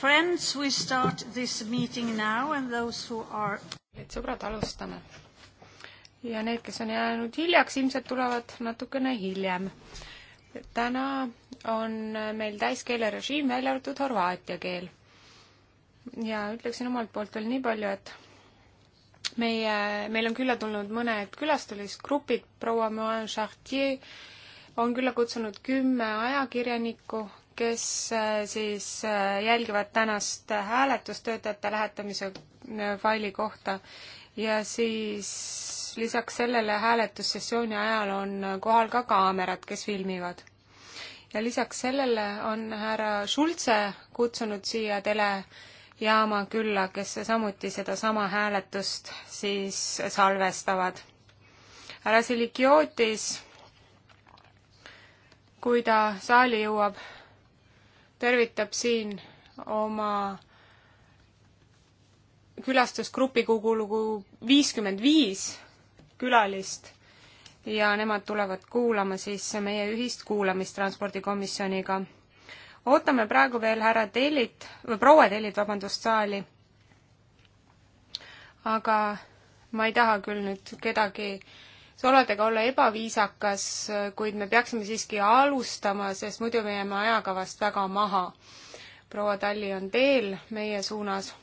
Friends, we start this meeting now and those who are et sõbrad, alustame. ja need, kes on jäänud hiljaks, ilmselt tulevad natukene hiljem. täna on meil täiskeelerežiim, välja arvatud horvaatia keel. ja ütleksin omalt poolt veel nii palju, et meie, meil on külla tulnud mõned külastamisgrupid, proua Moen Chartier on külla kutsunud kümme ajakirjanikku kes äh, siis äh, jälgivad tänast hääletust töötajate lähetamise äh, faili kohta ja siis lisaks sellele hääletussessiooni ajal on kohal ka kaamerad, kes filmivad. ja lisaks sellele on härra Schulze kutsunud siia telejaama külla, kes samuti sedasama hääletust siis salvestavad. härra Silikiotis, kui ta saali jõuab, tervitab siin oma külastusgrupi kuulu viiskümmend viis külalist ja nemad tulevad kuulama siis meie ühist kuulamist Transpordikomisjoniga. ootame praegu veel härra Tellit, või proua Tellit, vabandust, saali. aga ma ei taha küll nüüd kedagi äh, sooladega olla ebaviisakas, kuid me peaksime siiski alustama, sest muidu me jääme ajakavast väga maha. proua Talli on teel meie suunas.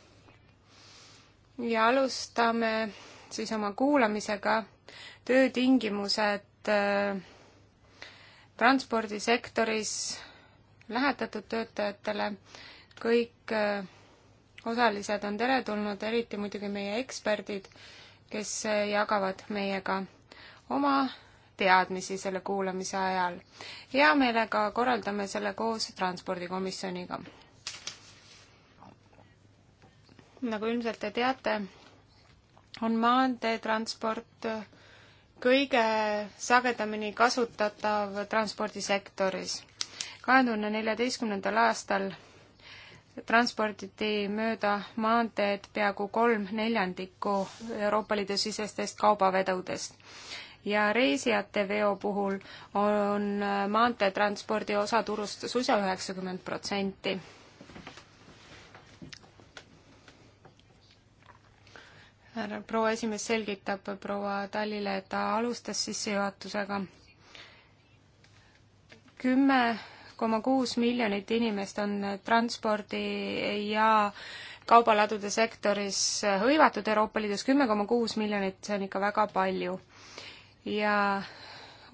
ja alustame siis oma kuulamisega töötingimused äh, transpordisektoris lähetatud töötajatele. kõik äh, osalised on teretulnud, eriti muidugi meie eksperdid, kes äh, jagavad meiega oma teadmisi selle kuulamise ajal. hea meelega korraldame selle koos Transpordikomisjoniga. nagu ilmselt te teate, on maanteetransport kõige sagedamini kasutatav transpordisektoris. kahe tuhande neljateistkümnendal aastal transporditi mööda maanteed peaaegu kolm neljandikku Euroopa Liidu sisestest kaubavedudest ja reisijate veo puhul on maanteetranspordi osa turust suisa üheksakümmend protsenti. härra proua esimees selgitab proua Tallile, et ta alustas sissejuhatusega. kümme koma kuus miljonit inimest on transpordi ja kaubaladude sektoris hõivatud Euroopa Liidus, kümme koma kuus miljonit, see on ikka väga palju ja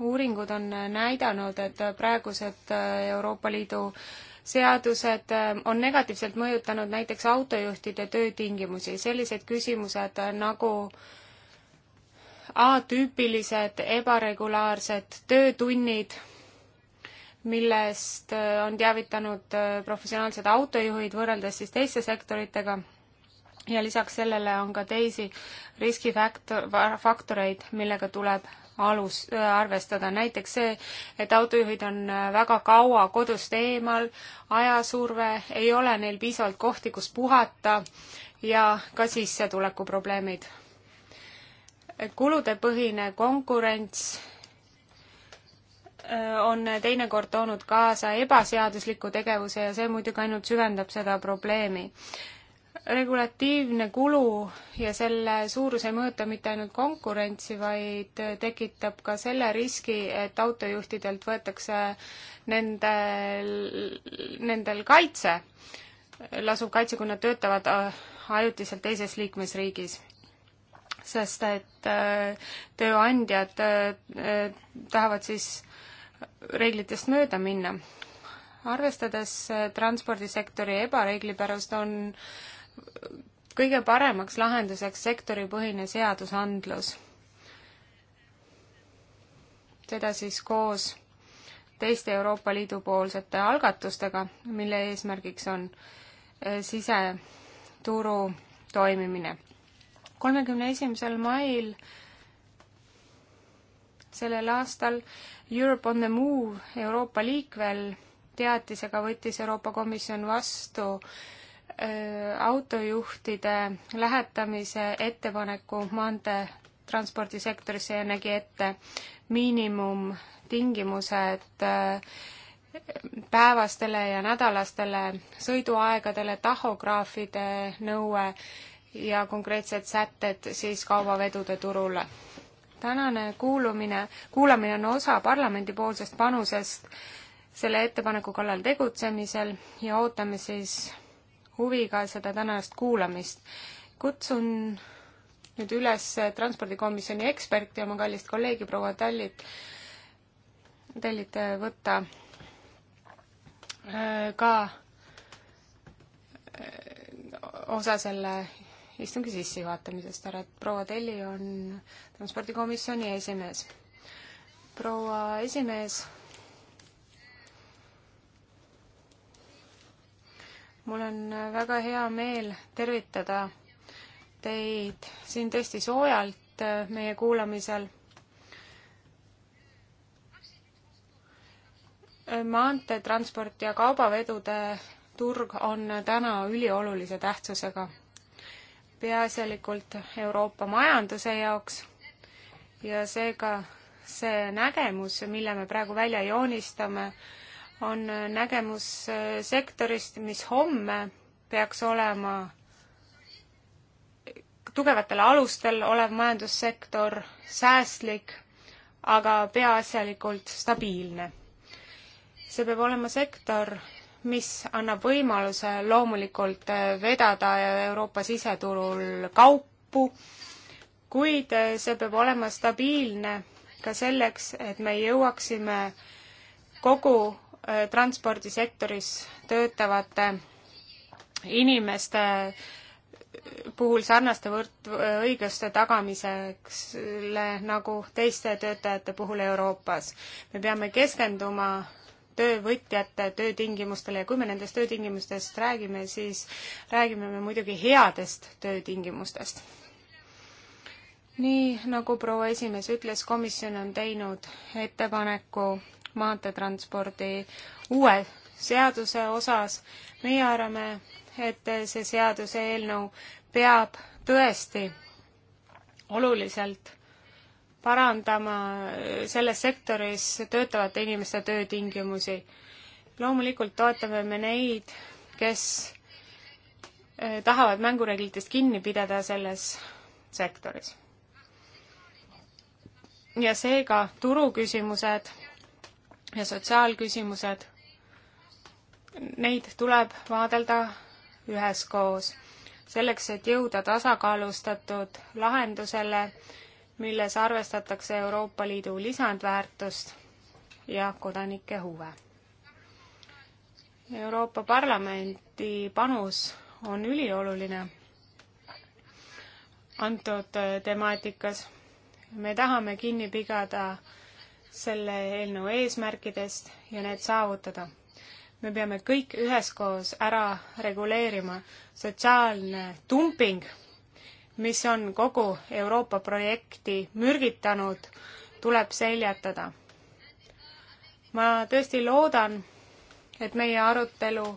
uuringud on näidanud, et praegused äh, Euroopa Liidu seadused äh, on negatiivselt mõjutanud näiteks autojuhtide töötingimusi, sellised küsimused äh, nagu atüüpilised ebaregulaarsed töötunnid, millest on teavitanud professionaalsed autojuhid võrreldes siis teiste sektoritega ja lisaks sellele on ka teisi riskifaktoreid, faktoreid, millega tuleb alus, äh, arvestada, näiteks see, et autojuhid on äh, väga kaua kodust eemal, ajasurve, ei ole neil piisavalt kohti, kus puhata ja ka sissetulekuprobleemid. kuludepõhine konkurents äh, on teinekord toonud kaasa ebaseadusliku tegevuse ja see muidugi ainult süvendab seda probleemi regulatiivne kulu ja selle suurus ei mõõta mitte ainult konkurentsi, vaid tekitab ka selle riski, et autojuhtidelt võetakse nendel, nendel kaitse, lasub kaitse, kui nad töötavad äh, ajutiselt teises liikmesriigis. sest et äh, tööandjad äh, tahavad siis reeglitest mööda minna. arvestades transpordisektori ebareeglipärust, on kõige paremaks lahenduseks sektoripõhine seadusandlus. seda siis koos teiste Euroopa Liidu poolsete algatustega, mille eesmärgiks on eh, siseturu toimimine. kolmekümne esimesel mail sellel aastal Europe on the Move Euroopa liikvel teatisega võttis Euroopa Komisjon vastu äh, Äh, autojuhtide lähetamise ettepaneku maanteetranspordisektorisse ja nägi ette miinimumtingimused äh, päevastele ja nädalastele sõiduaegadele, tahograafide nõue ja konkreetsed sätted siis kaubavedude turule. tänane kuulumine, kuulamine on osa parlamendipoolsest panusest selle ettepaneku kallal tegutsemisel ja ootame siis huviga seda tänast kuulamist. kutsun nüüd üles Transpordikomisjoni eksperti, oma kallist kolleegi proua Tallit, Tallit äh, võtta äh, ka äh, osa selle istungi sissejuhatamisest ära, et proua Telli on transpordikomisjoni esimees. proua esimees mul on äh, väga hea meel tervitada teid siin tõesti soojalt äh, meie kuulamisel. Äh, maanteetransport ja kaubavedude turg on täna üliolulise tähtsusega, peaasjalikult Euroopa majanduse jaoks ja seega see nägemus, mille me praegu välja joonistame, on nägemus sektorist, mis homme peaks olema tugevatel alustel olev majandussektor, säästlik, aga peaasjalikult stabiilne. see peab olema sektor, mis annab võimaluse loomulikult vedada Euroopa siseturul kaupu, kuid see peab olema stabiilne ka selleks, et me jõuaksime kogu Äh, transpordisektoris töötavate inimeste puhul sarnaste võrd-, õiguste tagamisele nagu teiste töötajate puhul Euroopas. me peame keskenduma töövõtjate töötingimustele ja kui me nendest töötingimustest räägime, siis räägime me muidugi headest töötingimustest. nii nagu proua esimees ütles, komisjon on teinud ettepaneku maanteetranspordi uue seaduse osas. meie arvame, et see seaduseelnõu peab tõesti oluliselt parandama selles sektoris töötavate inimeste töötingimusi. loomulikult toetame me neid, kes eh, tahavad mängureeglitest kinni pidada selles sektoris. ja seega turuküsimused ja sotsiaalküsimused, neid tuleb vaadelda üheskoos, selleks et jõuda tasakaalustatud lahendusele, milles arvestatakse Euroopa Liidu lisandväärtust ja kodanike huve. Euroopa Parlamenti panus on ülioluline antud temaatikas. me tahame kinni pidada selle eelnõu eesmärkidest ja need saavutada. me peame kõik üheskoos ära reguleerima sotsiaalne dumping, mis on kogu Euroopa projekti mürgitanud, tuleb seljatada. ma tõesti loodan, et meie arutelu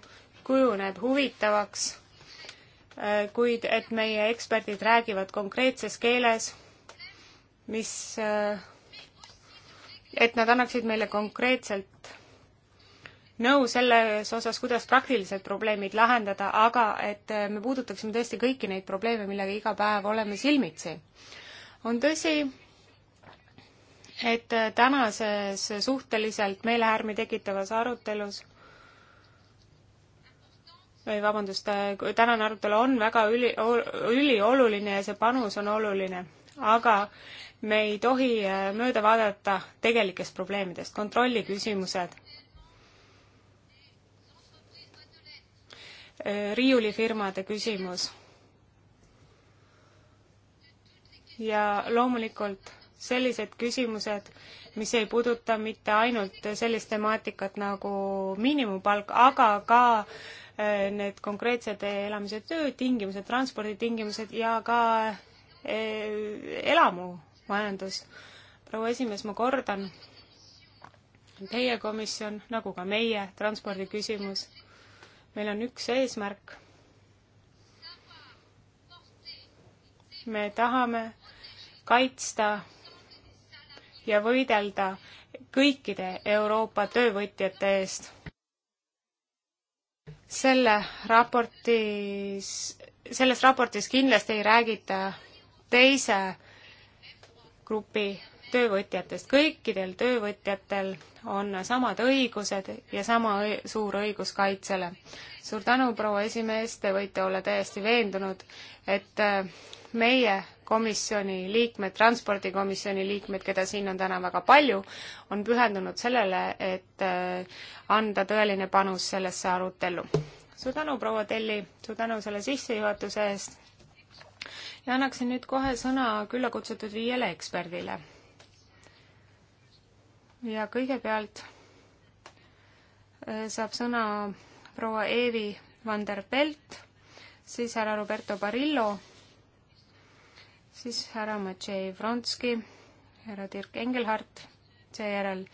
kujuneb huvitavaks, kuid et meie eksperdid räägivad konkreetses keeles, mis et nad annaksid meile konkreetselt nõu selles osas, kuidas praktiliselt probleemid lahendada, aga et me puudutaksime tõesti kõiki neid probleeme, millega iga päev oleme silmitsi. on tõsi, et tänases suhteliselt meelehärmi tekitavas arutelus või vabandust, tänane arutelu on väga üli, ülioluline ja see panus on oluline, aga me ei tohi äh, mööda vaadata tegelikest probleemidest, kontrolli küsimused. Äh, riiulifirmade küsimus. ja loomulikult sellised küsimused, mis ei puuduta mitte ainult sellist temaatikat nagu miinimumpalk, aga ka äh, need konkreetsed elamise töötingimused, transporditingimused ja ka elamu majandus. proua esimees, ma kordan, teie komisjon, nagu ka meie transpordiküsimus, meil on üks eesmärk. me tahame kaitsta ja võidelda kõikide Euroopa töövõtjate eest. selle raportis, selles raportis kindlasti ei räägita teise grupi töövõtjatest. kõikidel töövõtjatel on samad õigused ja sama õi suur õigus kaitsele. suur tänu, proua esimees, te võite olla täiesti veendunud, et äh, meie komisjoni liikmed, transpordikomisjoni liikmed, keda siin on täna väga palju, on pühendunud sellele, et äh, anda tõeline panus sellesse arutellu. suur tänu, proua Telli, suur tänu selle sissejuhatuse eest ja annaksin nüüd kohe sõna külla kutsutud viiele eksperdile. ja kõigepealt äh, saab sõna proua Eevi van der Belt, siis härra Roberto Barillo, siis härra Matšei Vronski, härra Dirk Engelhardt seejärel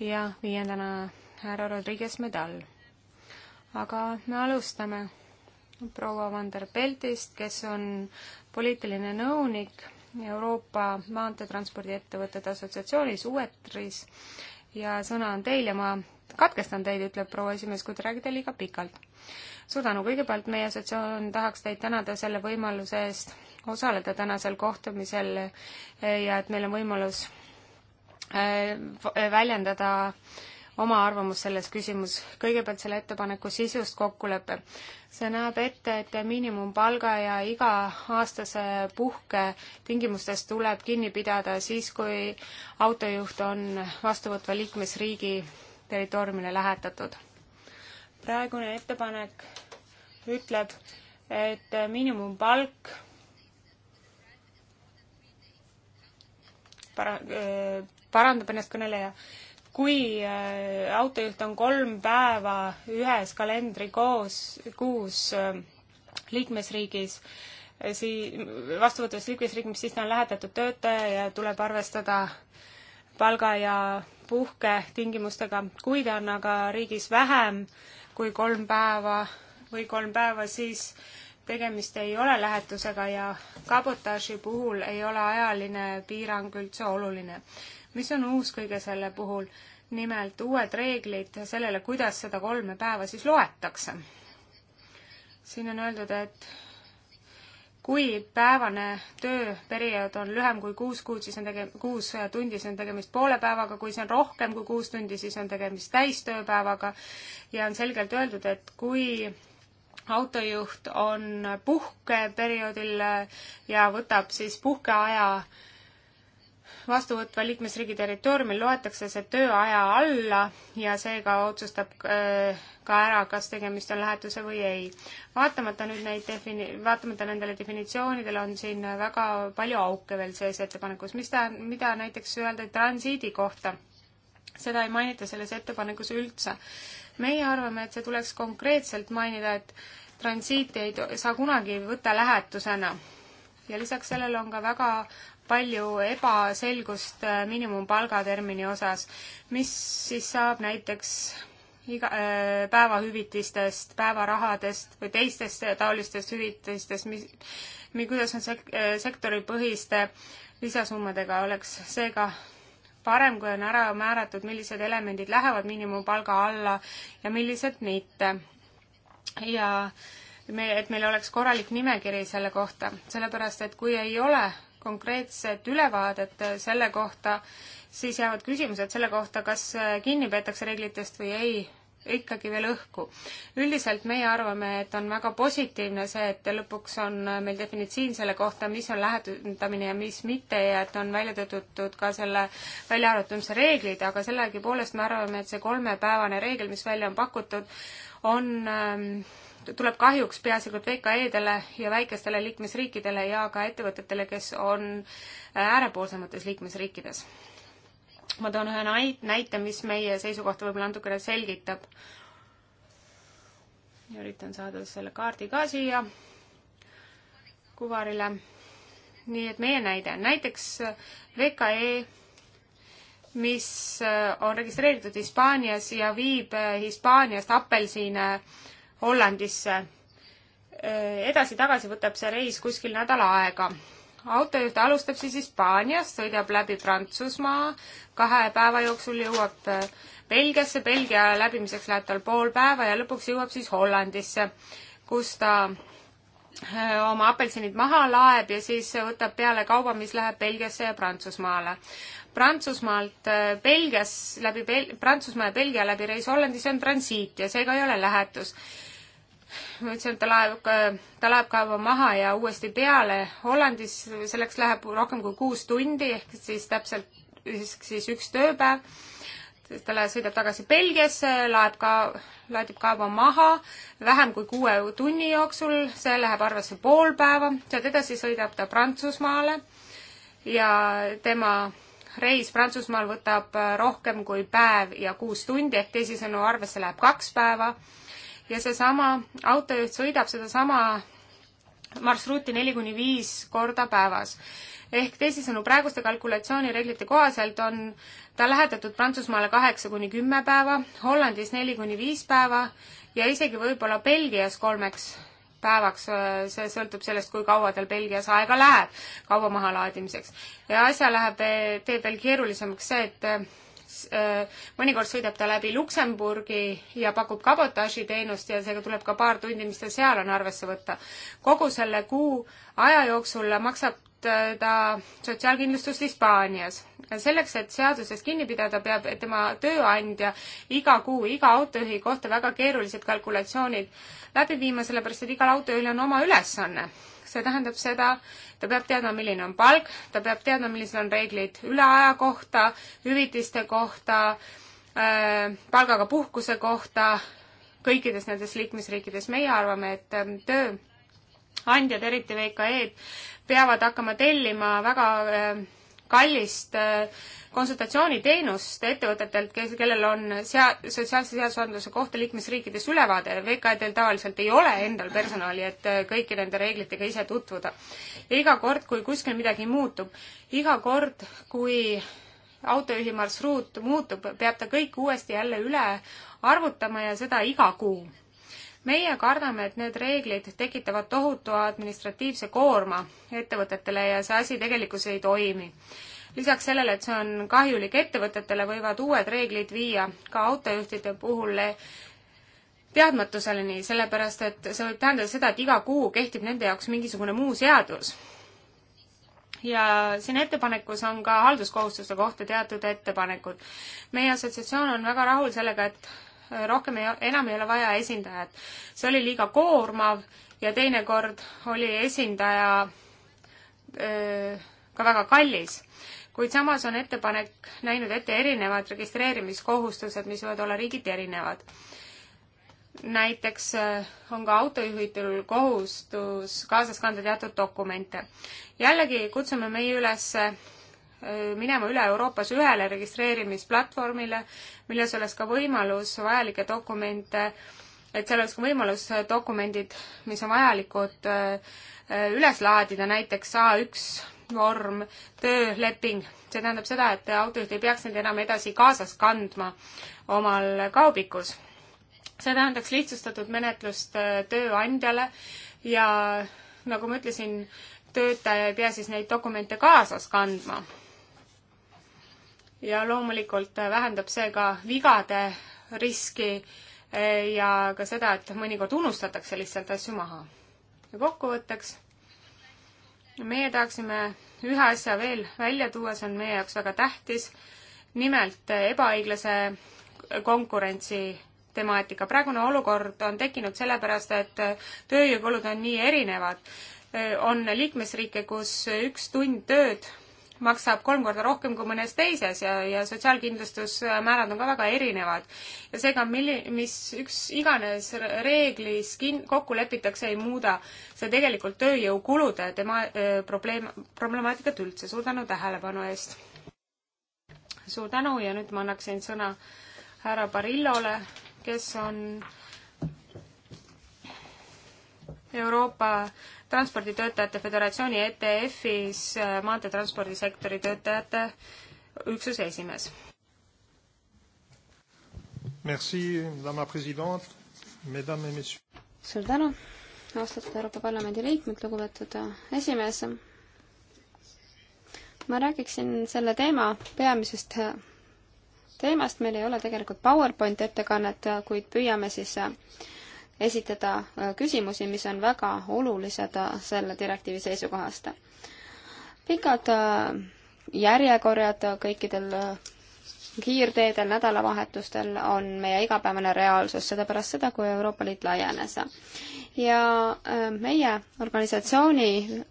ja viiendana härra Rodriguez Medal. aga me alustame proua Vander Peltist, kes on poliitiline nõunik Euroopa Maanteetranspordiettevõtete Assotsiatsioonis, UETRis, ja sõna on teil ja ma katkestan teid, ütleb proua esimees, kui te räägite liiga pikalt. suur tänu, kõigepealt meie assotsiatsioon tahaks teid tänada selle võimaluse eest osaleda tänasel kohtumisel ja et meil on võimalus äh, väljendada äh, oma arvamus selles küsimus. kõigepealt selle ettepaneku sisust kokkulepe. see näeb ette, et miinimumpalga ja iga-aastase puhke tingimustest tuleb kinni pidada siis, kui autojuht on vastuvõtva liikmesriigi territooriumile lähetatud. praegune ettepanek ütleb, et miinimumpalk para-, äh, parandab ennast kõneleja kui äh, autojuht on kolm päeva ühes kalendri koos, kuus äh, liikmesriigis, äh, sii-, vastuvõtvates liikmesriigis, siis ta on lähetatud töötaja ja tuleb arvestada palga ja puhketingimustega. kui ta on aga riigis vähem kui kolm päeva või kolm päeva, siis tegemist ei ole lähetusega ja kabotaaži puhul ei ole ajaline piirang üldse oluline. mis on uus kõige selle puhul? nimelt uued reeglid sellele, kuidas seda kolme päeva siis loetakse. siin on öeldud, et kui päevane tööperiood on lühem kui kuus kuud, siis on tege-, kuus tundi, siis on tegemist poole päevaga, kui see on rohkem kui kuus tundi, siis on tegemist täistööpäevaga ja on selgelt öeldud, et kui autojuht on puhkeperioodil ja võtab siis puhkeaja vastuvõtva liikmesriigi territooriumil loetakse see tööaja alla ja seega otsustab äh, ka ära, kas tegemist on lähetuse või ei. vaatamata nüüd neid defini-, vaatamata nendele definitsioonidele on siin väga palju auke veel sees ettepanekus, mis ta, mida näiteks öelda transiidi kohta seda ei mainita selles ettepanekus üldse. meie arvame, et see tuleks konkreetselt mainida, et transiiti ei saa kunagi võtta lähetusena. ja lisaks sellele on ka väga palju ebaselgust äh, miinimumpalga termini osas, mis siis saab näiteks iga, äh, päevahüvitistest, päevarahadest või teistest äh, taolistest hüvitistest, mis, mi-, kuidas on sek-, sektoripõhiste lisasummadega, oleks seega parem, kui on ära määratud, millised elemendid lähevad miinimumpalga alla ja millised mitte. ja me, et meil oleks korralik nimekiri selle kohta, sellepärast et kui ei ole konkreetset ülevaadet selle kohta, siis jäävad küsimused selle kohta, kas kinni peetakse reeglitest või ei ikkagi veel õhku. üldiselt meie arvame, et on väga positiivne see, et lõpuks on meil definitsiin selle kohta, mis on lähedamine ja mis mitte ja et on välja töötatud ka selle väljaarvutamise reeglid, aga sellegipoolest me arvame, et see kolmepäevane reegel, mis välja on pakutud, on ähm, tuleb kahjuks peaasjalikult VKE-dele ja väikestele liikmesriikidele ja ka ettevõtetele, kes on äärepoolsemates liikmesriikides ma toon ühe näite, mis meie seisukohta võib-olla natukene selgitab. üritan saada selle kaardi ka siia kuvarile. nii et meie näide, näiteks VKE, mis äh, on registreeritud Hispaanias ja viib äh, Hispaaniast apelsine Hollandisse. Äh, edasi-tagasi võtab see reis kuskil nädal aega autojuht alustab siis Hispaaniast, sõidab läbi Prantsusmaa, kahe päeva jooksul jõuab äh, Belgiasse, Belgia läbimiseks läheb tal pool päeva ja lõpuks jõuab siis Hollandisse, kus ta äh, oma apelsinid maha laeb ja siis võtab peale kauba, mis läheb Belgiasse ja Prantsusmaale. Prantsusmaalt äh, Belgias läbi Bel-, Prantsusmaa ja Belgia läbi reis Hollandisse on transiit ja seega ei ole lähetus ütlesin, et ta laeb, ta laeb kaeva maha ja uuesti peale Hollandis, selleks läheb rohkem kui kuus tundi, ehk siis täpselt, siis üks tööpäev. ta sõidab tagasi Belgiasse, laeb ka, laadib kaeva maha vähem kui kuue tunni jooksul, see läheb arvesse pool päeva, sealt edasi sõidab ta Prantsusmaale ja tema reis Prantsusmaal võtab äh, rohkem kui päev ja kuus tundi, ehk teisisõnu arvesse läheb kaks päeva ja seesama autojuht sõidab sedasama marsruuti neli kuni viis korda päevas. ehk teisisõnu, praeguste kalkulatsioonireeglite kohaselt on ta lähetatud Prantsusmaale kaheksa kuni kümme päeva, Hollandis neli kuni viis päeva ja isegi võib-olla Belgias kolmeks päevaks, äh, see sõltub sellest, kui kaua tal Belgias aega läheb kauba mahalaadimiseks. ja asja läheb, teeb veel keerulisemaks see, et äh, Äh, mõnikord sõidab ta läbi Luksemburgi ja pakub kabotaažiteenust ja seega tuleb ka paar tundi, mis ta seal on, arvesse võtta. kogu selle kuu aja jooksul maksab Äh, taotleda sotsiaalkindlustust Hispaanias. selleks, et seadusest kinni pidada, peab tema tööandja iga kuu iga autojuhi kohta väga keerulised kalkulatsioonid läbi viima, sellepärast et igal autojuhil on oma ülesanne. see tähendab seda, ta peab teadma, milline on palk, ta peab teadma, millised on reeglid üleaja kohta, hüvitiste kohta, äh, palgaga puhkuse kohta, kõikides nendes liikmesriikides. meie arvame, et ähm, töö andjad, eriti VKE-d, peavad hakkama tellima väga äh, kallist äh, konsultatsiooniteenust ettevõtetelt, kes, kellel on sea-, sotsiaalse seadusandluse kohta liikmesriikides ülevaade, VKD-l tavaliselt ei ole endal personali, et äh, kõiki nende reeglitega ise tutvuda. ja iga kord, kui kuskil midagi muutub, iga kord, kui autojuhi marsruut muutub, peab ta kõik uuesti jälle üle arvutama ja seda iga kuu meie kardame, et need reeglid tekitavad tohutu administratiivse koorma ettevõtetele ja see asi tegelikkuses ei toimi. lisaks sellele, et see on kahjulik ettevõtetele, võivad uued reeglid viia ka autojuhtide puhul teadmatuseni, sellepärast et see võib tähendada seda, et iga kuu kehtib nende jaoks mingisugune muu seadus. ja siin ettepanekus on ka halduskohustuste kohta teatud ettepanekud. meie assotsiatsioon on väga rahul sellega, et rohkem ei, enam ei ole vaja esindajat. see oli liiga koormav ja teinekord oli esindaja öö, ka väga kallis. kuid samas on ettepanek näinud ette erinevad registreerimiskohustused, mis võivad olla riigiti erinevad. näiteks on ka autojuhitul kohustus kaasas kanda teatud dokumente. jällegi kutsume meie üles minema üle Euroopas ühele registreerimisplatvormile, milles oleks ka võimalus vajalikke dokumente, et seal oleks ka võimalus dokumendid, mis on vajalikud, üles laadida, näiteks A1 vorm, tööleping, see tähendab seda, et autojuht ei peaks neid enam edasi kaasas kandma omal kaubikus. see tähendaks lihtsustatud menetlust tööandjale ja nagu ma ütlesin, töötaja ei pea siis neid dokumente kaasas kandma ja loomulikult vähendab see ka vigade riski eh, ja ka seda, et mõnikord unustatakse lihtsalt asju maha. ja kokkuvõtteks, meie tahaksime ühe asja veel välja tuua, see on meie jaoks väga tähtis, nimelt ebaõiglase konkurentsi temaatika. praegune olukord on tekkinud sellepärast, et tööjõukulud on nii erinevad. Eh, on liikmesriike, kus üks tund tööd maksab kolm korda rohkem kui mõnes teises ja, ja sotsiaalkindlustusmäärad on ka väga erinevad. ja seega, milli-, mis üks iganes reeglis kin-, kokku lepitakse, ei muuda see tegelikult tööjõukulude tema öö, äh, probleem, problemaatikat üldse. suur tänu tähelepanu eest! suur tänu ja nüüd ma annaksin sõna härra Barillole, kes on Euroopa Transporditöötajate Föderatsiooni ETF-is äh, maanteetranspordisektori töötajate üksuse esimees. Merci, dama president, mesdames et messieurs. suur tänu, austatud Euroopa Parlamendi liikmed, lugupeetud äh, esimees. ma räägiksin selle teema peamisest äh, teemast, meil ei ole tegelikult PowerPointi ettekannet, kuid püüame siis esitada äh, küsimusi, mis on väga olulised äh, selle direktiivi seisukohast. pikad äh, järjekorrad kõikidel kiirteedel, nädalavahetustel on meie igapäevane reaalsus, seda pärast seda, kui Euroopa Liit laienes. ja meie organisatsiooni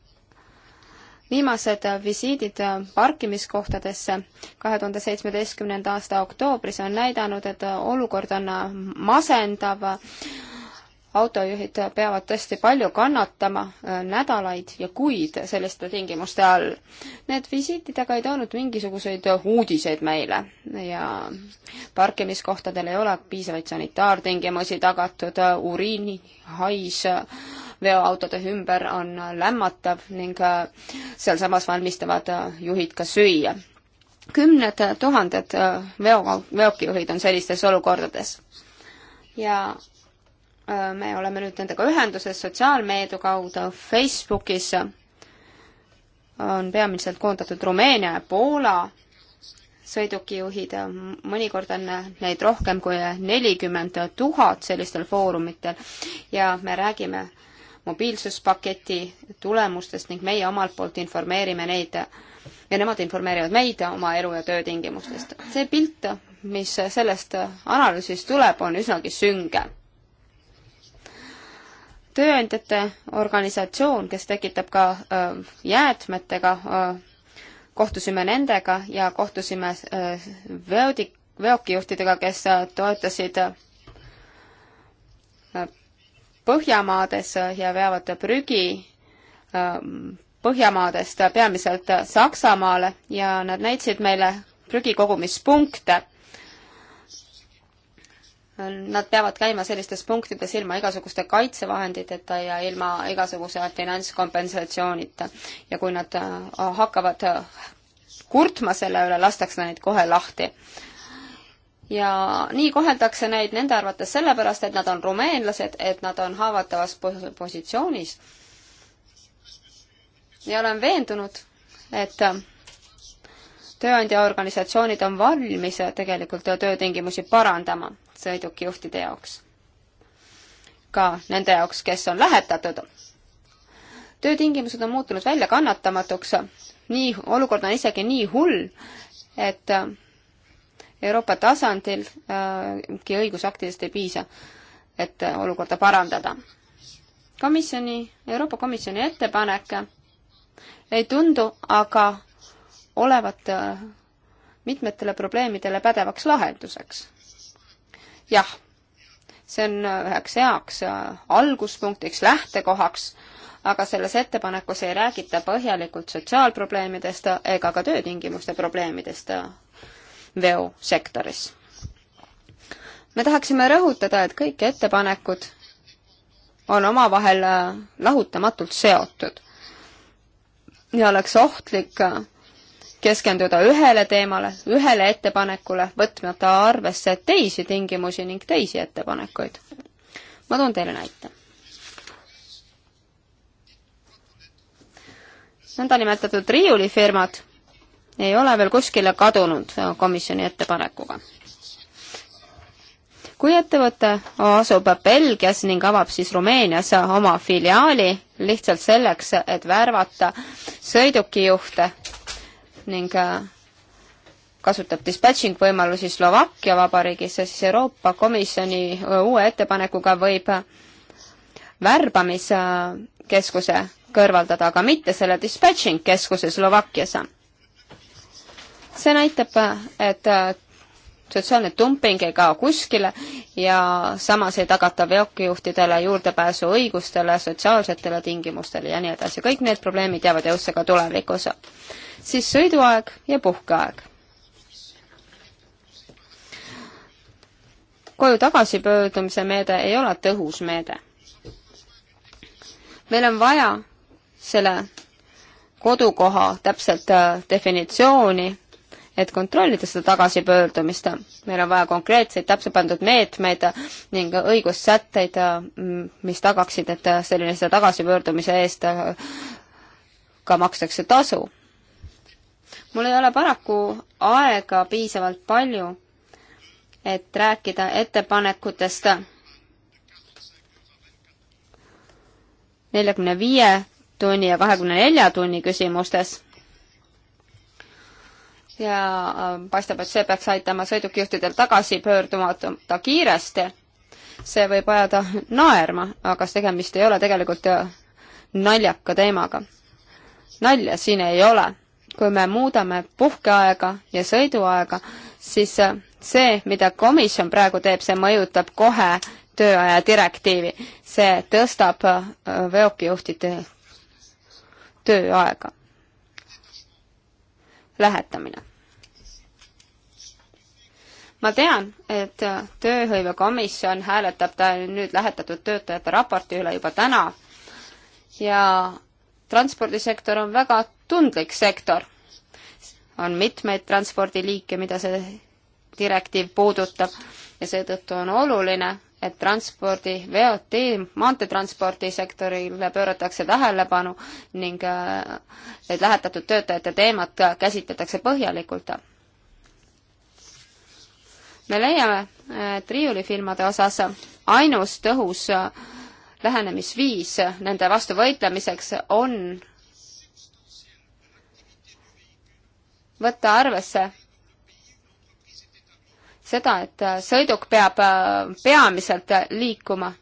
viimased visiidid parkimiskohtadesse kahe tuhande seitsmeteistkümnenda aasta oktoobris on näidanud, et olukord on masendav autojuhid peavad tõesti palju kannatama äh, nädalaid ja kuid selliste tingimuste all. Need visiitid aga ei toonud mingisuguseid uudiseid meile ja parkimiskohtadel ei ole piisavaid sanitaartingimusi tagatud, uriini hais veoautode ümber on lämmatav ning äh, sealsamas valmistavad äh, juhid ka süüa. kümned tuhanded veo, veokijuhid on sellistes olukordades ja Äh, me oleme nüüd nendega ühenduses sotsiaalmeedia kaudu, Facebookis äh, on peamiselt koondatud Rumeenia ja Poola sõidukijuhid, äh, mõnikord on neid rohkem kui nelikümmend tuhat sellistel foorumitel ja me räägime mobiilsuspaketi tulemustest ning meie omalt poolt informeerime neid ja nemad informeerivad meid oma elu ja töötingimustest. see pilt, mis sellest analüüsist tuleb, on üsnagi sünge tööandjate organisatsioon, kes tekitab ka jäätmetega, kohtusime nendega ja kohtusime veodik, veokijuhtidega, kes toetasid Põhjamaades ja veavad prügi Põhjamaadest peamiselt Saksamaale ja nad näitasid meile prügikogumispunkte Nad peavad käima sellistes punktides ilma igasuguste kaitsevahenditeta ja ilma igasuguse finantskompensatsioonita. ja kui nad äh, hakkavad äh, kurtma selle üle, lastakse neid kohe lahti ja nii koheldakse neid nende arvates sellepärast, et nad on rumeenlased, et nad on haavatavas positsioonis. ja olen veendunud, et äh, tööandjaorganisatsioonid on valmis tegelikult töötingimusi parandama sõidukijuhtide jaoks. ka nende jaoks, kes on lähetatud. töötingimused on muutunud väljakannatamatuks, nii, olukord on isegi nii hull, et Euroopa tasandilgi äh, õigusaktidest ei piisa, et olukorda parandada. komisjoni, Euroopa Komisjoni ettepanek ei tundu aga olevat äh, mitmetele probleemidele pädevaks lahenduseks. jah, see on äh, üheks heaks äh, alguspunktiks, lähtekohaks, aga selles ettepanekus ei räägita põhjalikult sotsiaalprobleemidest ega ka töötingimuste probleemidest veosektoris. me tahaksime rõhutada, et kõik ettepanekud on omavahel lahutamatult seotud ja oleks ohtlik keskenduda ühele teemale, ühele ettepanekule, võtmata arvesse teisi tingimusi ning teisi ettepanekuid. ma toon teile näite. nõndanimetatud riiulifirmad ei ole veel kuskile kadunud komisjoni ettepanekuga. kui ettevõte asub Belgias ning avab siis Rumeenias oma filiaali lihtsalt selleks, et värvata sõidukijuhte ning äh, kasutab dispatching võimalusi Slovakkia vabariigis ja siis Euroopa Komisjoni äh, uue ettepanekuga võib äh, värbamiskeskuse kõrvaldada, aga mitte selle dispatching keskuse Slovakkias. see näitab, et sotsiaalne dumping ei kao kuskile ja samas ei tagata veokijuhtidele juurdepääsu õigustele, sotsiaalsetele tingimustele ja nii edasi. kõik need probleemid jäävad jõusse ka tulevikus. siis sõiduaeg ja puhkeaeg. koju tagasipöördumise meede ei ole tõhus meede. meil on vaja selle kodukoha täpselt äh, definitsiooni et kontrollida seda tagasipöördumist. meil on vaja konkreetseid täpselt pandud meetmeid ning õigussätteid, mis tagaksid, et selline seda tagasipöördumise eest ka makstakse tasu. mul ei ole paraku aega piisavalt palju, et rääkida ettepanekutest neljakümne viie tunni ja kahekümne nelja tunni küsimustes ja äh, paistab, et see peaks aitama sõidukijuhtidel tagasi pöördumata kiiresti. see võib ajada naerma, aga tegemist ei ole tegelikult äh, naljaka teemaga. nalja siin ei ole. kui me muudame puhkeaega ja sõiduaega, siis äh, see, mida komisjon praegu teeb, see mõjutab kohe tööaja direktiivi. see tõstab veokijuhtide tööaega lähetamine ma tean, et tööhõivekomisjon hääletab ta nüüd lähetatud töötajate raporti üle juba täna ja transpordisektor on väga tundlik sektor. on mitmeid transpordiliike, mida see direktiiv puudutab ja seetõttu on oluline, et transpordi, veotee, maanteetranspordisektorile pööratakse tähelepanu ning need äh, lähetatud töötajate teemat käsitletakse põhjalikult me leiame, et riiulifilmade osas ainus tõhus äh, lähenemisviis nende vastu võitlemiseks on võtta arvesse seda, et äh, sõiduk peab äh, peamiselt liikuma,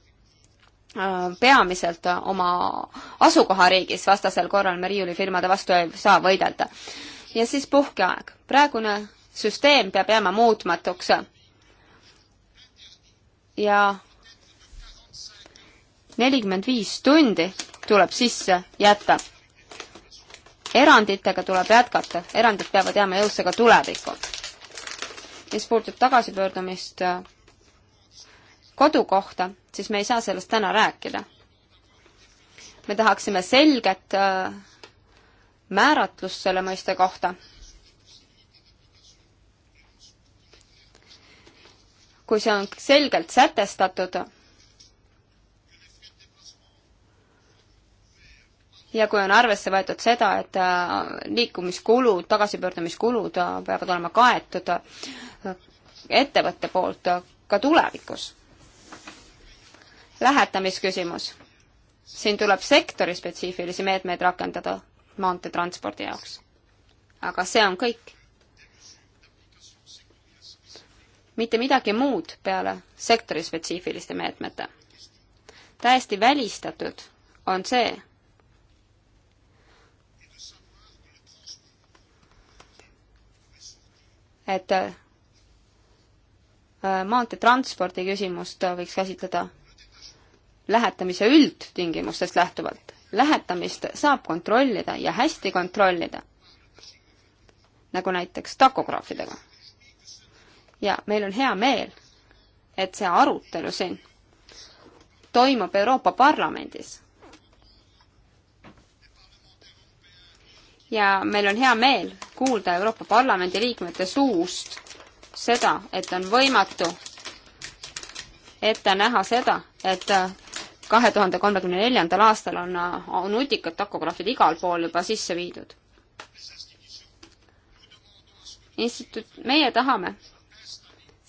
peamiselt oma asukohariigis, vastasel korral me riiulifirmade vastu ei saa võidelda. ja siis puhkeaeg. praegune süsteem peab jääma muutmatuks ja nelikümmend viis tundi tuleb sisse jätta. eranditega tuleb jätkata, erandid peavad jääma jõusse ka tulevikku. mis puutub tagasipöördumist äh, kodukohta, siis me ei saa sellest täna rääkida. me tahaksime selget äh, määratlust selle mõiste kohta kui see on selgelt sätestatud ja kui on arvesse võetud seda, et äh, liikumiskulud, tagasipöördumiskulud äh, peavad olema kaetud äh, ettevõtte poolt ka tulevikus. lähetamisküsimus. siin tuleb sektori spetsiifilisi meetmeid rakendada maanteetranspordi jaoks. aga see on kõik mitte midagi muud peale sektori spetsiifiliste meetmete. täiesti välistatud on see, et äh, maanteetranspordi küsimust võiks käsitleda lähetamise üldtingimustest lähtuvalt. lähetamist saab kontrollida ja hästi kontrollida, nagu näiteks takograafidega ja meil on hea meel, et see arutelu siin toimub Euroopa Parlamendis. ja meil on hea meel kuulda Euroopa Parlamendi liikmete suust seda, et on võimatu ette näha seda, et kahe tuhande kolmekümne neljandal aastal on, on nutikad takograafid igal pool juba sisse viidud. instituut, meie tahame,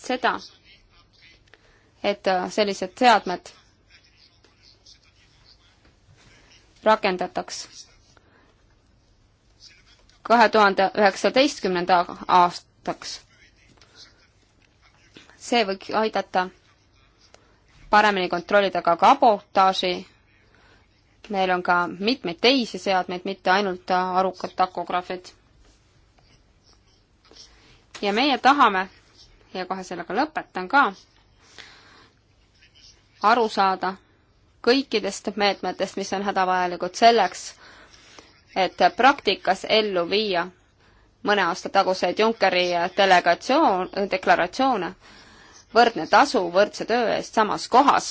seda, et äh, sellised seadmed rakendataks kahe tuhande üheksateistkümnenda aastaks. see võiks aidata paremini kontrollida ka kabotaaži. meil on ka mitmeid teisi seadmeid, mitte ainult äh, arukad takograafid. ja meie tahame ja kohe sellega lõpetan ka, aru saada kõikidest meetmetest, mis on hädavajalikud selleks, et praktikas ellu viia mõne aasta taguseid Junckeri delegatsioon, deklaratsioone, võrdne tasu võrdse töö eest samas kohas.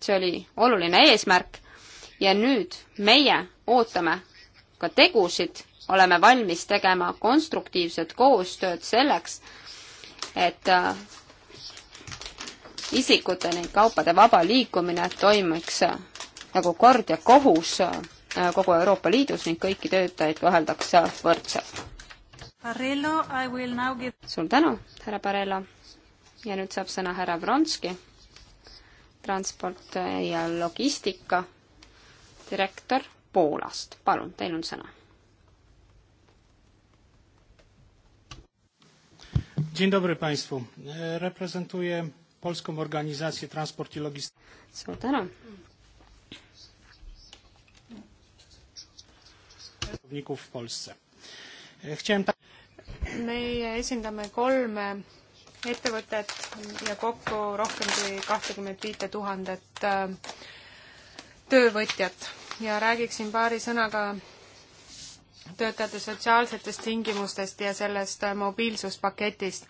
see oli oluline eesmärk ja nüüd meie ootame ka tegusid, oleme valmis tegema konstruktiivset koostööd selleks, et äh, isikute ning kaupade vaba liikumine toimiks äh, nagu kord ja kohus äh, kogu Euroopa Liidus ning kõiki töötajaid koheldaks võrdselt. Give... suur tänu, härra Barello. ja nüüd saab sõna härra Vronski, transport ja logistika direktor Poolast. palun, teil on sõna Dzień dobry Państwu. E, reprezentuję Polską Organizację Transport i Logistyki. Suur tänu. w Polsce. E, chciałem ta... meie esindame kolme ettevõtet ja kokku rohkem kui kahtekümmet viite tuhandet äh, töövõtjat ja räägiksin paari sõnaga töötajate sotsiaalsetest tingimustest ja sellest äh, mobiilsuspaketist.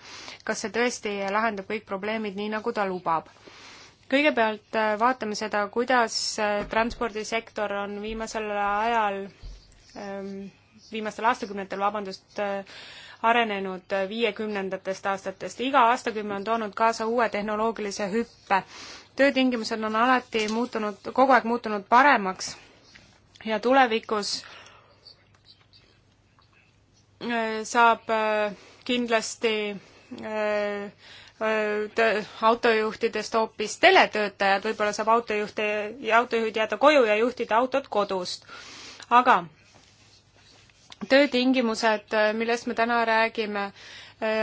kas see tõesti lahendab kõik probleemid nii, nagu ta lubab? kõigepealt äh, vaatame seda, kuidas äh, transpordisektor on viimasel ajal, ähm, viimastel aastakümnetel, vabandust, arenenud viiekümnendatest aastatest. iga aastakümme on toonud kaasa uue tehnoloogilise hüppe. töötingimused on alati muutunud, kogu aeg muutunud paremaks ja tulevikus Äh, saab äh, kindlasti äh, autojuhtidest hoopis teletöötajad, võib-olla saab autojuhte, autojuhid jääda koju ja juhtida autot kodust. aga töötingimused, millest me täna räägime,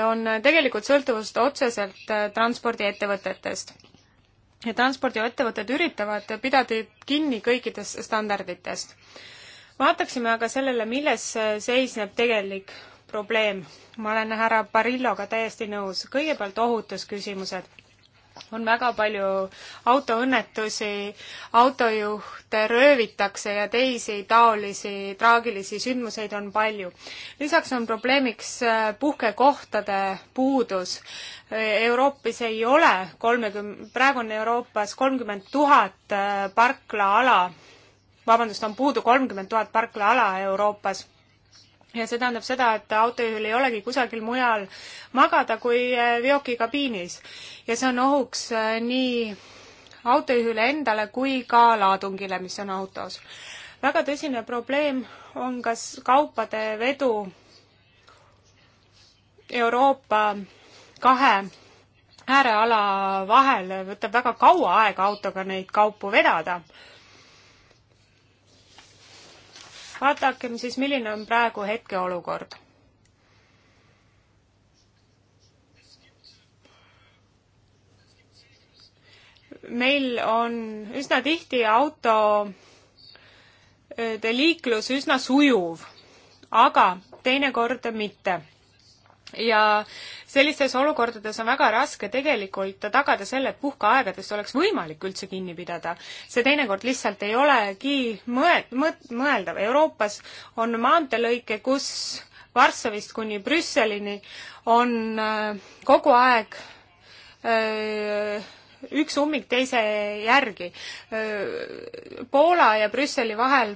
on tegelikult sõltuvust otseselt transpordiettevõtetest. ja transpordiettevõtted üritavad pidada kinni kõikidest standarditest vaataksime aga sellele, milles äh, seisneb tegelik probleem. ma olen härra Barilloga täiesti nõus. kõigepealt ohutusküsimused. on väga palju autoõnnetusi, autojuhte röövitakse ja teisi taolisi traagilisi sündmuseid on palju. lisaks on probleemiks äh, puhkekohtade puudus. Äh, Euroopas ei ole kolmekümne, praegu on Euroopas kolmkümmend tuhat parklaala vabandust, on puudu kolmkümmend tuhat parklaala Euroopas. ja see tähendab seda, et autojuhil ei olegi kusagil mujal magada kui äh, veokikabiinis ja see on ohuks äh, nii autojuhile endale kui ka laadungile, mis on autos. väga tõsine probleem on kas kaupade vedu Euroopa kahe ääreala vahel võtab väga kaua aega autoga neid kaupu vedada vaadakem siis, milline on praegu hetkeolukord. meil on üsna tihti autode äh, liiklus üsna sujuv, aga teinekord mitte ja sellistes olukordades on väga raske tegelikult tagada selle, et puhkeaegadest oleks võimalik üldse kinni pidada. see teinekord lihtsalt ei olegi mõe-, mõt-, mõeldav. Euroopas on maanteelõike, kus Varssavist kuni Brüsselini on äh, kogu aeg öö, äh, üks ummik teise järgi. Äh, Poola ja Brüsseli vahel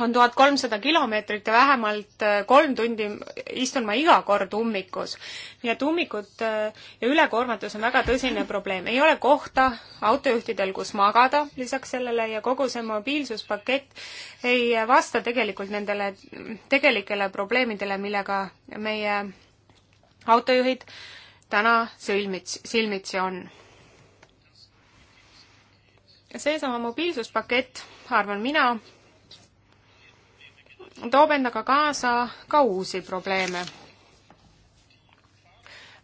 on tuhat kolmsada kilomeetrit ja vähemalt äh, kolm tundi istun ma iga kord ummikus. nii et ummikud äh, ja ülekoormatus on väga tõsine probleem. ei ole kohta autojuhtidel, kus magada lisaks sellele ja kogu see mobiilsuspakett ei vasta tegelikult nendele tegelikele probleemidele, millega meie autojuhid täna silmits, silmitsi on. seesama mobiilsuspakett, arvan mina, toob endaga kaasa ka uusi probleeme.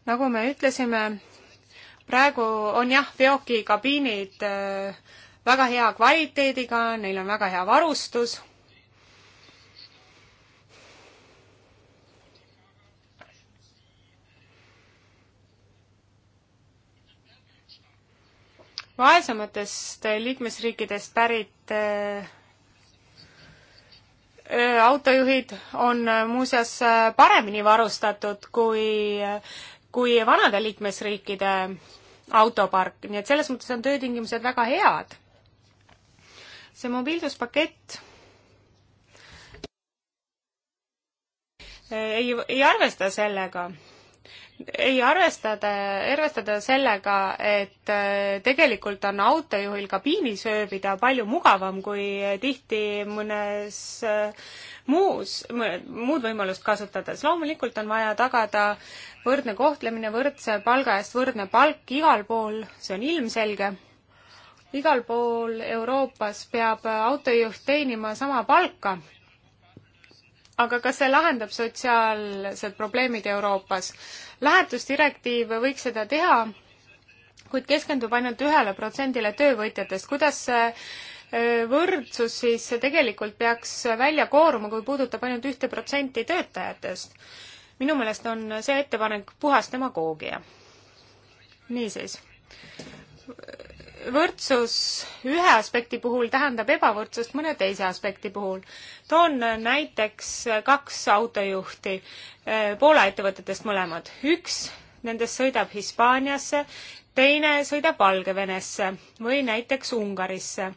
nagu me ütlesime, praegu on jah, veokikabiinid äh, väga hea kvaliteediga, neil on väga hea varustus. vaesematest liikmesriikidest pärit äh, Äh, autojuhid on äh, muuseas äh, paremini varustatud kui, kui vanade liikmesriikide autopark, nii et selles mõttes on töötingimused väga head. see mobiilsuspakett ei, ei arvesta sellega ei arvestada, arvestada sellega, et äh, tegelikult on autojuhil kabiinis ööbida palju mugavam kui tihti mõnes äh, muus, muud võimalust kasutades. loomulikult on vaja tagada võrdne kohtlemine, võrdse palga eest võrdne palk igal pool, see on ilmselge. igal pool Euroopas peab autojuht teenima sama palka aga kas see lahendab sotsiaalsed probleemid Euroopas? lähetusdirektiiv võiks seda teha, kuid keskendub ainult ühele protsendile töövõtjatest. kuidas see võrdsus siis tegelikult peaks välja kooruma, kui puudutab ainult ühte protsenti töötajatest? minu meelest on see ettepanek puhas demagoogia. niisiis võrdsus ühe aspekti puhul tähendab ebavõrdsust mõne teise aspekti puhul. toon näiteks kaks autojuhti, eh, Poola ettevõtetest mõlemad. üks nendest sõidab Hispaaniasse, teine sõidab Valgevenesse või näiteks Ungarisse.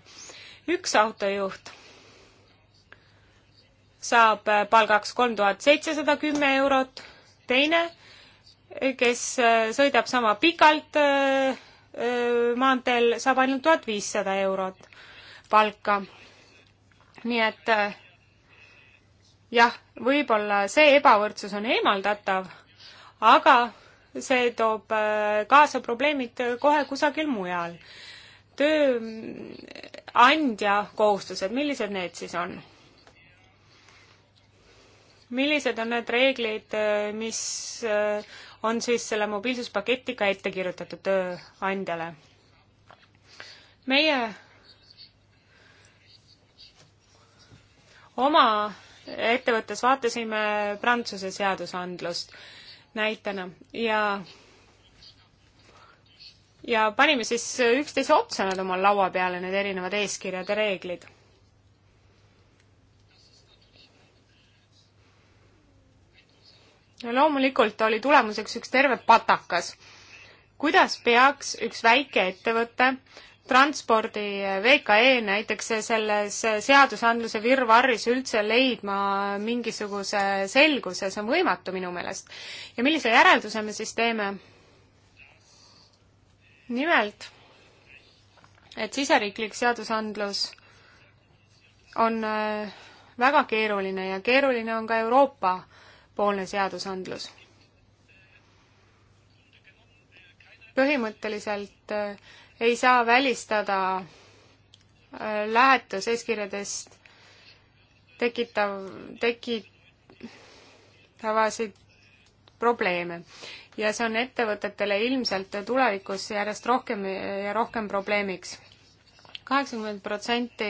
üks autojuht saab palgaks kolm tuhat seitsesada kümme eurot, teine, kes sõidab sama pikalt, eh, maanteel saab ainult tuhat viissada eurot palka. nii et äh, jah, võib-olla see ebavõrdsus on eemaldatav, aga see toob äh, kaasa probleemid äh, kohe kusagil mujal. tööandja kohustused, millised need siis on? millised on need reeglid, mis on siis selle mobiilsuspaketi ka ette kirjutatud tööandjale. meie oma ettevõttes vaatasime Prantsuse seadusandlust näitena ja ja panime siis üksteise otsa nad oma laua peale, need erinevad eeskirjad ja reeglid. loomulikult oli tulemuseks üks terve patakas. kuidas peaks üks väikeettevõte transpordi VKE näiteks selles seadusandluse virvarris üldse leidma mingisuguse selguse, see on võimatu minu meelest. ja millise järelduse me siis teeme? nimelt, et siseriiklik seadusandlus on äh, väga keeruline ja keeruline on ka Euroopa poolne seadusandlus. põhimõtteliselt äh, ei saa välistada äh, lähetuseeskirjadest tekitav, tekitavasid probleeme. ja see on ettevõtetele ilmselt tulevikus järjest rohkem ja rohkem probleemiks kaheksakümmend protsenti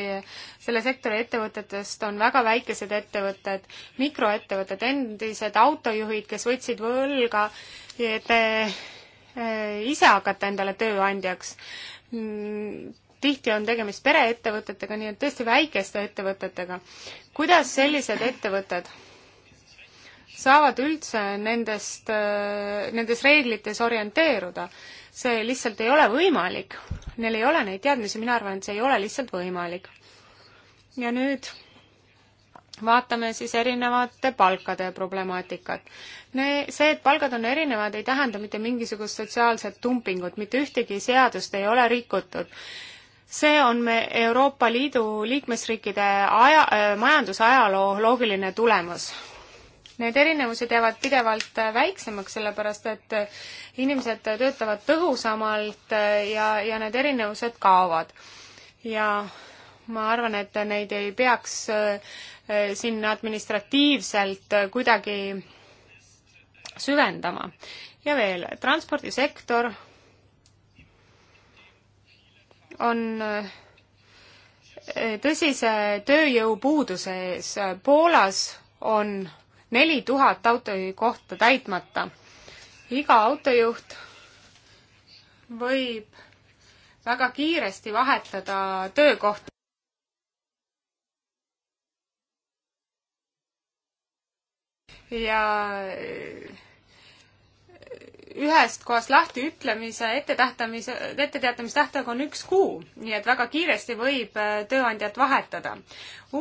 selle sektori ettevõtetest on väga väikesed ettevõtted, mikroettevõtted, endised autojuhid, kes võtsid võlga, te eh, ise hakkate endale tööandjaks. tihti on tegemist pereettevõtetega, nii et tõesti väikeste ettevõtetega. kuidas sellised ettevõtted saavad üldse nendest, eh, nendes reeglites orienteeruda? see lihtsalt ei ole võimalik. Neil ei ole neid teadmisi, mina arvan, et see ei ole lihtsalt võimalik. ja nüüd vaatame siis erinevate palkade problemaatikat. see, et palgad on erinevad, ei tähenda mitte mingisugust sotsiaalset dumpingut, mitte ühtegi seadust ei ole rikutud. see on me Euroopa Liidu liikmesriikide aja äh,, majandusajaloo loogiline tulemus Need erinevused jäävad pidevalt äh, väiksemaks, sellepärast et äh, inimesed töötavad tõhusamalt äh, ja, ja need erinevused kaovad. ja ma arvan, et neid ei peaks siin administratiivselt kuidagi süvendama. ja veel, transpordisektor on tõsise tööjõupuuduse ees. Poolas on neli tuhat autojuhikohta täitmata. iga autojuht võib väga kiiresti vahetada töökohta. ja ühest kohast lahti ütlemise ettetähtamise, etteteatamistähtaeg on üks kuu, nii et väga kiiresti võib äh, tööandjat vahetada.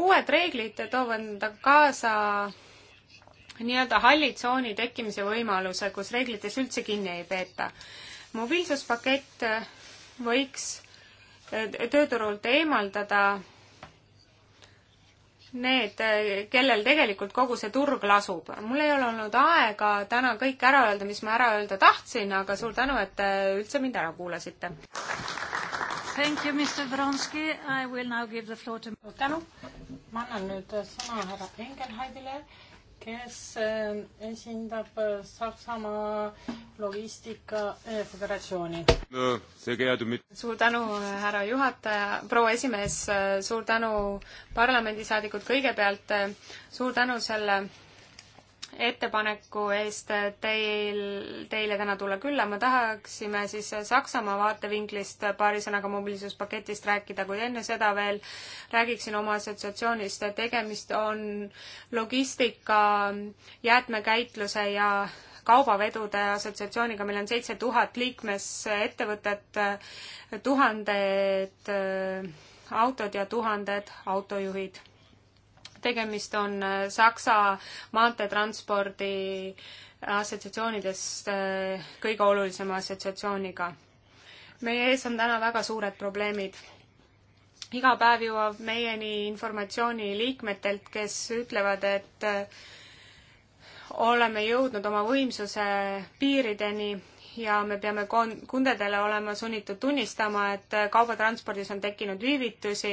uued reeglid toovad kaasa nii-öelda halli tsooni tekkimise võimaluse, kus reeglitest üldse kinni ei peeta. mobiilsuspakett äh, võiks äh, tööturult eemaldada need, äh, kellel tegelikult kogu see turg lasub. mul ei ole olnud aega täna kõik ära öelda, mis ma ära öelda tahtsin, aga suur tänu, et te üldse mind ära kuulasite. Thank you, Mr Vronski, I will now give the floor to. tänu, ma annan nüüd sõna härra Engelheidile kes eh, esindab eh, Saksamaa Logistika eh, Föderatsiooni. suur tänu, härra juhataja, proua esimees, suur tänu parlamendisaadikud kõigepealt, suur tänu selle ettepaneku eest teil, teile täna tulla külla. me tahaksime siis Saksamaa vaatevinklist paari sõnaga mobiilsuspaketist rääkida, kuid enne seda veel räägiksin oma assotsiatsioonist. tegemist on logistika, jäätmekäitluse ja kaubavedude assotsiatsiooniga, meil on seitse tuhat liikmesettevõtet, tuhanded autod ja tuhanded autojuhid tegemist on äh, Saksa maanteetranspordi assotsiatsioonidest äh, kõige olulisema assotsiatsiooniga. meie ees on täna väga suured probleemid. iga päev jõuab meieni informatsiooni liikmetelt, kes ütlevad, et äh, oleme jõudnud oma võimsuse piirideni ja me peame kon-, kundadele olema sunnitud tunnistama, et äh, kaubatranspordis on tekkinud viivitusi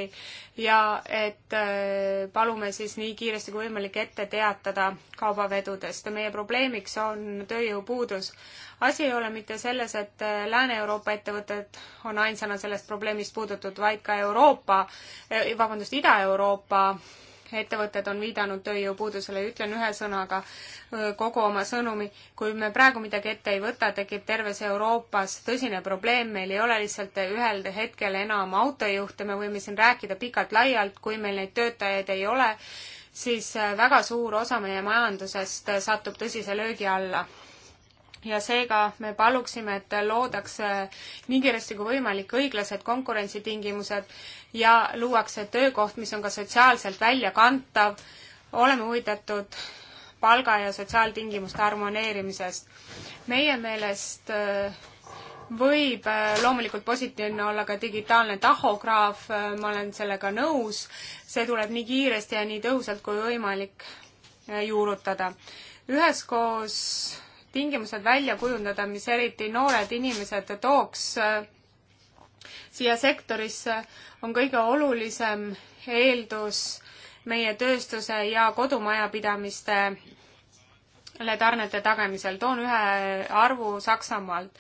ja et äh, palume siis nii kiiresti kui võimalik ette teatada kaubavedudest. meie probleemiks on tööjõupuudus. asi ei ole mitte selles, et äh, Lääne-Euroopa ettevõtted on ainsana sellest probleemist puudutud, vaid ka Euroopa, vabandust, Ida-Euroopa ettevõtted on viidanud tööjõupuudusele ja ütlen ühesõnaga kogu oma sõnumi, kui me praegu midagi ette ei võta, tekib terves Euroopas tõsine probleem, meil ei ole lihtsalt ühel hetkel enam autojuhte, me võime siin rääkida pikalt-laialt, kui meil neid töötajaid ei ole, siis väga suur osa meie majandusest satub tõsise löögi alla ja seega me paluksime, et loodaks nii kiiresti kui võimalik õiglased konkurentsitingimused ja luuakse töökoht, mis on ka sotsiaalselt väljakantav. oleme huvitatud palga ja sotsiaaltingimuste harmoneerimisest. meie meelest äh, võib äh, loomulikult positiivne olla ka digitaalne tahograaf, äh, ma olen sellega nõus, see tuleb nii kiiresti ja nii tõhusalt kui võimalik juurutada. üheskoos tingimused välja kujundada, mis eriti noored inimesed tooks äh, siia sektorisse, on kõige olulisem eeldus meie tööstuse ja kodumajapidamistele tarnete tagamisel. toon ühe arvu Saksamaalt.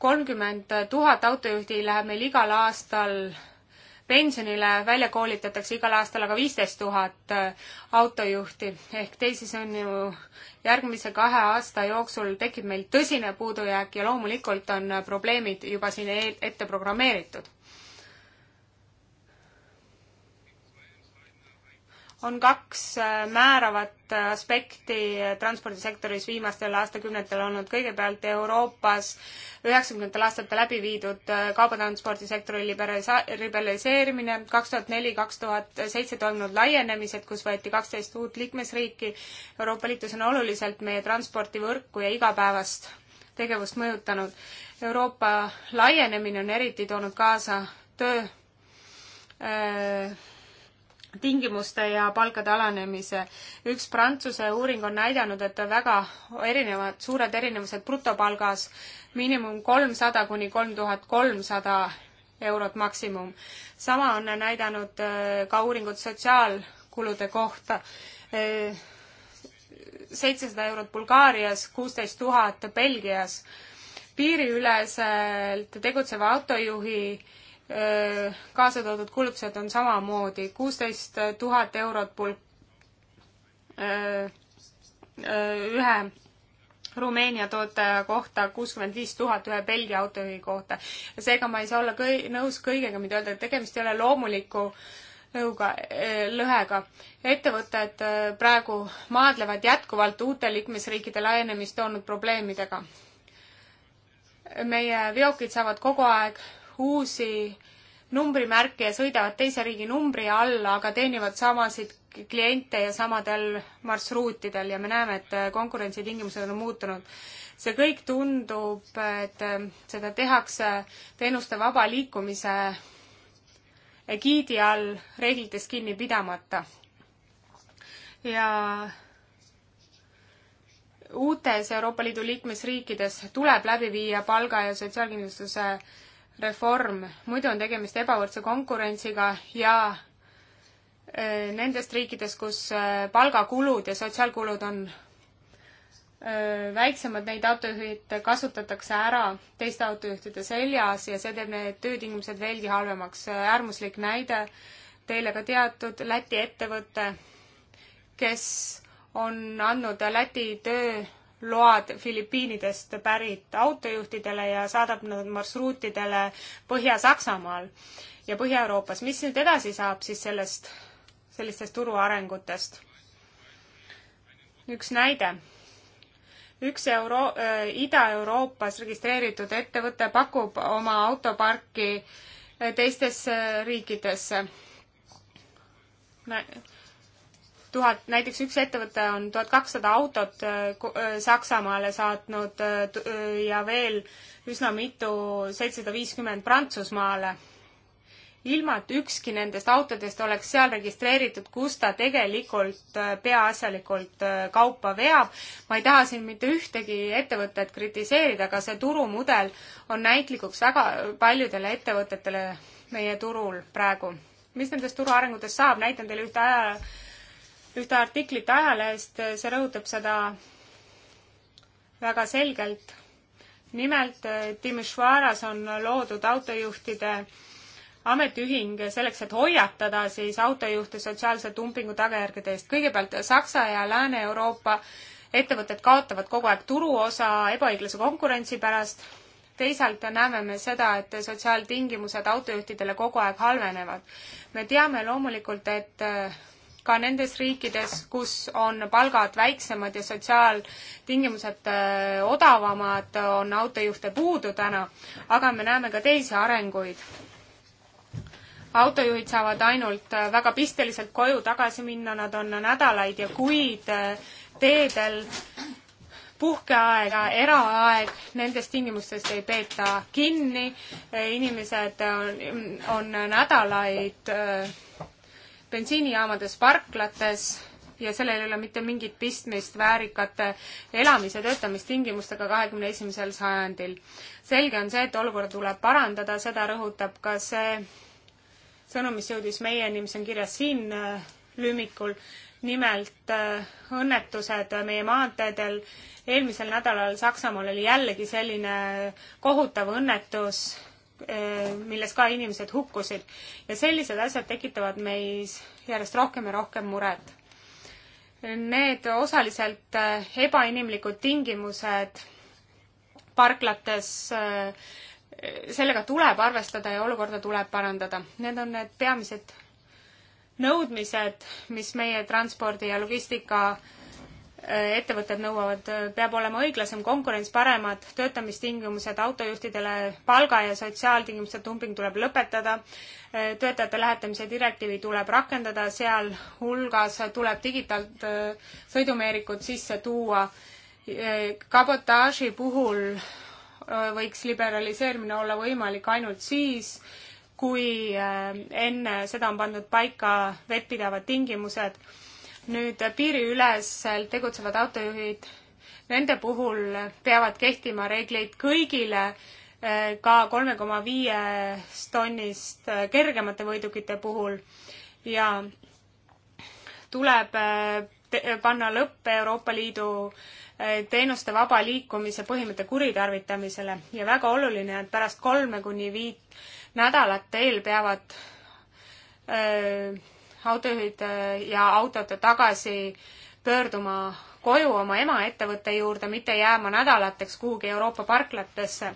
kolmkümmend tuhat autojuhti läheb meil igal aastal pensionile välja koolitatakse igal aastal aga viisteist tuhat äh, autojuhti ehk teisisõnu, järgmise kahe aasta jooksul tekib meil tõsine puudujääk ja loomulikult on äh, probleemid juba siin ette programmeeritud on kaks äh, määravat äh, aspekti transpordisektoris viimastel aastakümnetel olnud. kõigepealt Euroopas üheksakümnendatel aastatel läbi viidud äh, kaubatranspordisektori liberaliseerimine, kaks tuhat neli, kaks tuhat seitse toimunud laienemised, kus võeti kaksteist uut liikmesriiki. Euroopa Liitus on oluliselt meie transpordivõrku ja igapäevast tegevust mõjutanud. Euroopa laienemine on eriti toonud kaasa töö öö, tingimuste ja palkade alanemise. üks Prantsuse uuring on näidanud, et väga erinevad, suured erinevused brutopalgas, miinimum kolmsada kuni kolm tuhat kolmsada eurot maksimum. sama on näidanud äh, ka uuringud sotsiaalkulude kohta. Äh, seitsesada eurot Bulgaarias, kuusteist tuhat Belgias. piiriüleselt tegutseva autojuhi kaasa toodud kulutused on samamoodi kuusteist tuhat eurot pul-, ühe Rumeenia tootaja kohta kuuskümmend viis tuhat ühe Belgia autojuhi kohta. ja seega ma ei saa olla kõi-, nõus kõigega, mida öelda, et tegemist ei ole loomuliku lõuga, lõhega. ettevõtted praegu maadlevad jätkuvalt uute liikmesriikide laienemist toonud probleemidega. meie veokid saavad kogu aeg uusi numbrimärke ja sõidavad teise riigi numbri alla, aga teenivad samasid kliente ja samadel marsruutidel ja me näeme, et äh, konkurentsitingimused on muutunud. see kõik tundub, et äh, seda tehakse teenuste vaba liikumise egiidi all reeglitest kinni pidamata. ja uutes Euroopa Liidu liikmesriikides tuleb läbi viia palga ja sotsiaalkindlustuse reform, muidu on tegemist ebavõrdse konkurentsiga ja eh, nendest riikidest, kus eh, palgakulud ja sotsiaalkulud on eh, väiksemad, neid autojuhid kasutatakse ära teiste autojuhtide seljas ja see teeb need töötingimused veelgi halvemaks. äärmuslik näide, teile ka teatud Läti ettevõte, kes on andnud Läti töö load Filipiinidest pärit autojuhtidele ja saadab nad marsruutidele Põhja-Saksamaal ja Põhja-Euroopas. mis nüüd edasi saab siis sellest, sellistest turuarengutest? üks näide. üks Euro- äh,, Ida-Euroopas registreeritud ettevõte pakub oma autoparki teistesse riikidesse tuhat, näiteks üks ettevõte on tuhat kakssada autot äh, äh, Saksamaale saatnud äh, ja veel üsna mitu, seitsesada viiskümmend Prantsusmaale. ilma, et ükski nendest autodest oleks seal registreeritud, kus ta tegelikult peaasjalikult kaupa veab. ma ei taha siin mitte ühtegi ettevõtet kritiseerida, aga see turumudel on näitlikuks väga paljudele ettevõtetele meie turul praegu. mis nendest turu arengutest saab, näitan teile ühte ajaloo ühte artiklit ajalehest, see rõhutab seda väga selgelt. nimelt eh, Timisoaras on loodud autojuhtide ametiühing selleks, et hoiatada siis autojuhte sotsiaalse dumpingu tagajärgede eest. kõigepealt Saksa ja Lääne-Euroopa ettevõtted kaotavad kogu aeg turuosa ebaõiglase konkurentsi pärast. teisalt näeme me seda, et sotsiaaltingimused autojuhtidele kogu aeg halvenevad. me teame loomulikult, et eh, ka nendes riikides, kus on palgad väiksemad ja sotsiaaltingimused äh, odavamad, on autojuhte puudu täna, aga me näeme ka teisi arenguid. autojuhid saavad ainult äh, väga pisteliselt koju tagasi minna, nad on nädalaid ja kuid äh, teedel puhkeaega, eraaeg, nendest tingimustest ei peeta kinni, inimesed on, on nädalaid bensiinijaamades, parklates ja sellel ei ole mitte mingit pistmist väärikate elamis- ja töötamistingimustega kahekümne esimesel sajandil. selge on see, et olukorda tuleb parandada, seda rõhutab ka see sõnum, mis jõudis meieni, mis on kirjas siin äh, lüümikul, nimelt äh, õnnetused meie maanteedel. eelmisel nädalal Saksamaal oli jällegi selline kohutav õnnetus Äh, milles ka inimesed hukkusid. ja sellised asjad tekitavad meis järjest rohkem ja rohkem muret. Need osaliselt äh, ebainimlikud tingimused parklates, äh, sellega tuleb arvestada ja olukorda tuleb parandada. Need on need peamised nõudmised, mis meie transpordi ja logistika ettevõtted nõuavad, peab olema õiglasem konkurents, paremad töötamistingimused autojuhtidele, palga ja sotsiaaltingimuste dumping tuleb lõpetada, töötajate lähetamise direktiivi tuleb rakendada, sealhulgas tuleb digitaalt äh, sõidumeerikud sisse tuua. kabotaaži puhul äh, võiks liberaliseerimine olla võimalik ainult siis, kui äh, enne seda on pandud paika vettpidavad tingimused nüüd piiriülesel tegutsevad autojuhid, nende puhul peavad kehtima reeglid kõigile eh, ka kolme koma viiest tonnist eh, kergemate võidukite puhul ja tuleb eh, panna lõpp Euroopa Liidu teenuste vaba liikumise põhimõtte kuritarvitamisele ja väga oluline, et pärast kolme kuni viit nädalat teel peavad öö, autojuhide äh, ja autode tagasi pöörduma koju oma ema ettevõtte juurde, mitte jääma nädalateks kuhugi Euroopa parklatesse.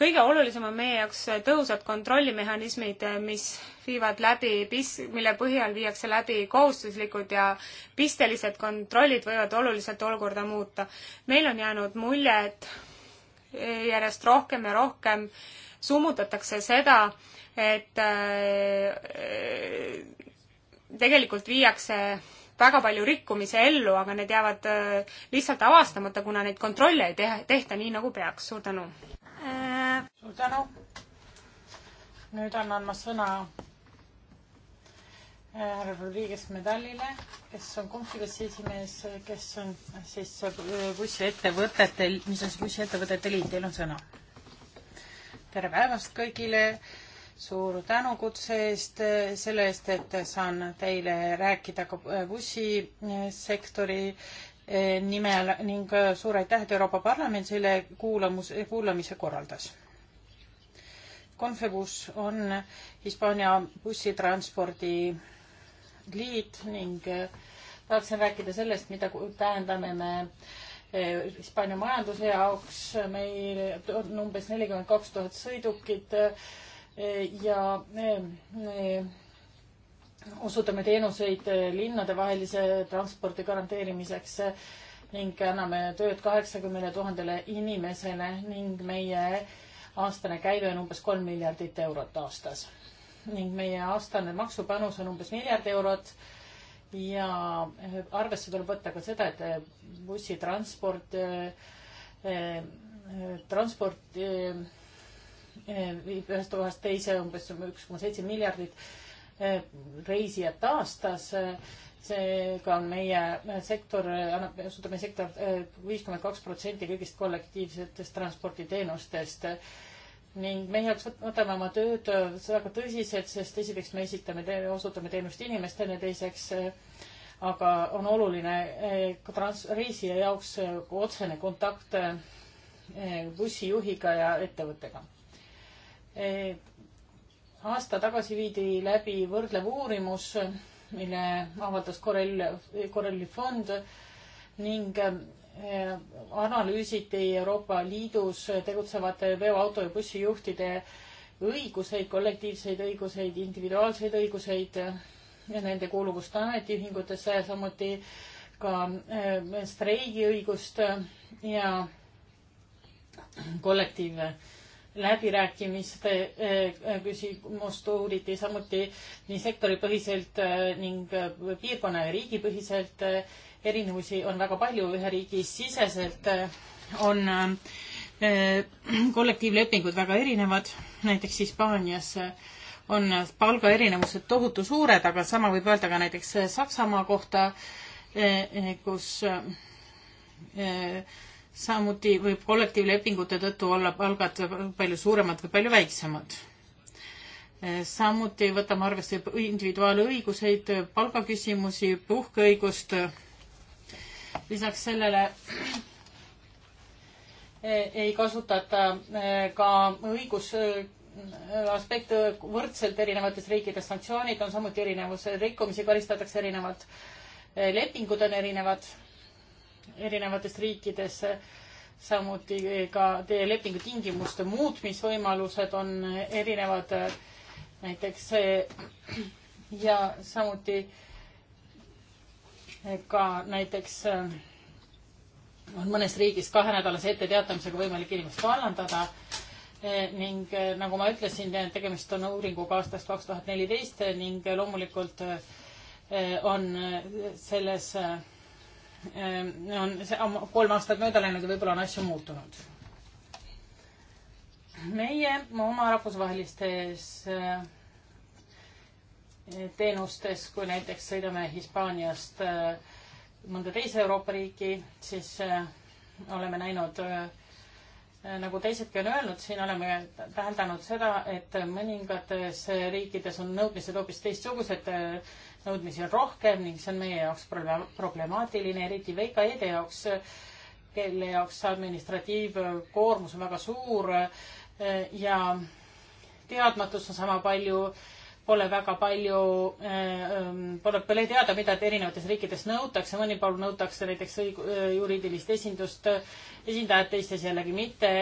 kõige olulisem on meie jaoks tõhusad kontrollimehhanismid, äh, mis viivad läbi pis-, mille põhjal viiakse läbi kohustuslikud ja pistelised kontrollid võivad oluliselt olukorda muuta. meil on jäänud mulje, et järjest rohkem ja rohkem summutatakse seda, et äh, tegelikult viiakse väga palju rikkumisi ellu, aga need jäävad äh, lihtsalt avastamata, kuna neid kontrolle ei teha, tehta nii, nagu peaks. suur tänu! Äh. suur tänu! nüüd annan ma sõna äh, härra Rodriguez Medalile, kes on konkurentsi esimees, kes on siis bussiettevõtetel, mis on siis bussiettevõtete liit, teil on sõna. tere päevast kõigile suur tänu kutse eest, selle eest, et saan teile rääkida ka bussisektori eh, nimel ning suur aitäh, et Euroopa Parlament selle kuulamus, kuulamise korraldas. Confebus on Hispaania bussitranspordi liit ning eh, tahaksin rääkida sellest, mida tähendame me eh, Hispaania majanduse jaoks. meil on umbes nelikümmend kaks tuhat sõidukit ja osutame teenuseid linnadevahelise transpordi garanteerimiseks ning anname tööd kaheksakümnele tuhandele inimesele ning meie aastane käive on umbes kolm miljardit eurot aastas. ning meie aastane maksupanus on umbes miljard eurot ja arvesse tuleb võtta ka seda, et bussitransport, transport, eh, eh, transport eh, ühest kohast teise umbes üks koma seitse miljardit e, reisijat aastas. E, seega on meie sektor, annab, suudab meie sektor e, viiskümmend kaks protsenti kõigist kollektiivsetest transporditeenustest ning meie jaoks võtame oma tööd väga tõsiselt, sest esiteks me esitame, osutame teenust inimestele, teiseks aga on oluline ka trans-, reisija jaoks otsene kontakt bussijuhiga ja ettevõttega. Eh, aasta tagasi viidi läbi võrdlev uurimus, mille avaldas Corell, Corelli fond ning eh, analüüsiti Euroopa Liidus tegutsevate veoauto ja bussijuhtide õiguseid, kollektiivseid õiguseid, individuaalseid õiguseid ja nende kuuluvust ametiühingutesse, samuti ka eh, streigiõigust ja kollektiivõigust läbirääkimiste eh, küsimust uuriti samuti nii sektoripõhiselt eh, ning eh, piirkonna ja riigipõhiselt. erinevusi on väga palju, ühe riigi siseselt on kollektiivlepingud väga erinevad, näiteks Hispaanias on palgaerinevused tohutu suured, aga sama võib öelda ka näiteks Saksamaa kohta, kus samuti võib kollektiivlepingute tõttu olla palgad palju suuremad või palju väiksemad. samuti võtame arvesse individuaalõiguseid, palgaküsimusi, puhkeõigust. lisaks sellele ei kasutata eh, ka õigus eh, aspekte võrdselt erinevates riikides, sanktsioonid on samuti erinevus, rikkumisi karistatakse erinevalt, eh, lepingud on erinevad erinevatest riikidest, samuti ka teie lepingu tingimuste muutmisvõimalused on erinevad, näiteks ja samuti ka näiteks on mõnes riigis kahenädalase etteteatamisega võimalik inimest vallandada ning nagu ma ütlesin, tegemist on uuringuga aastast kaks tuhat neliteist ning loomulikult on selles Ehm, on see kolm aastat mööda läinud ja võib-olla on asju muutunud. meie oma rahvusvahelistes eh, teenustes, kui näiteks sõidame Hispaaniast eh, mõnda teise Euroopa riiki, siis eh, oleme näinud, nagu teisedki on öelnud, siin oleme täheldanud seda, et mõningates riikides on nõudmised hoopis teistsugused nõudmisi on rohkem ning see on meie jaoks problemaatiline, eriti VKE-de jaoks, kelle jaoks administratiivkoormus on väga suur eh, ja teadmatust on sama palju, pole väga palju, eh, ähm, pole, pole teada, mida erinevates riikides nõutakse, mõni pool nõutakse näiteks eh, juriidilist esindust, esindajat, teistes jällegi mitte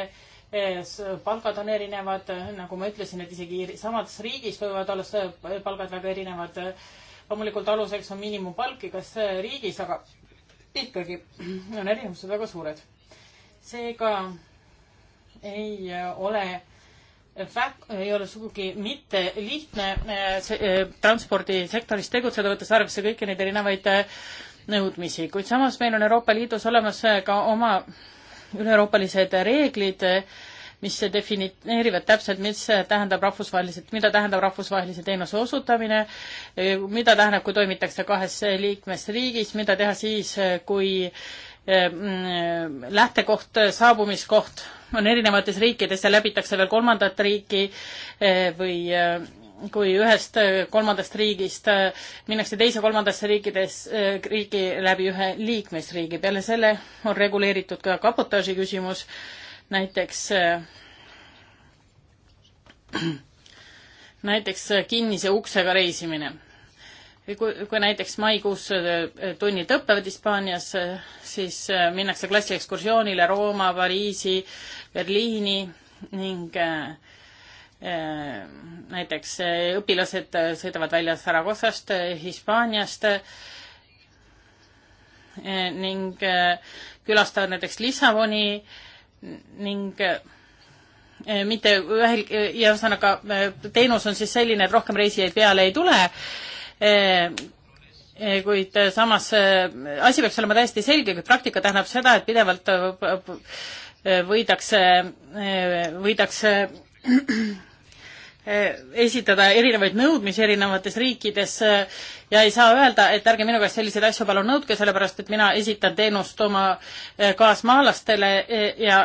palgad on erinevad, nagu ma ütlesin, et isegi samas riigis võivad olla palgad väga erinevad loomulikult aluseks on miinimumpalk igas riigis, aga ikkagi on erinevused väga suured. seega ei ole ei ole sugugi mitte lihtne äh, äh, transpordisektoris tegutseda, võttes arvesse kõiki neid erinevaid äh, nõudmisi, kuid samas meil on Euroopa Liidus olemas ka oma üleeuroopalised reeglid äh, mis defineerivad täpselt, mis tähendab rahvusvaheliselt, mida tähendab rahvusvahelise teenuse osutamine, mida tähendab, kui toimitakse kahes liikmesriigis, mida teha siis, kui eh, mm, lähtekoht, saabumiskoht on erinevates riikides ja läbitakse veel kolmandat riiki eh, või eh, kui ühest kolmandast riigist minnakse teise kolmandasse riikides, riigi läbi ühe liikmesriigi. peale selle on reguleeritud ka kabotaaži küsimus näiteks näiteks kinnise uksega reisimine. kui, kui näiteks maikuus äh, tunnid õppevad Hispaanias, äh, siis äh, minnakse klassiekskursioonile Rooma, Pariisi, Berliini ning näiteks õpilased sõidavad välja Saragossast, Hispaaniast ning külastavad näiteks Lissaboni ning eh, mitte ühel, ja ühesõnaga eh, teenus on siis selline, et rohkem reisijaid peale ei tule, eh, kuid samas asi peaks olema täiesti selge, kui praktika tähendab seda, et pidevalt võidakse, võidakse Eh, esitada erinevaid nõudmisi erinevates riikides eh, ja ei saa öelda, et ärge minu käest selliseid asju palun nõudke, sellepärast et mina esitan teenust oma eh, kaasmaalastele ja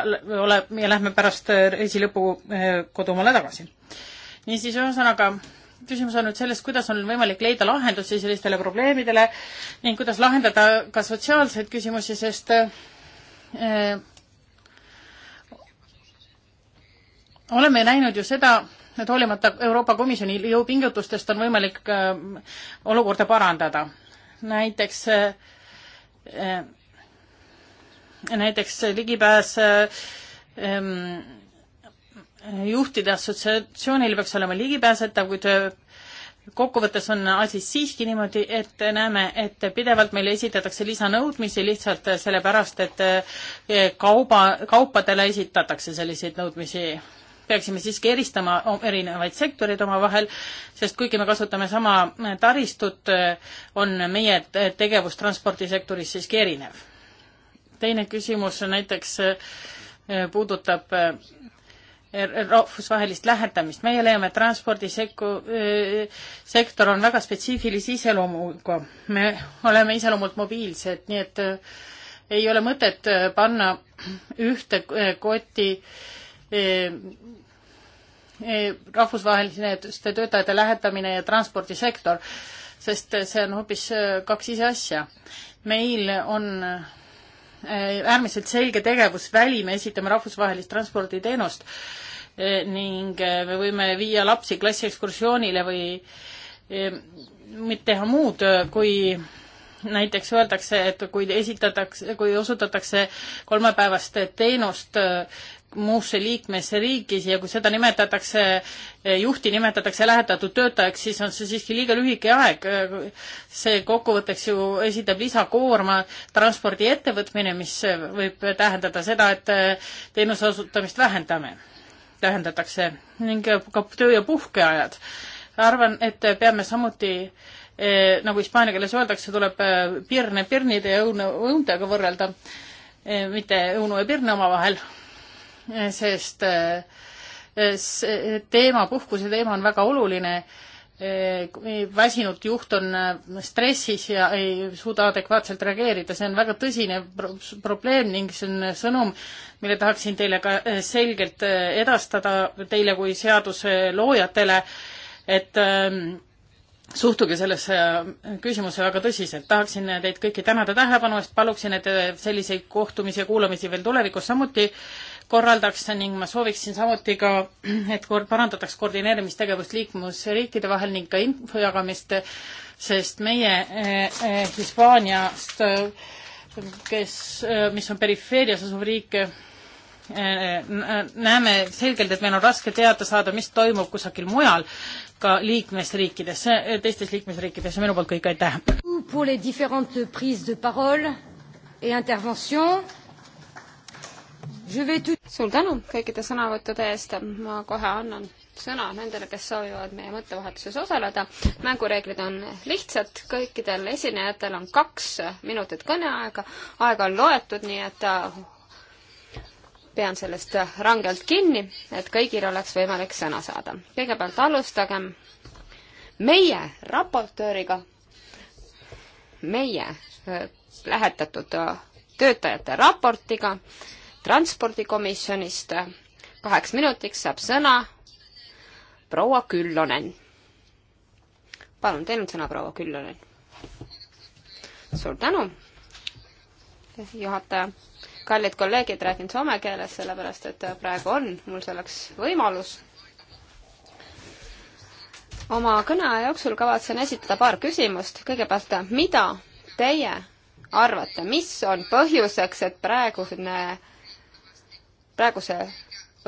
ole, ja lähme pärast reisi lõpu kodumaale tagasi. niisiis, ühesõnaga küsimus on nüüd selles, kuidas on võimalik leida lahendusi sellistele probleemidele ning kuidas lahendada ka sotsiaalseid küsimusi, sest äh, oleme näinud ju seda, et hoolimata Euroopa Komisjoni jõupingutustest on võimalik äh, olukorda parandada. näiteks äh, äh, näiteks ligipääs ähm, juhtide assotsiatsioonil peaks olema ligipääsetav, kuid kokkuvõttes on asi siiski niimoodi, et näeme, et pidevalt meile esitatakse lisanõudmisi lihtsalt sellepärast, et kauba, kaupadele esitatakse selliseid nõudmisi peaksime siiski eristama erinevaid sektoreid omavahel, sest kuigi me kasutame sama äh, taristut, äh, on meie äh, tegevus transpordisektoris siiski erinev. teine küsimus näiteks puudutab rahvusvahelist lähetamist. meie leiame, et transpordisekku-, sektor on väga spetsiifilise iseloomuga. me oleme iseloomult mobiilsed, nii et ei ole mõtet panna ühte kotti rahvusvaheliste töötajate lähetamine ja transpordisektor, sest see on hoopis äh, kaks ise asja. meil on äh, äärmiselt selge tegevusväli, me esitame rahvusvahelist transporditeenust äh, ning me võime viia lapsi klassiekskursioonile või mitte teha muud, kui näiteks öeldakse, et kui esitatakse, kui osutatakse kolmepäevast teenust muusse liikmesriigis ja kui seda nimetatakse, juhti nimetatakse lähetatud töötajaks, siis on see siiski liiga lühike aeg. see kokkuvõtteks ju esitab lisakoorma transpordiettevõtmine, mis võib tähendada seda, et teenuse osutamist vähendame, vähendatakse ning ka töö- ja puhkeajad. arvan, et peame samuti eh, nagu hispaania keeles öeldakse, tuleb eh, pirne pirnide ja õune õuntega võrrelda, eh, mitte õunu ja pirne omavahel sest eh, teema, puhkuse teema on väga oluline. Eh, väsinud juht on eh, stressis ja ei suuda adekvaatselt reageerida, see on väga tõsine probleem ning see on sõnum, mille tahaksin teile ka selgelt edastada, teile kui seaduse loojatele, et suhtuge sellesse küsimusse väga tõsiselt. tahaksin teid kõiki tänada tähelepanu eest, paluksin, et selliseid kohtumisi ja kuulamisi veel tulevikus samuti korraldaks ning ma sooviksin samuti ka, et parandataks koordineerimistegevust liikmusriikide vahel ning ka info jagamist, sest meie eh, eh, Hispaaniast, eh, kes, eh, mis on perifeerias asuv riik eh,, näeme selgelt, et meil on raske teada saada, mis toimub kusagil mujal, ka liikmesriikides, eh, teistes liikmesriikides ja minu poolt kõik, aitäh! Pour les différentes prises de parole et interventions suur tänu kõikide sõnavõttude eest, ma kohe annan sõna nendele, kes soovivad meie mõttevahetuses osaleda. mängureeglid on lihtsad, kõikidel esinejatel on kaks minutit kõneaega, aega on loetud, nii et äh, pean sellest rangelt kinni, et kõigil oleks võimalik sõna saada. kõigepealt alustagem meie raportööriga, meie äh, lähetatud äh, töötajate raportiga transpordikomisjonist. kaheks minutiks saab sõna proua Küllonen. palun, teil on sõna, proua Küllonen. suur tänu, juhataja. kallid kolleegid, räägin soome keeles, sellepärast et praegu on mul selleks võimalus. oma kõne jooksul kavatsen esitada paar küsimust. kõigepealt, mida teie arvate, mis on põhjuseks, et praegune praeguse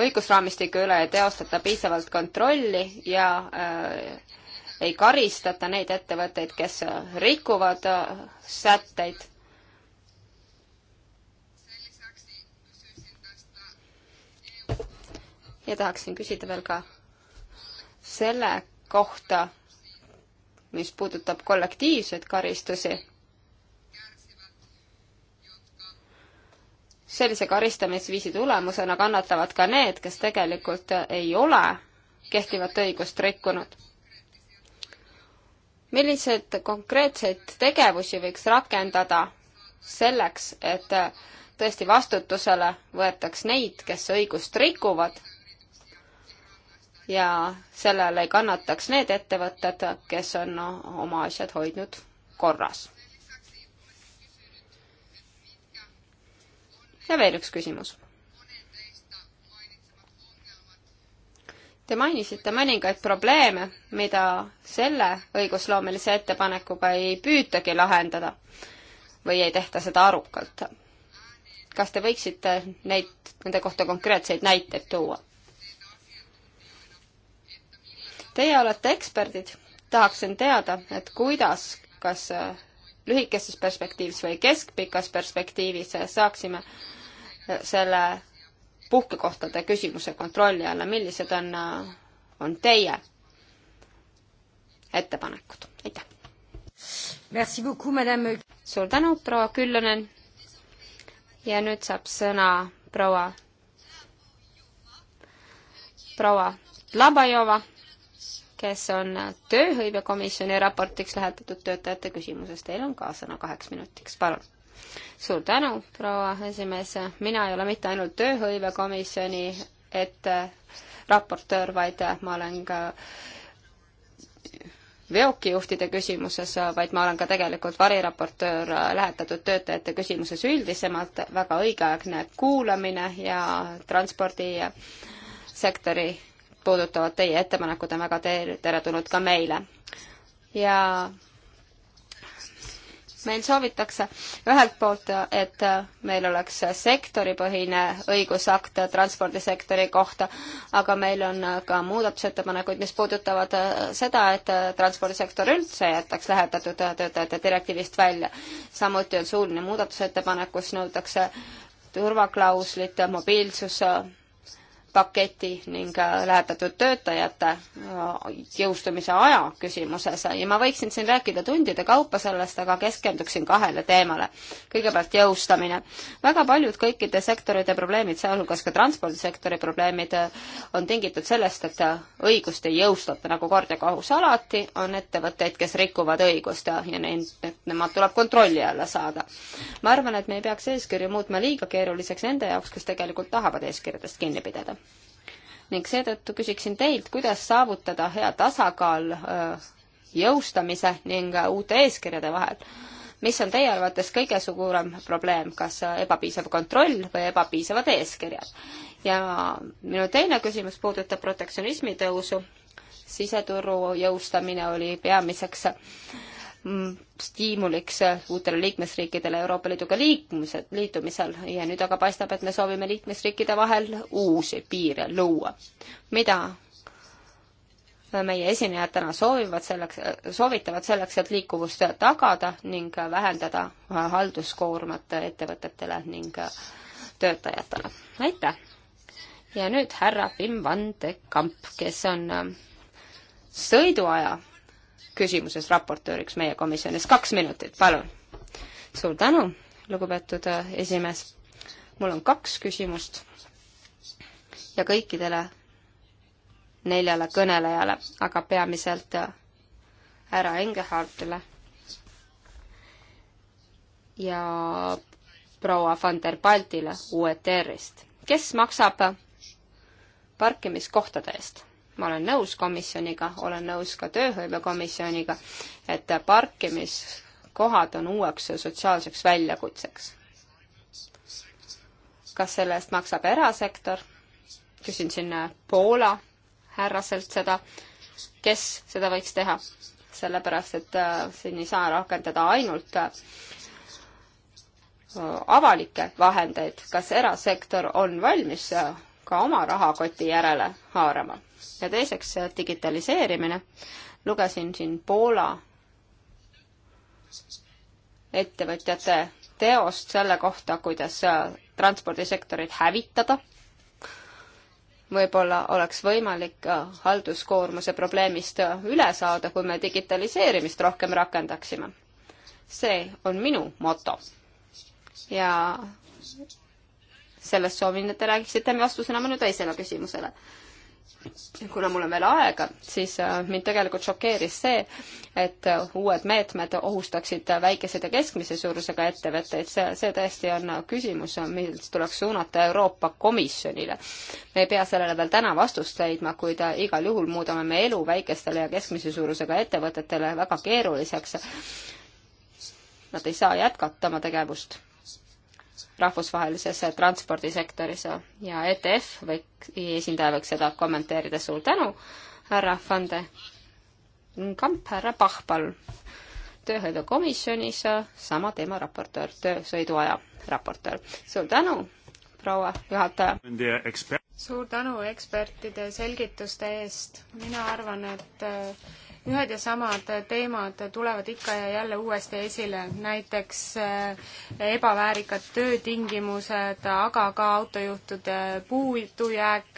õigusraamistiku üle ei teostata piisavalt kontrolli ja äh, ei karistata neid ettevõtteid, kes rikuvad äh, sätteid. ja tahaksin küsida veel ka selle kohta, mis puudutab kollektiivseid karistusi sellise karistamisviisi tulemusena kannatavad ka need, kes tegelikult ei ole kehtivat õigust rikkunud. milliseid konkreetseid tegevusi võiks rakendada selleks, et tõesti vastutusele võetaks neid, kes õigust rikuvad ja sellele ei kannataks need ettevõtted, kes on oma asjad hoidnud korras ja veel üks küsimus. Te mainisite mõningaid probleeme, mida selle õigusloomelise ettepanekuga ei püütagi lahendada või ei tehta seda arukalt. kas te võiksite neid, nende kohta konkreetseid näiteid tuua? Teie olete eksperdid, tahaksin teada, et kuidas, kas lühikeses perspektiivis või keskpikas perspektiivis saaksime äh, selle puhkekohtade küsimuse kontrolli alla, millised on, on teie ettepanekud, aitäh! suur tänu, proua Küllönen! ja nüüd saab sõna proua, proua Labajova, kes on tööhõivekomisjoni raportiks lähetatud töötajate küsimuses. Teil on ka sõna kaheks minutiks, palun suur tänu, proua esimees, mina ei ole mitte ainult tööhõivekomisjoni ette raportöör, vaid ma olen ka veokijuhtide küsimuses, vaid ma olen ka tegelikult variraportöör lähetatud töötajate küsimuses üldisemalt, väga õigeaegne kuulamine ja transpordisektori puudutavad teie ettepanekud on väga teretulnud ka meile. ja meil soovitakse ühelt poolt, et meil oleks sektoripõhine õigusakt transpordisektori kohta, aga meil on ka muudatusettepanekuid, mis puudutavad seda, et transpordisektor üldse jätaks lähetatud töötajate direktiivist välja. samuti on suuline muudatusettepanek, kus nõutakse turvaklauslit, mobiilsus paketi ning äh, lähetatud töötajate äh, jõustumise aja küsimuses ja ma võiksin siin rääkida tundide kaupa sellest, aga keskenduksin kahele teemale. kõigepealt jõustamine. väga paljud kõikide sektorite probleemid, sealhulgas ka transpordisektori probleemid, äh, on tingitud sellest, et õigust ei jõustata nagu kord ja kohus. alati on ettevõtteid, kes rikuvad õigust ja, ja neid, nemad tuleb kontrolli alla saada. ma arvan, et me ei peaks eeskirju muutma liiga keeruliseks nende jaoks, kes tegelikult tahavad eeskirjadest kinni pidada ning seetõttu küsiksin teilt, kuidas saavutada hea tasakaal äh, jõustamise ning äh, uute eeskirjade vahel. mis on teie arvates kõige suurem probleem, kas äh, ebapiisav kontroll või ebapiisavad eeskirjad? ja minu teine küsimus puudutab protektsionismi tõusu. siseturu jõustamine oli peamiseks äh, Mm, stiimuliks äh, uutele liikmesriikidele Euroopa Liiduga liikumised, liitumisel ja nüüd aga paistab, et me soovime liikmesriikide vahel uusi piire luua. mida meie esinejad täna soovivad selleks, äh, soovitavad selleks, et liikuvust tagada ning vähendada halduskoormat ettevõtetele ning äh, töötajatele. aitäh! ja nüüd härra Wim van de Kamp, kes on sõiduaja küsimuses raportööriks meie komisjonis. kaks minutit, palun. suur tänu, lugupeetud äh, esimees. mul on kaks küsimust ja kõikidele neljale kõnelejale, aga peamiselt äh, härra Engehartile ja proua van der Baltile UETR-ist. kes maksab äh, parkimiskohtade eest? ma olen nõus komisjoniga, olen nõus ka tööhõivekomisjoniga, et parkimiskohad on uueks sotsiaalseks väljakutseks. kas selle eest maksab erasektor? küsin siin Poola härraselt seda, kes seda võiks teha, sellepärast et äh, siin ei saa rakendada ainult äh, avalikke vahendeid, kas erasektor on valmis äh, ka oma rahakoti järele haarama? ja teiseks äh, digitaliseerimine. lugesin siin Poola ettevõtjate teost selle kohta, kuidas äh, transpordisektorit hävitada. võib-olla oleks võimalik äh, halduskoormuse probleemist üle saada, kui me digitaliseerimist rohkem rakendaksime. see on minu moto. ja sellest soovin, et te räägiksite vastusena minu teisele küsimusele kuna mul on veel aega, siis äh, mind tegelikult šokeeris see, et äh, uued meetmed ohustaksid väikeseid ja keskmise suurusega ettevõtteid et, see, see tõesti on küsimus, mis tuleks suunata Euroopa Komisjonile. me ei pea sellele veel täna vastust leidma, kuid äh, igal juhul muudame me elu väikestele ja keskmise suurusega ettevõtetele väga keeruliseks. Nad ei saa jätkata oma tegevust rahvusvahelises transpordisektoris ja ETF võiks, esindaja võiks seda kommenteerida. suur tänu, härra Van de Kamp, härra Pahpal, tööhõivekomisjonis sama teema raportöör, töösõiduaja raportöör. suur tänu, proua juhataja. suur tänu ekspertide selgituste eest. mina arvan, et ühed ja samad teemad tulevad ikka ja jälle uuesti esile, näiteks äh, ebaväärikad töötingimused, aga ka autojuhtude puudujääk,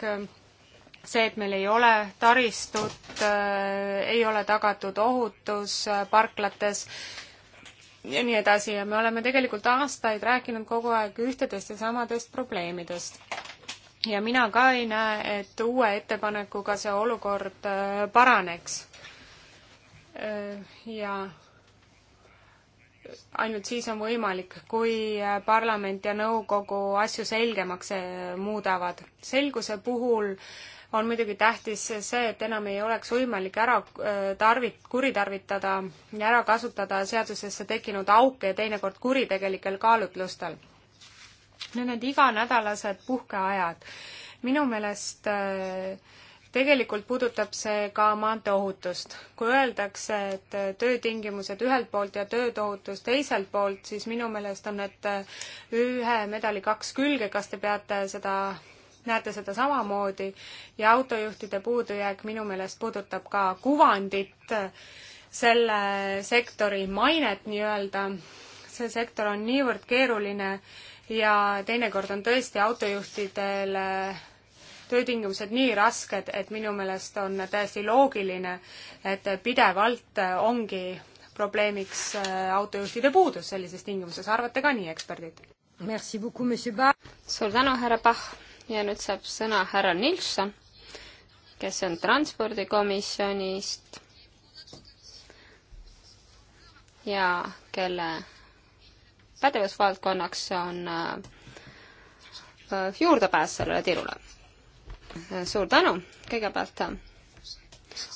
see, et meil ei ole taristut, äh, ei ole tagatud ohutus äh, parklates ja nii edasi ja me oleme tegelikult aastaid rääkinud kogu aeg ühtedest ja samadest probleemidest ja mina ka ei näe, et uue ettepanekuga see olukord paraneks. Äh, ja ainult siis on võimalik, kui äh, parlament ja nõukogu asju selgemaks äh, muudavad. selguse puhul on muidugi tähtis see, et enam ei oleks võimalik ära tarvit-, kuritarvitada ja ära kasutada seadusesse tekkinud auke ja teinekord kuritegelikel kaalutlustel. Need on iganädalased puhkeajad. minu meelest äh, tegelikult puudutab see ka maanteeohutust. kui öeldakse, et töötingimused ühelt poolt ja tööohutus teiselt poolt, siis minu meelest on need ühe medali kaks külge, kas te peate seda, näete seda samamoodi ja autojuhtide puudujääk minu meelest puudutab ka kuvandit, selle sektori mainet nii-öelda. see sektor on niivõrd keeruline ja teinekord on tõesti autojuhtidele töötingimused nii rasked, et minu meelest on täiesti loogiline, et pidevalt ongi probleemiks äh, autojuhtide puudus sellises tingimuses, arvate ka nii, eksperdid? suur tänu, härra Pahh ja nüüd saab sõna härra Nilsson, kes on transpordikomisjonist ja kelle pädevusvaldkonnaks on äh, äh, juurdepääs sellele tirule suur tänu, kõigepealt äh,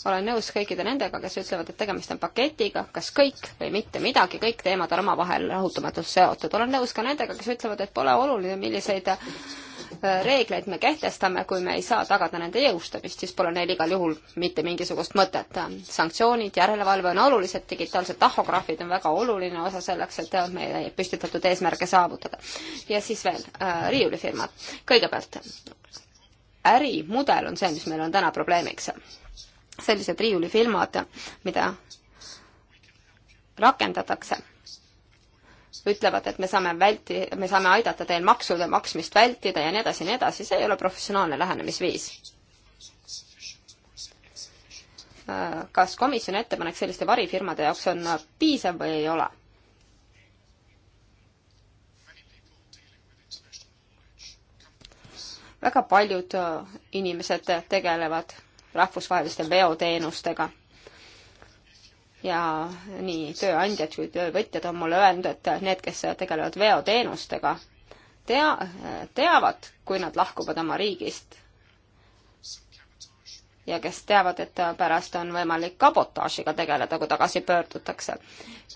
olen nõus kõikide nendega, kes ütlevad, et tegemist on paketiga, kas kõik või mitte midagi, kõik teemad on omavahel lahutamatult seotud. olen nõus ka nendega, kes ütlevad, et pole oluline, milliseid äh, reegleid me kehtestame, kui me ei saa tagada nende jõustamist, siis pole neil igal juhul mitte mingisugust mõtet. Äh, sanktsioonid, järelevalve on olulised, digitaalsed tahograafid on väga oluline osa selleks, et meie püstitatud eesmärke saavutada. ja siis veel äh, riiulifirmad. kõigepealt ärimudel on see, mis meil on täna probleemiks. sellised riiulifilmad, mida rakendatakse, ütlevad, et me saame välti-, me saame aidata teil maksude maksmist vältida ja nii edasi ja nii edasi, see ei ole professionaalne lähenemisviis. kas komisjoni ettepanek selliste varifirmade jaoks on piisav või ei ole? väga paljud äh, inimesed tegelevad rahvusvaheliste veoteenustega. ja nii tööandjad kui töövõtjad on mulle öelnud, et need, kes tegelevad veoteenustega, tea, teavad, kui nad lahkuvad oma riigist, ja kes teavad, et pärast on võimalik kabotaažiga tegeleda, kui tagasi pöördutakse.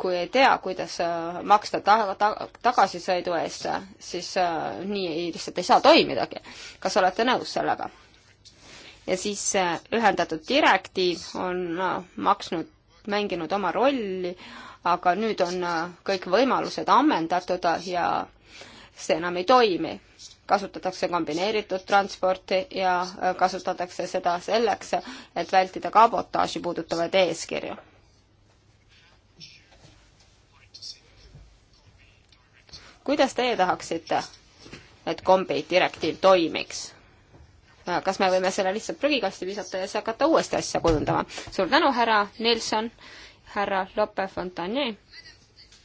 kui ei tea, kuidas äh, maksta ta-, ta-, tagasisõidu eest, äh, siis äh, nii ei, lihtsalt ei saa toimidagi. kas olete nõus sellega? ja siis äh, ühendatud direktiiv on äh, maksnud, mänginud oma rolli, aga nüüd on äh, kõik võimalused ammendatud ja see enam ei toimi kasutatakse kombineeritud transporti ja äh, kasutatakse seda selleks, et vältida kabotaaži puudutavaid eeskirju. kuidas teie tahaksite, et kombi direktiiv toimiks? Äh, kas me võime selle lihtsalt prügikasti visata ja siis hakata uuesti asja kujundama? suur tänu, härra Nilsson, härra Lope Fontanier,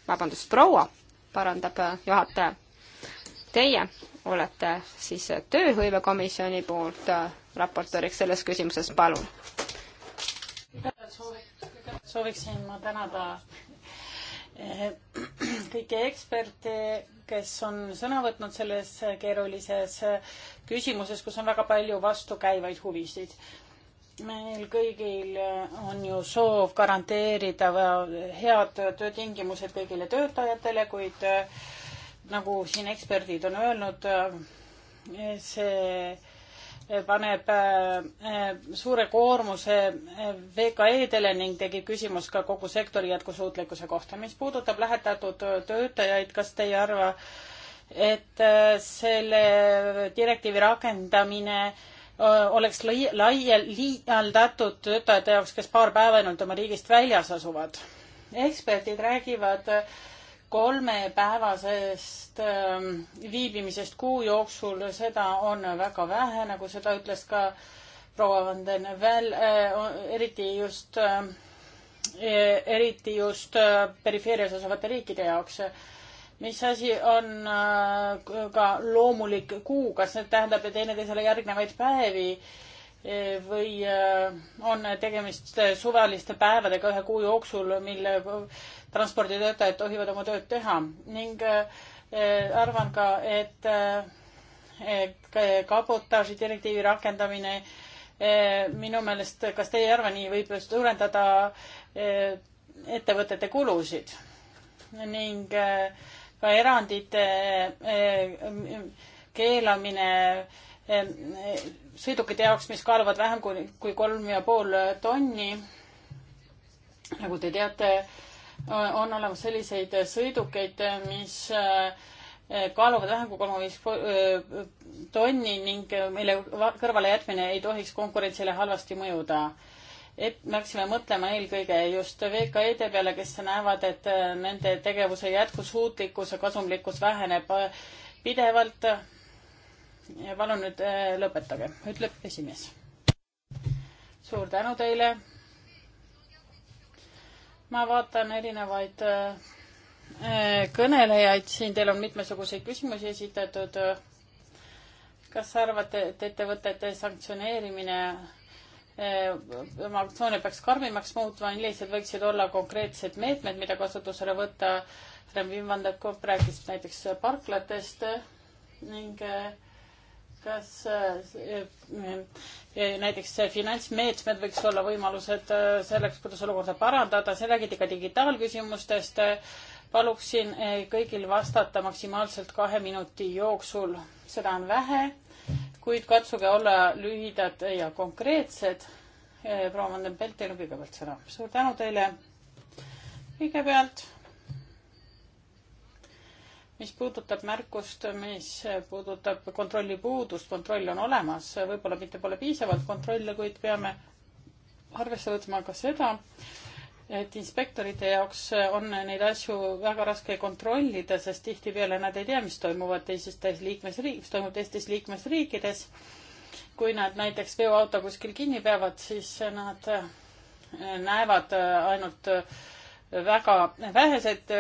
vabandust, proua, parandab äh, juhataja teie olete siis tööhõivekomisjoni poolt äh, raportööriks selles küsimuses, palun. kõigepealt sooviksin ma tänada äh, kõiki eksperte, kes on sõna võtnud selles keerulises äh, küsimuses, kus on väga palju vastukäivaid huvisid. meil kõigil on ju soov garanteerida head töötingimused kõigile töötajatele, kuid nagu siin eksperdid on öelnud, äh, see paneb äh, suure koormuse äh, VKE-dele ning tekib küsimus ka kogu sektori jätkusuutlikkuse kohta. mis puudutab lähetatud töötajaid, kas te ei arva, et selle direktiivi rakendamine oleks laial liialdatud töötajate jaoks, kes paar päeva ainult oma riigist väljas asuvad. eksperdid räägivad äh, kolmepäevasest ähm, viibimisest kuu jooksul, seda on väga vähe, nagu seda ütles ka proua Van den Väl, äh, eriti just, ähm, e, eriti just äh, perifeerias asuvate riikide jaoks. mis asi on äh, ka loomulik kuu, kas see tähendab teineteisele järgnevaid päevi e, või on tegemist suvaliste päevadega ühe kuu jooksul, mille transporditöötajad tohivad oma tööd teha ning eh, eh, arvan ka, et, et eh, kabotaaži direktiivi rakendamine minu meelest, kas teie ei arva nii, võib suurendada ettevõtete kulusid ning ka erandite keelamine sõidukite jaoks, mis kaaluvad vähem kui, kui kolm ja pool tonni. nagu te teate, Äh, on olemas selliseid sõidukeid, mis äh, kaaluvad vähem kui kolm viis äh, tonni ning mille kõrvalejätmine ei tohiks konkurentsile halvasti mõjuda. et me hakkasime mõtlema eelkõige just VKE-de peale, kes näevad, et nende tegevuse jätkusuutlikkus ja kasumlikkus väheneb pidevalt. palun nüüd lõpetage, ütleb esimees. suur tänu teile ma vaatan erinevaid äh, äh, kõnelejaid, siin teil on mitmesuguseid küsimusi esitatud. kas arvate, et ettevõtete sanktsioneerimine äh, oma aktsioone peaks karmimaks muutma, millised võiksid olla konkreetsed meetmed, mida kasutusele võtta? Rem Vimvandekov rääkis näiteks parklatest ning äh, kas eh, eh, näiteks finantsmeetmed võiks olla võimalused eh, selleks, kuidas olukorda parandada, siin räägiti ka digitaalküsimustest. paluksin kõigil vastata maksimaalselt kahe minuti jooksul, seda on vähe, kuid katsuge olla lühidad ja konkreetsed. proua Vandenbelt, teil on kõigepealt sõna. suur tänu teile. kõigepealt mis puudutab märkust, mis puudutab kontrolli puudust, kontroll on olemas, võib-olla mitte pole piisavalt kontrolle, kuid peame arvesse võtma ka seda, et inspektorite jaoks on neid asju väga raske kontrollida, sest tihtipeale nad ei tea, mis toimuvad teises, teises liikmesriik, mis toimub teistes liikmesriikides. kui nad näiteks veoauto kuskil kinni peavad, siis nad näevad ainult väga vähesed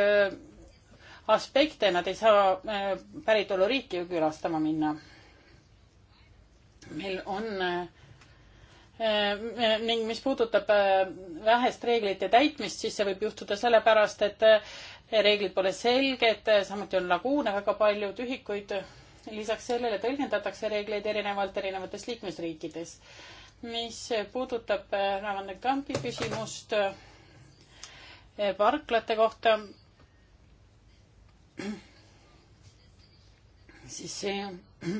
aspekte, nad ei saa äh, päritoluriiki külastama minna. meil on äh, äh, ning mis puudutab vähest reeglite täitmist, siis see võib juhtuda sellepärast, et reeglid pole selged, samuti on laguune väga palju, tühikuid. lisaks sellele tõlgendatakse reegleid erinevalt erinevates liikmesriikides. mis puudutab Ravande Kampi küsimust parklate kohta, siis see,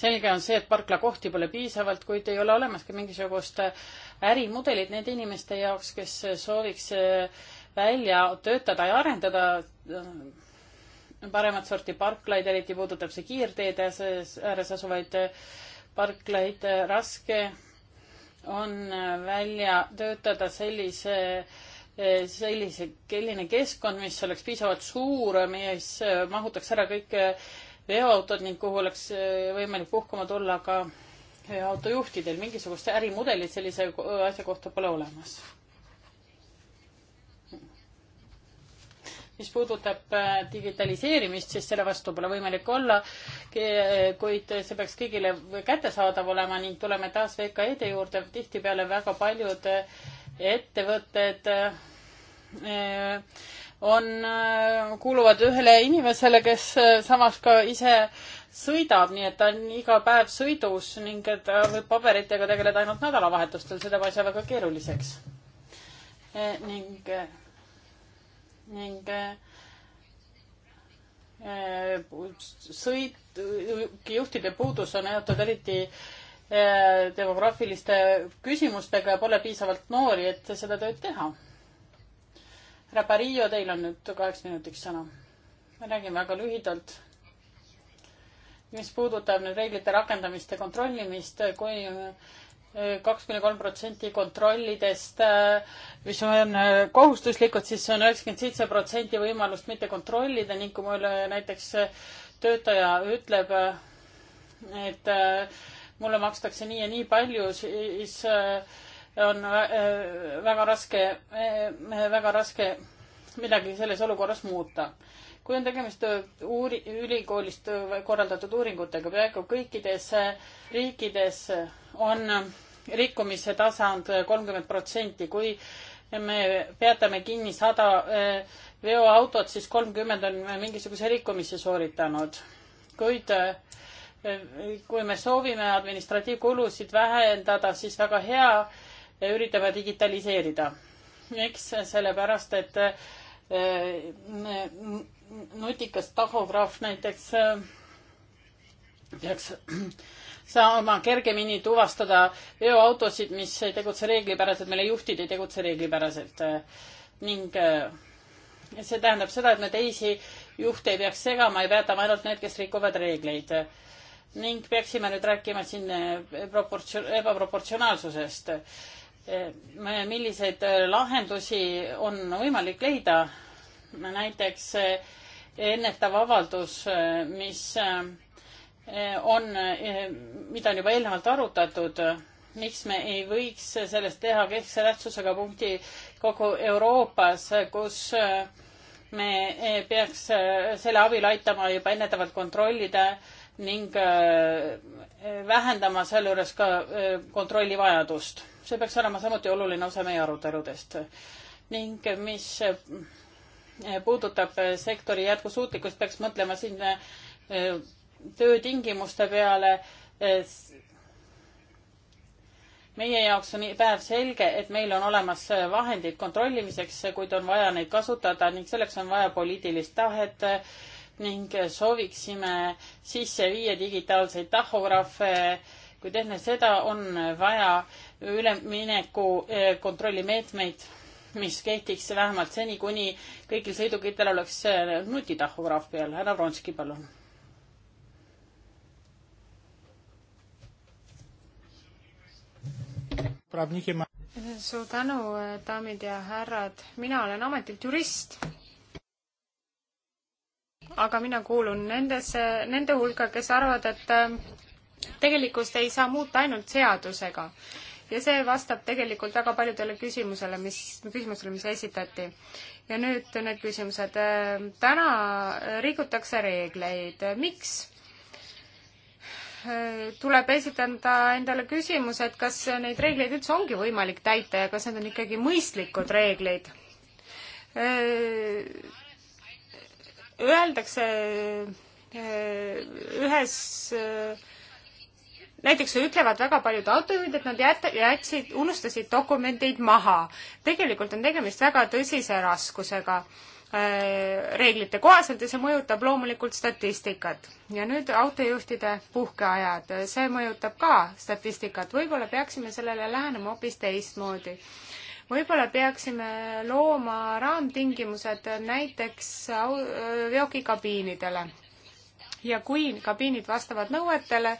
selge on see, et parklakohti pole piisavalt, kuid ei ole olemas ka mingisugust ärimudelit nende inimeste jaoks, kes sooviks välja töötada ja arendada äh, paremat sorti parklaid, eriti puudutab see kiirteede ääres asuvaid parklaid. raske on välja töötada sellise äh, Eh, sellise, selline keskkond, mis oleks piisavalt suur, mis eh, mahutaks ära kõik eh, veoautod ning kuhu oleks võimalik puhkama tulla ka autojuhtidel. mingisugust ärimudelit sellise asja kohta pole olemas. mis puudutab digitaliseerimist, siis selle vastu pole võimalik olla, kuid see peaks kõigile kättesaadav olema ning tuleme taas VKE-de juurde. tihtipeale väga paljud äh, ettevõtted eh, on, eh, kuuluvad ühele inimesele, kes eh, samas ka ise sõidab, nii et ta on iga päev sõidus ning ta võib paberitega tegeleda ainult nädalavahetustel, see teeb asja väga keeruliseks e,. ning, ning e, sõit, juhtide puudus on näidatud eriti e, Eh, demograafiliste küsimustega ja pole piisavalt noori, et seda tööd teha. härra Parillo, teil on nüüd kaheks minutiks sõna. ma räägin väga lühidalt. mis puudutab nüüd reeglite rakendamist ja kontrollimist, kui eh, kaks kuni kolm protsenti kontrollidest, eh, mis on kohustuslikud, siis on üheksakümmend seitse protsenti võimalust mitte kontrollida ning kui mul näiteks töötaja ütleb, et mulle makstakse nii ja nii palju, siis eh, on eh, väga raske, eh, väga raske midagi selles olukorras muuta. kui on tegemist uuri-, ülikoolist korraldatud uuringutega, peaaegu kõikides riikides on rikkumise tasand kolmkümmend protsenti, kui me peatame kinni sada veoautot, siis kolmkümmend on mingisuguse rikkumise sooritanud. kuid kui me soovime administratiivkulusid vähendada, siis väga hea, üritame digitaliseerida. miks? sellepärast, et äh, nutikas tahograaf näiteks äh, peaks saama kergemini tuvastada veoautosid, mis ei tegutse reeglipäraselt, mille juhtid ei tegutse reeglipäraselt. ning äh, see tähendab seda, et me teisi juhte ei peaks segama, ei peata ainult need, kes rikuvad reegleid ning peaksime nüüd rääkima siin eh, proportsioon, ebaproportsionaalsusest. Eh, milliseid eh, lahendusi on võimalik leida? näiteks ennetav avaldus, mis on, mida on juba eelnevalt arutatud, miks me ei võiks sellest teha keskse tähtsusega punkti kogu Euroopas, kus me peaks selle abil aitama juba ennetavalt kontrollida äh, ning äh, vähendama sealjuures ka äh, kontrolli vajadust. see peaks olema samuti oluline osa meie aruteludest. ning äh, mis puudutab sektori jätkusuutlikkust, peaks mõtlema siin töötingimuste peale. meie jaoks on päevselge, et meil on olemas vahendid kontrollimiseks, kuid on vaja neid kasutada ning selleks on vaja poliitilist tahet ning sooviksime sisse viia digitaalseid tahograafe. kuid enne seda on vaja ülemineku eh, kontrollimeetmeid, mis kehtiks vähemalt seni, kuni kõigil sõidukitel oleks eh, nutitahograaf peal. härra Vronski, palun. suur tänu, eh, daamid ja härrad. mina olen ametilt jurist aga mina kuulun nendesse, nende hulka, kes arvavad, et ähm, tegelikkust ei saa muuta ainult seadusega. ja see vastab tegelikult väga paljudele küsimusele, mis, küsimustele, mis esitati. ja nüüd need küsimused. Ähm, täna rikutakse reegleid, miks? Äh, tuleb esitada endale küsimus, et kas neid reegleid üldse ongi võimalik täita ja kas need on ikkagi mõistlikud reeglid äh, öeldakse eh, ühes eh, näiteks ütlevad väga paljud autojuhid, et nad jät-, jätsid, unustasid dokumendid maha. tegelikult on tegemist väga tõsise raskusega eh, reeglite kohaselt ja see mõjutab loomulikult statistikat. ja nüüd autojuhtide puhkeajad, see mõjutab ka statistikat, võib-olla peaksime sellele lähenema hoopis teistmoodi võib-olla peaksime looma raamtingimused näiteks veokikabiinidele. ja kui kabiinid vastavad nõuetele,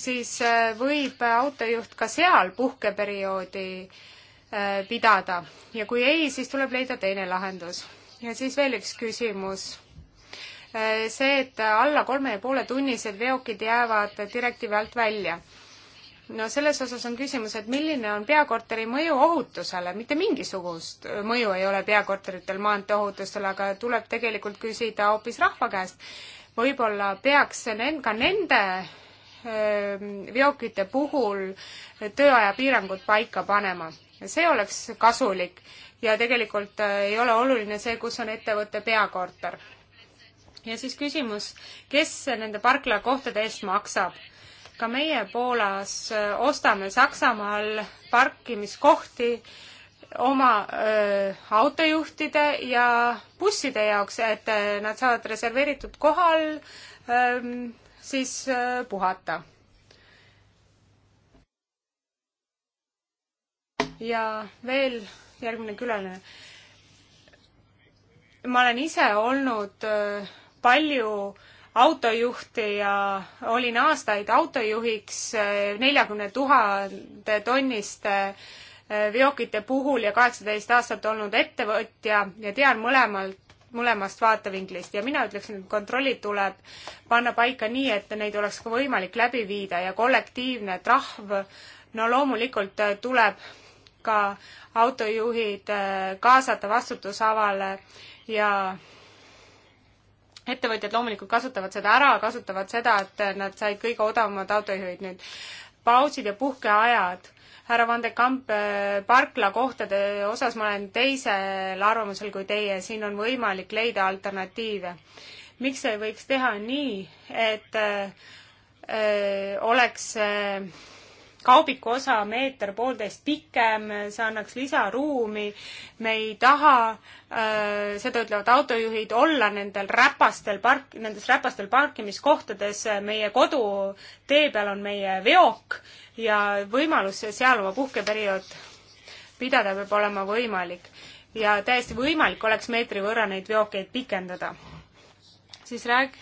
siis äh, võib autojuht ka seal puhkeperioodi äh, pidada ja kui ei, siis tuleb leida teine lahendus. ja siis veel üks küsimus. Äh, see, et alla kolme ja poole tunnised veokid jäävad direktiivi alt välja no selles osas on küsimus, et milline on peakorteri mõju ohutusele, mitte mingisugust äh, mõju ei ole peakorteritel maanteeohutusele, aga tuleb tegelikult küsida hoopis rahva käest. võib-olla peaks ka nende ähm, veokite puhul tööajapiirangud paika panema. see oleks kasulik ja tegelikult äh, ei ole oluline see, kus on ettevõtte peakorter. ja siis küsimus, kes nende parklakohtade eest maksab? ka meie Poolas äh, ostame Saksamaal parkimiskohti oma öö, äh, autojuhtide ja busside jaoks, et äh, nad saavad reserveeritud kohal öö, ähm, siis öö, puhata. ja veel järgmine külaline. ma olen ise olnud öö, palju öö, autojuhti ja olin aastaid autojuhiks eh, neljakümne tuhande tonniste eh, veokite puhul ja kaheksateist aastat olnud ettevõtja ja tean mõlemalt, mõlemast vaatevinklist ja mina ütleksin, et kontrollid tuleb panna paika nii, et neid oleks ka võimalik läbi viida ja kollektiivne trahv, no loomulikult eh, tuleb ka autojuhid kaasata vastutusavale ja ettevõtjad loomulikult kasutavad seda ära, kasutavad seda, et nad said kõige odavamad autojuhid nüüd. pausid ja puhkeajad. härra Van de Kamp, äh, parkla kohtade osas ma olen teisel arvamusel kui teie, siin on võimalik leida alternatiive. miks ei võiks teha nii, et öö, äh, äh, oleks öö, kaubiku osa meeter-poolteist pikem, see annaks lisaruumi. me ei taha, äh, seda ütlevad autojuhid, olla nendel räpastel park, nendes räpastel parkimiskohtades. meie kodutee peal on meie veok ja võimalus seal oma puhkeperiood pidada peab olema võimalik. ja täiesti võimalik oleks meetri võrra neid veokeid pikendada. siis rääg-,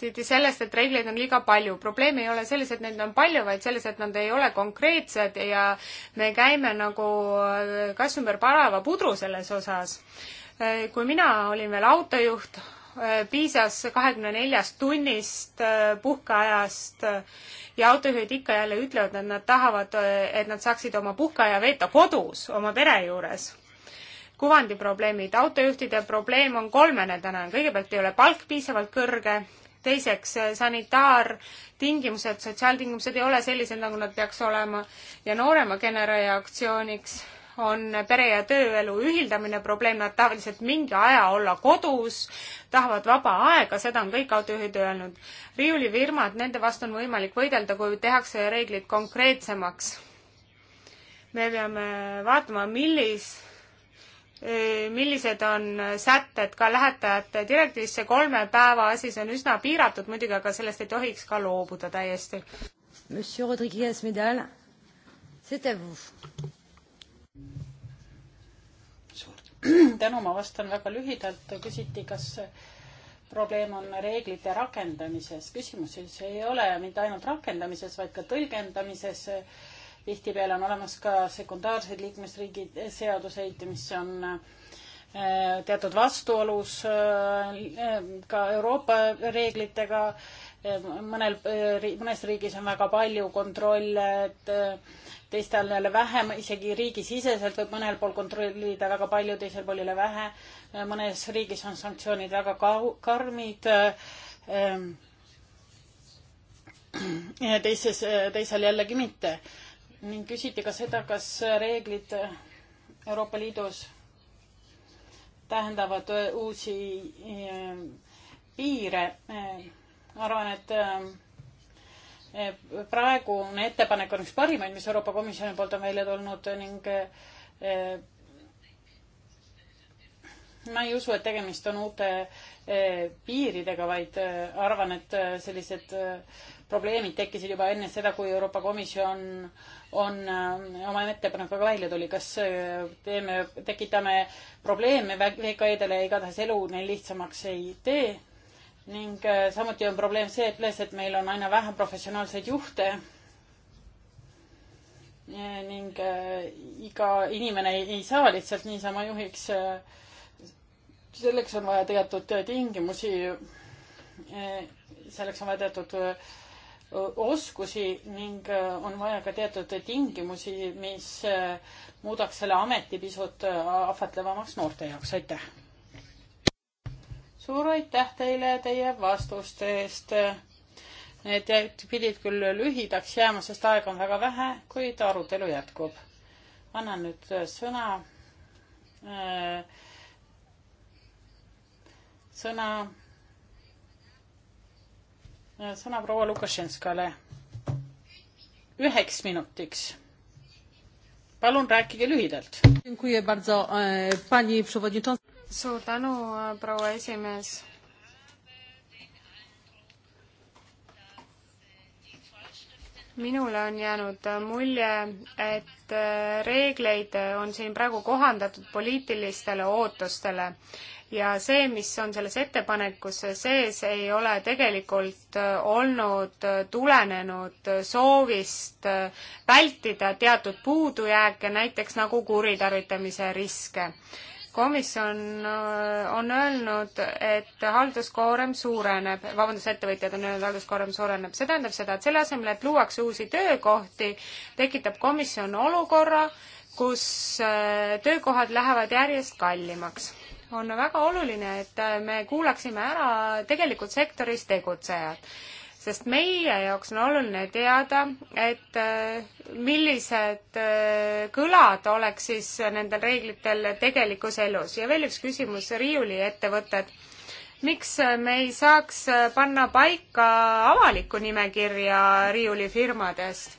räägiti sellest, et reegleid on liiga palju. probleem ei ole selles, et neid on palju, vaid selles, et nad ei ole konkreetsed ja me käime nagu äh, kass ümber parava pudru selles osas. Äh, kui mina olin veel autojuht, äh, piisas kahekümne neljast tunnist puhkeajast ja autojuhid ikka jälle ütlevad, et nad tahavad, et nad saaksid oma puhkeaja veeta kodus, oma pere juures kuvandiprobleemid, autojuhtide probleem on kolmene täna. kõigepealt ei ole palk piisavalt kõrge, teiseks, äh, sanitaartingimused, sotsiaaltingimused ei ole sellised, nagu nad peaks olema ja noorema genera jaoks on pere ja tööelu ühildamine probleem, nad tahavad lihtsalt mingi aja olla kodus, tahavad vaba aega, seda on kõik autojuhid öelnud. riiulifirmad, nende vastu on võimalik võidelda, kui tehakse reeglid konkreetsemaks. me peame vaatama, millis millised on sätted ka lähetajate direktiivisse kolme päeva asi, see on üsna piiratud muidugi, aga sellest ei tohiks ka loobuda täiesti. Monsieur Rodriguez Medal, c'est à vous. suur tänu, ma vastan väga lühidalt, küsiti, kas probleem on reeglite rakendamises. küsimus siis ei ole mitte ainult rakendamises, vaid ka tõlgendamises tihtipeale on olemas ka sekundaarsed liikmesriigid seaduseid, mis on äh, teatud vastuolus äh, äh, ka Euroopa reeglitega. mõnel, mõnes riigis on väga palju kontrolle, et teistel jälle vähem, isegi riigisiseselt võib mõnel pool kontrollida väga palju, teisel pool jälle vähe. mõnes riigis on sanktsioonid väga kau-, karmid ja teises, teisel jällegi mitte ning küsiti ka seda, kas reeglid Euroopa Liidus tähendavad uusi eh, piire. Eh, arvan, et eh, praegune ettepanek on üks parimaid, mis Euroopa Komisjoni poolt on välja tulnud ning ma ei usu, et tegemist on uute piiridega, vaid arvan, et sellised probleemid tekkisid juba enne seda, kui Euroopa Komisjon on äh, oma ettepanekuga välja tuli. kas äh, teeme, tekitame probleeme VKE-dele ja igatahes elu neil lihtsamaks ei tee. ning äh, samuti on probleem see, et lihtsalt meil on aina vähem professionaalseid juhte. ning iga inimene ei, ei saa lihtsalt niisama juhiks. selleks on vaja teatud tingimusi selleks on vaja teatud oskusi ning äh, on vaja ka teatud tingimusi, mis äh, muudaks selle ameti pisut äh, ahvatlevamaks noorte jaoks, aitäh. suur aitäh teile teie vastuste eest. Need pidid küll lühidaks jääma, sest aega on väga vähe, kuid arutelu jätkub. annan nüüd sõna, sõna sõna proua Lukašenskale üheks minutiks. palun rääkige lühidalt. E, suur tänu, e, proua esimees. minule on jäänud mulje, et e, reegleid on siin praegu kohandatud poliitilistele ootustele ja see, mis on selles ettepanekus sees, ei ole tegelikult äh, olnud äh, tulenenud äh, soovist vältida teatud puudujääke, näiteks nagu kuritarvitamise riske komisjon on öelnud, et halduskoorem suureneb, vabandust, ettevõtjad on öelnud, halduskoorem suureneb. see tähendab seda, et selle asemel, et luuakse uusi töökohti, tekitab komisjon olukorra, kus töökohad lähevad järjest kallimaks on väga oluline, et äh, me kuulaksime ära tegelikult sektoris tegutsejad. sest meie jaoks on oluline teada, et äh, millised äh, kõlad oleks siis nendel reeglitel tegelikus elus ja veel üks küsimus, riiuliettevõtted miks me ei saaks panna paika avalikku nimekirja riiulifirmadest?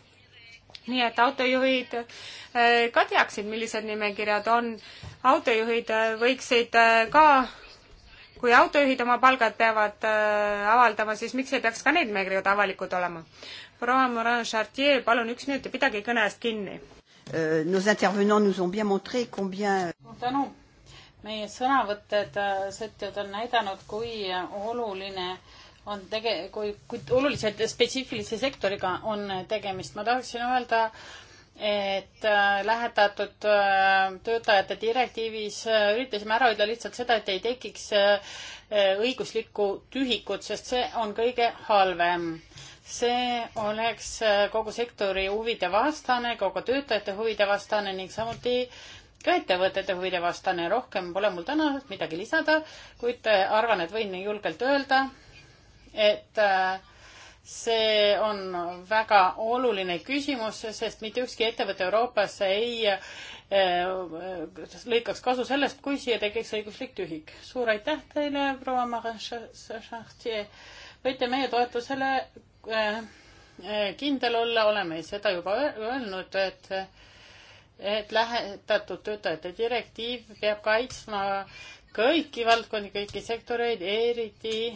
nii et autojuhid ka teaksid, millised nimekirjad on autojuhid äh, võiksid äh, ka kui autojuhid oma palgad peavad äh, avaldama, siis miks ei peaks ka need nimekirjad avalikud olema? proua Morin Chartier, palun üks minut ja pidage kõne eest kinni uh,. Nos intervenants nous ont bien montré combien tänu, meie sõnavõtted, äh, sõltujad on näidanud, kui oluline on tege-, kui, kui olulise spetsiifilise sektoriga on tegemist. ma tahaksin öelda äh, et äh, lähetatud äh, töötajate direktiivis äh, üritasime ära hoida lihtsalt seda, et ei tekiks õiguslikku tühikut, sest see on kõige halvem. see oleks kogu sektori huvide vastane, kogu töötajate huvide vastane ning samuti ka ettevõtete huvide vastane. rohkem pole mul täna midagi lisada, kuid arvan, et võin julgelt öelda, et äh, see on väga oluline küsimus, sest mitte ükski ettevõte Euroopas ei eh, lõikaks kasu sellest, kui siia tekiks õiguslik tühik. suur aitäh teile, proua Marin-Chartier. võite meie toetusele eh, eh, kindel olla, oleme seda juba öelnud, et et lähetatud töötajate direktiiv peab kaitsma kõiki valdkondi, kõiki sektoreid, eriti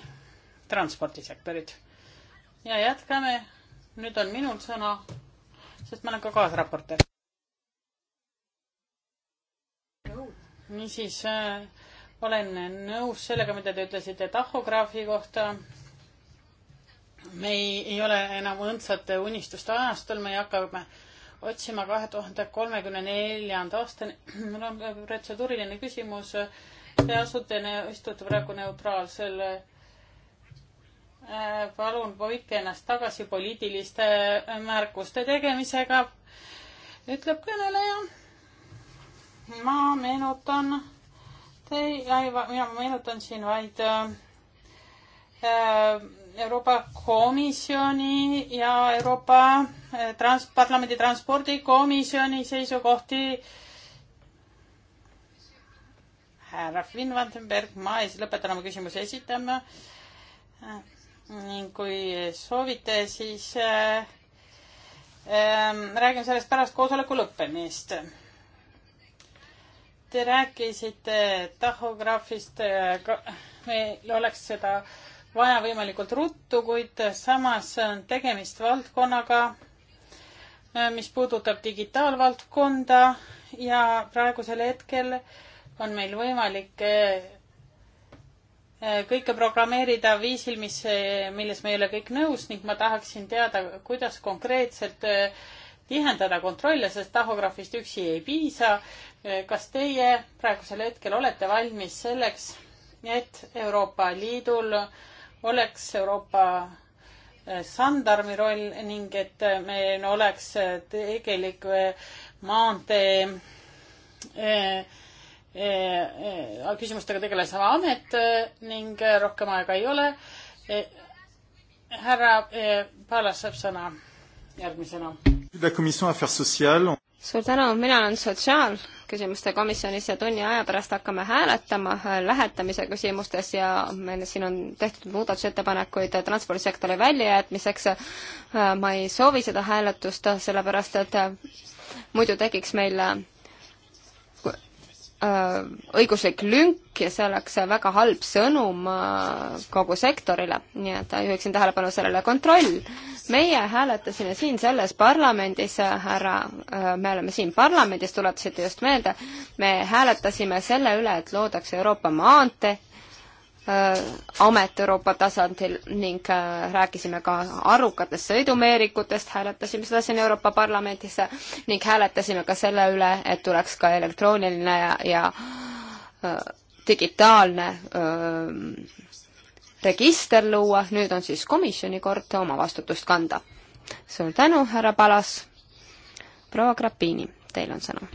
transpordisektorit ja jätkame. nüüd on minul sõna, sest ma olen ka kaasraportöör. niisiis äh, olen nõus sellega, mida te ütlesite tahograafi kohta. me ei, ei ole enam õndsate unistuste ajastul, me hakkame otsima kahe tuhande kolmekümne neljanda aastani. mul on protseduuriline küsimus. Te asute, istute praegu neutraalsel äh, Äh, palun hoidke ennast tagasi poliitiliste äh, märkuste tegemisega, ütleb kõneleja. ma meenutan, teie, mina meenutan siin vaid äh, Euroopa Komisjoni ja Euroopa trans-, parlamendi transpordikomisjoni seisukohti härra Finn Vandenberg, ma ei lõpeta oma küsimuse esitama ning kui soovite, siis äh, äh, räägin sellest pärast koosoleku lõppemist. Te rääkisite tahograafist äh,, meil oleks seda vaja võimalikult ruttu, kuid samas on tegemist valdkonnaga, äh, mis puudutab digitaalvaldkonda ja praegusel hetkel on meil võimalik äh, Äh, kõike programmeerida viisil, mis, äh, milles me ei ole kõik nõus ning ma tahaksin teada, kuidas konkreetselt äh, tihendada kontrolle, sest tahograafist üksi ei piisa. kas teie praegusel hetkel olete valmis selleks, et Euroopa Liidul oleks Euroopa standardi roll ning et meil oleks tegelik maantee eh, Äh, äh, küsimustega tegeles sama amet äh, ning rohkem aega ei ole. härra Paalas saab sõna järgmisena. suur tänu, mina olen sotsiaalküsimuste komisjonis ja tunni aja pärast hakkame hääletama lähetamise küsimustes ja meil siin on tehtud muudatusettepanekuid transpordisektori väljajätmiseks. ma ei soovi seda hääletust, sellepärast et muidu tekiks meil Äh, õiguslik lünk ja see oleks väga halb sõnum äh, kogu sektorile, nii et juhiksin tähelepanu sellele kontroll. meie hääletasime siin selles parlamendis, äh, härra, me oleme siin parlamendis, tuletasite just meelde, me hääletasime selle üle, et loodaks Euroopa maantee Äh, amet Euroopa tasandil ning äh, rääkisime ka arukatest sõidumeerikutest, hääletasime seda siin Euroopa Parlamendis ning hääletasime ka selle üle, et tuleks ka elektrooniline ja, ja äh, digitaalne öö, register luua, nüüd on siis komisjoni kord oma vastutust kanda. suur tänu, härra Palas. proua Grappini, teil on sõna.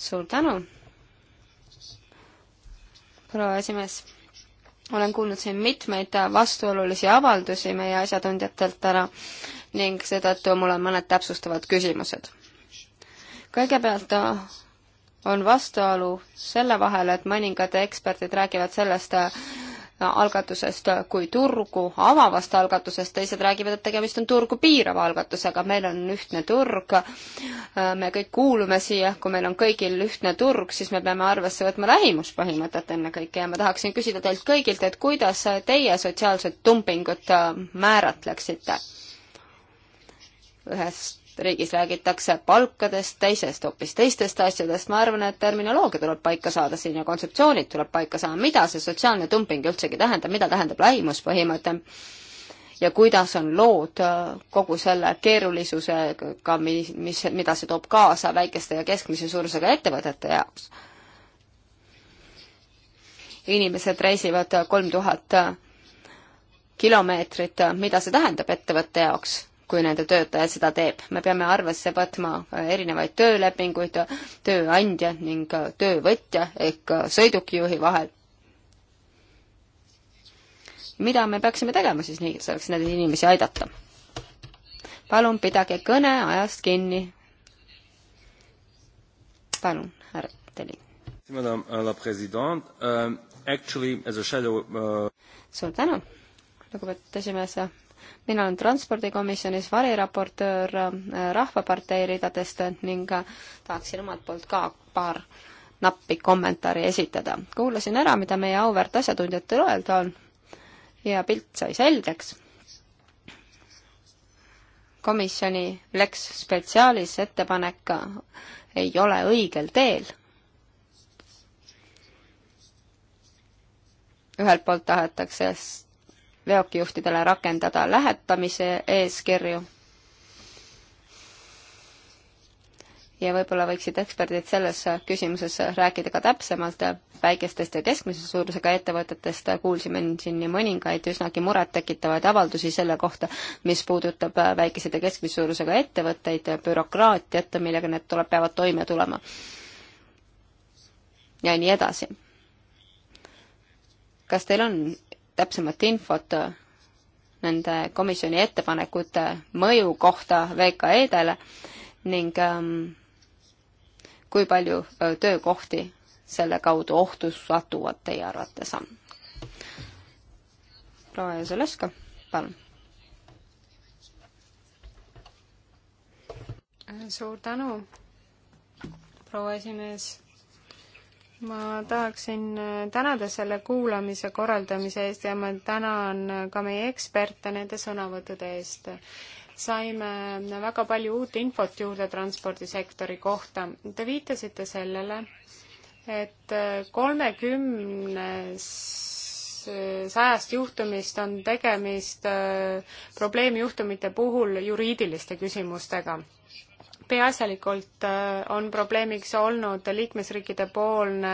suur tänu proua esimees. olen kuulnud siin mitmeid vastuolulisi avaldusi meie asjatundjatelt täna ning seetõttu mul on mõned täpsustavad küsimused. kõigepealt on vastuolu selle vahel, et mõningad eksperdid räägivad sellest, algatusest kui turgu avavast algatusest, teised räägivad, et tegemist on turgu piirava algatusega, meil on ühtne turg, me kõik kuulume siia, kui meil on kõigil ühtne turg, siis me peame arvesse võtma lähimuspõhimõtet ennekõike ja ma tahaksin küsida teilt kõigilt, et kuidas teie sotsiaalset dumpingut määratleksite? ühest riigis räägitakse palkadest, teisest hoopis teistest asjadest, ma arvan, et terminoloogia tuleb paika saada siin ja kontseptsioonid tuleb paika saada, mida see sotsiaalne dumping üldsegi tähendab, mida tähendab lähimuspõhimõte ja kuidas on lood äh, kogu selle keerulisusega, mis, mis, mida see toob kaasa väikeste ja keskmise suurusega ettevõtete jaoks. inimesed reisivad kolm tuhat äh, kilomeetrit, mida see tähendab ettevõtte jaoks kui nende töötaja seda teeb. me peame arvesse võtma äh, erinevaid töölepinguid tööandja ning äh, töövõtja ehk äh, sõidukijuhi vahel. mida me peaksime tegema siis nii, selleks neid inimesi aidata? palun pidage kõne ajast kinni. palun, härra Teli. Madame la Présidente uh,, actually as a shadow uh.... suur tänu, lugupeetud esimees mina olen Transpordikomisjonis variraportöör äh, Rahvapartei ridadest ning äh, tahaksin omalt poolt ka paar nappi kommentaari esitada. kuulasin ära, mida meie auväärt asjatundjatel öelda on ja pilt sai selgeks. komisjoni Lex Specialis ettepanek ei ole õigel teel. ühelt poolt tahetakse veokijuhtidele rakendada lähetamise eeskirju. ja võib-olla võiksid eksperdid selles küsimuses rääkida ka täpsemalt väikestest ja keskmise suurusega ettevõtetest, kuulsime siin nii mõningaid üsnagi murettekitavaid avaldusi selle kohta, mis puudutab väikeseid ja keskmise suurusega ettevõtteid, bürokraatiat, millega need tuleb, peavad toime tulema. ja nii edasi kas teil on täpsemat infot äh, nende komisjoni ettepanekute mõju kohta VKE-dele ning ähm, kui palju äh, töökohti selle kaudu ohtu satuvad teie arvates on? proua Jõseleska, palun. suur tänu, proua esimees ma tahaksin äh, tänada selle kuulamise korraldamise eest ja ma tänan äh, ka meie eksperte nende sõnavõttude eest. saime äh, väga palju uut infot juurde transpordisektori kohta. Te viitasite sellele, et kolmekümnes sajast juhtumist on tegemist probleemjuhtumite puhul juriidiliste küsimustega peaasjalikult äh, on probleemiks olnud liikmesriikide poolne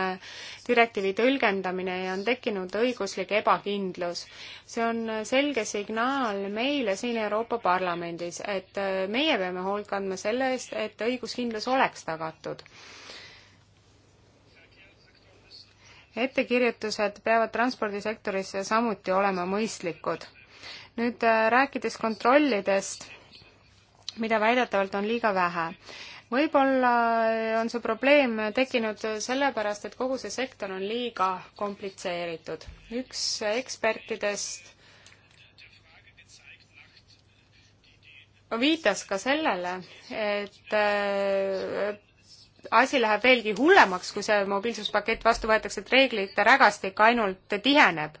direktiivi tõlgendamine ja on tekkinud õiguslik ebakindlus. see on selge signaal meile siin Euroopa Parlamendis, et äh, meie peame hoolt kandma selle eest, et õiguskindlus oleks tagatud ettekirjutused peavad transpordisektorisse samuti olema mõistlikud. nüüd äh, rääkides kontrollidest mida väidetavalt on liiga vähe. võib-olla on see probleem tekkinud sellepärast, et kogu see sektor on liiga komplitseeritud. üks ekspertidest viitas ka sellele, et äh, asi läheb veelgi hullemaks, kui see mobiilsuspakett vastu võetakse, et reeglite rägastik ainult tiheneb.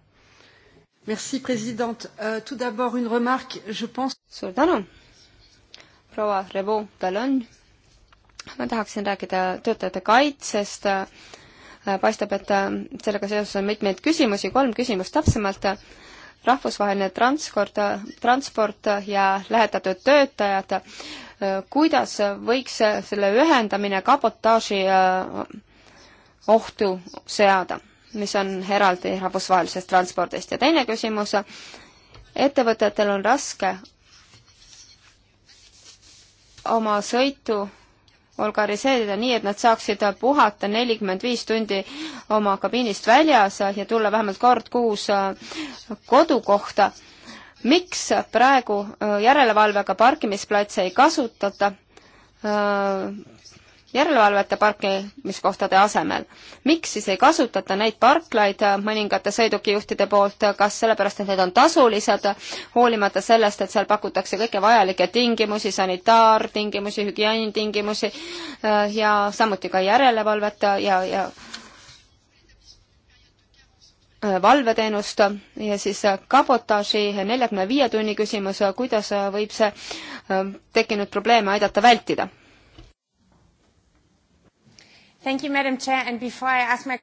Merci, president uh,. Tout d'abord une remarque, je pense. suur tänu proua Revu-Talon. ma tahaksin rääkida töötajate kaitsest. paistab, et sellega seoses on mitmeid küsimusi, kolm küsimust täpsemalt. rahvusvaheline transport, transport ja lähetatud töötajad. kuidas võiks selle ühendamine kabotaaži äh, ohtu seada, mis on eraldi rahvusvahelisest transpordist ja teine küsimus ettevõtetel on raske oma sõitu organiseerida nii, et nad saaksid puhata nelikümmend viis tundi oma kabiinist väljas ja tulla vähemalt kord kuus äh, kodukohta. miks praegu äh, järelevalvega parkimisplatse ei kasutata? Äh, järelevalvete parkimiskohtade asemel. miks siis ei kasutata neid parklaid mõningate sõidukijuhtide poolt, kas sellepärast, et need on tasulised, hoolimata sellest, et seal pakutakse kõiki vajalikke tingimusi, sanitaartingimusi, hügieenitingimusi äh, ja samuti ka järelevalvet ja, ja äh, valveteenust ja siis äh, kabotaaži neljakümne viie tunni küsimus, kuidas võib see tekkinud probleeme aidata vältida? Thank you, madam chair and before I ask my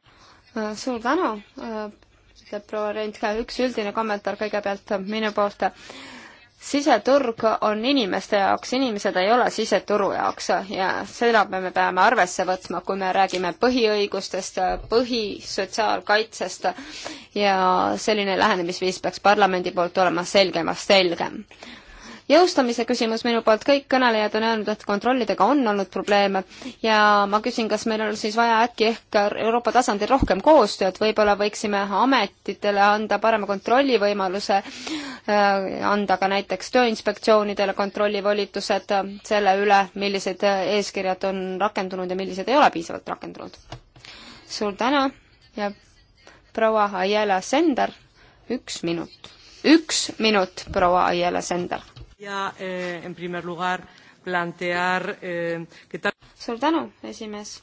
äh, suur tänu, äh, ütleb proua Rentke, üks üldine kommentaar kõigepealt minu poolt siseturg on inimeste jaoks, inimesed ei ole siseturu jaoks ja seda me peame arvesse võtma, kui me räägime põhiõigustest, põhisotsiaalkaitsest ja selline lähenemisviis peaks parlamendi poolt olema selgemast selgem. selgem jõustamise küsimus minu poolt, kõik kõnelejad on öelnud, et kontrollidega on olnud probleeme ja ma küsin, kas meil on siis vaja äkki ehk Euroopa tasandil rohkem koostööd, võib-olla võiksime ametitele anda parema kontrollivõimaluse, äh, anda ka näiteks tööinspektsioonidele kontrollivolitused selle üle, millised eeskirjad on rakendunud ja millised ei ole piisavalt rakendunud. suur tänu ja proua Aiela Sender, üks minut. üks minut, proua Aiela Sender ja eh, en primer lugar plantear eh, que tal... suur tänu, esimees.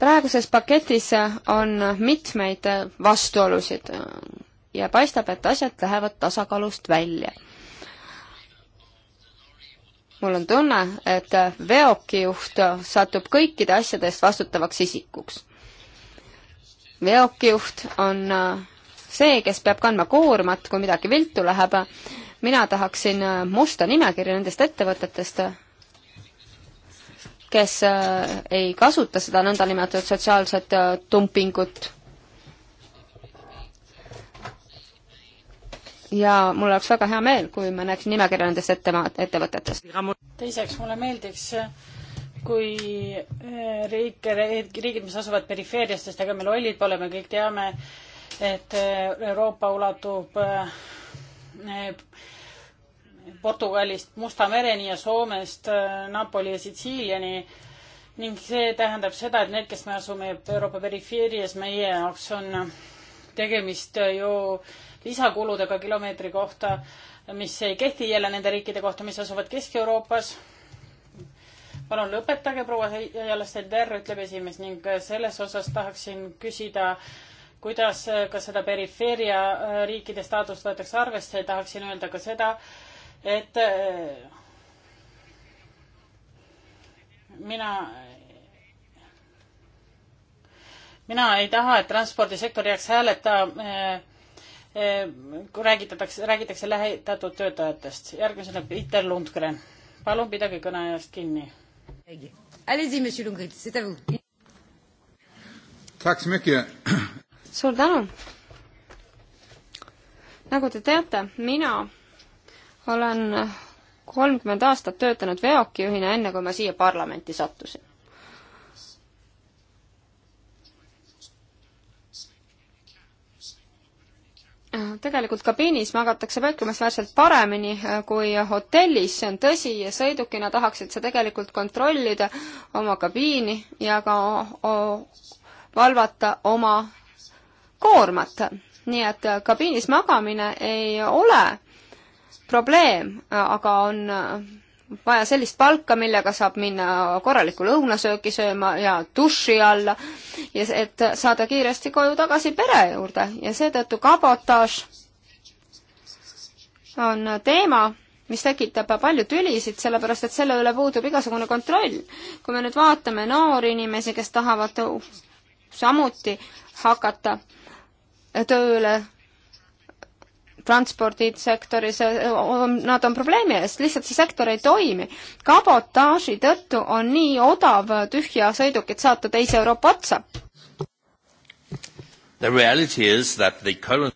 praeguses paketis on mitmeid vastuolusid ja paistab, et asjad lähevad tasakaalust välja mul on tunne, et veokijuht satub kõikide asjade eest vastutavaks isikuks. veokijuht on see, kes peab kandma koormat, kui midagi viltu läheb. mina tahaksin musta nimekirja nendest ettevõtetest, kes äh, ei kasuta seda nõndanimetatud sotsiaalset äh, dumpingut. ja mul oleks väga hea meel, kui ma näeksin nimekirja nendest ette, ettevõtetest. teiseks, mulle meeldiks kui äh, riike, riigid, mis asuvad perifeeriastest, aga meil ollid pole, me kõik teame, et äh, Euroopa ulatub äh, Portugalist Musta mereni ja Soomest äh, Napoli ja Sitsiiliani ning see tähendab seda, et need, kes me asume Euroopa perifeerias, meie jaoks on tegemist ju lisakuludega kilomeetri kohta, mis ei kehti jälle nende riikide kohta, mis asuvad Kesk-Euroopas. palun lõpetage, proua Jalastender, ütleb esimees ning selles osas tahaksin küsida äh, kuidas äh, ka seda perifeeria äh, riikide staatust võetakse arvesse, tahaksin öelda ka seda, et äh, mina, mina ei taha, et transpordisektor jääks hääleta, kui räägitatakse, räägitakse lähetatud töötajatest. järgmisena Peter Lundgren. palun pidage kõneajast kinni. Allez-y, monsieur Lundgren, c'est à vous. Tack så mycket suur tänu! nagu te teate, mina olen kolmkümmend aastat töötanud veokijuhina, enne kui ma siia parlamenti sattusin. tegelikult kabiinis magatakse märkimisväärselt paremini eh, kui hotellis, see on tõsi, ja sõidukina tahaksid sa tegelikult kontrollida oma kabiini ja ka valvata oma koormat. nii et äh, kabiinis magamine ei ole probleem, äh, aga on äh, vaja sellist palka, millega saab minna korraliku lõunasööki sööma ja duši alla ja et saada kiiresti koju tagasi pere juurde ja seetõttu kabotaaž on teema, mis tekitab palju tülisid, sellepärast et selle üle puudub igasugune kontroll. kui me nüüd vaatame noori inimesi, kes tahavad samuti hakata äh, tööle transpordisektoris, nad on probleemi ees, lihtsalt see sektor ei toimi. kabotaaži tõttu on nii odav tühja sõidukit saata teise Euroopa otsa. Current...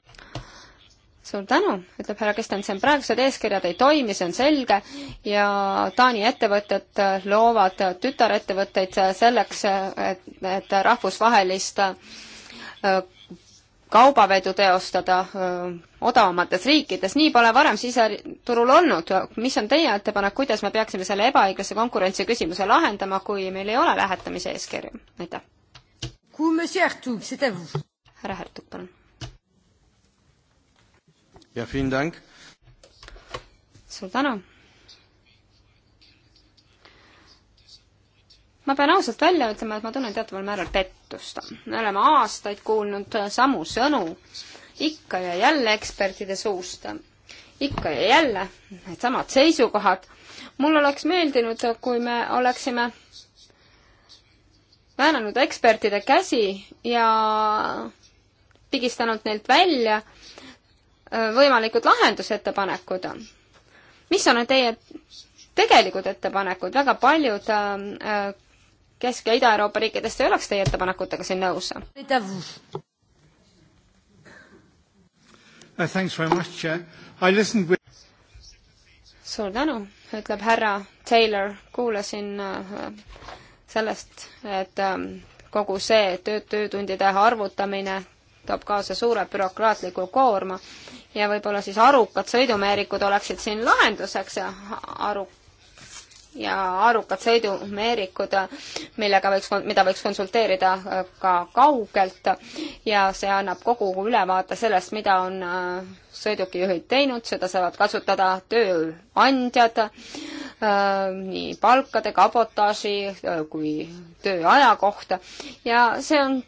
suur tänu, ütleb härra Kristjanson, praegused eeskirjad ei toimi, see on selge, ja Taani ettevõtted loovad tütarettevõtteid selleks, et, et rahvusvahelist äh, kaubavedu teostada öö, odavamates riikides, nii pole varem siseturul olnud. mis on teie ettepanek, kuidas me peaksime selle ebaõiglase konkurentsi küsimuse lahendama, kui meil ei ole lähetamise eeskirju? aitäh. härra Hertug, palun. jah, suur tänu ma pean ausalt välja ütlema, et ma tunnen teataval määral pettust. me oleme aastaid kuulnud samu sõnu ikka ja jälle ekspertide suust. ikka ja jälle needsamad seisukohad. mul oleks meeldinud, kui me oleksime väänanud ekspertide käsi ja pigistanud neilt välja võimalikud lahendusettepanekud. mis on teie tegelikud ettepanekud, väga paljud äh, Kesk- ja Ida-Euroopa riikidest ei oleks teie ettepanekutega siin nõus? Uh, suur tänu, ütleb härra Taylor, kuulasin uh, sellest, et um, kogu see töö, töötundide arvutamine toob kaasa suure bürokraatliku koorma ja võib-olla siis arukad sõidumeerikud oleksid siin lahenduseks ja aruk-, ja arukad sõidumeerikud, millega võiks, mida võiks konsulteerida äh, ka kaugelt ja see annab kogu ülevaate sellest, mida on äh, sõidukijuhid teinud, seda saavad kasutada tööandjad äh, nii palkade, kabotaaži kui tööaja kohta ja see on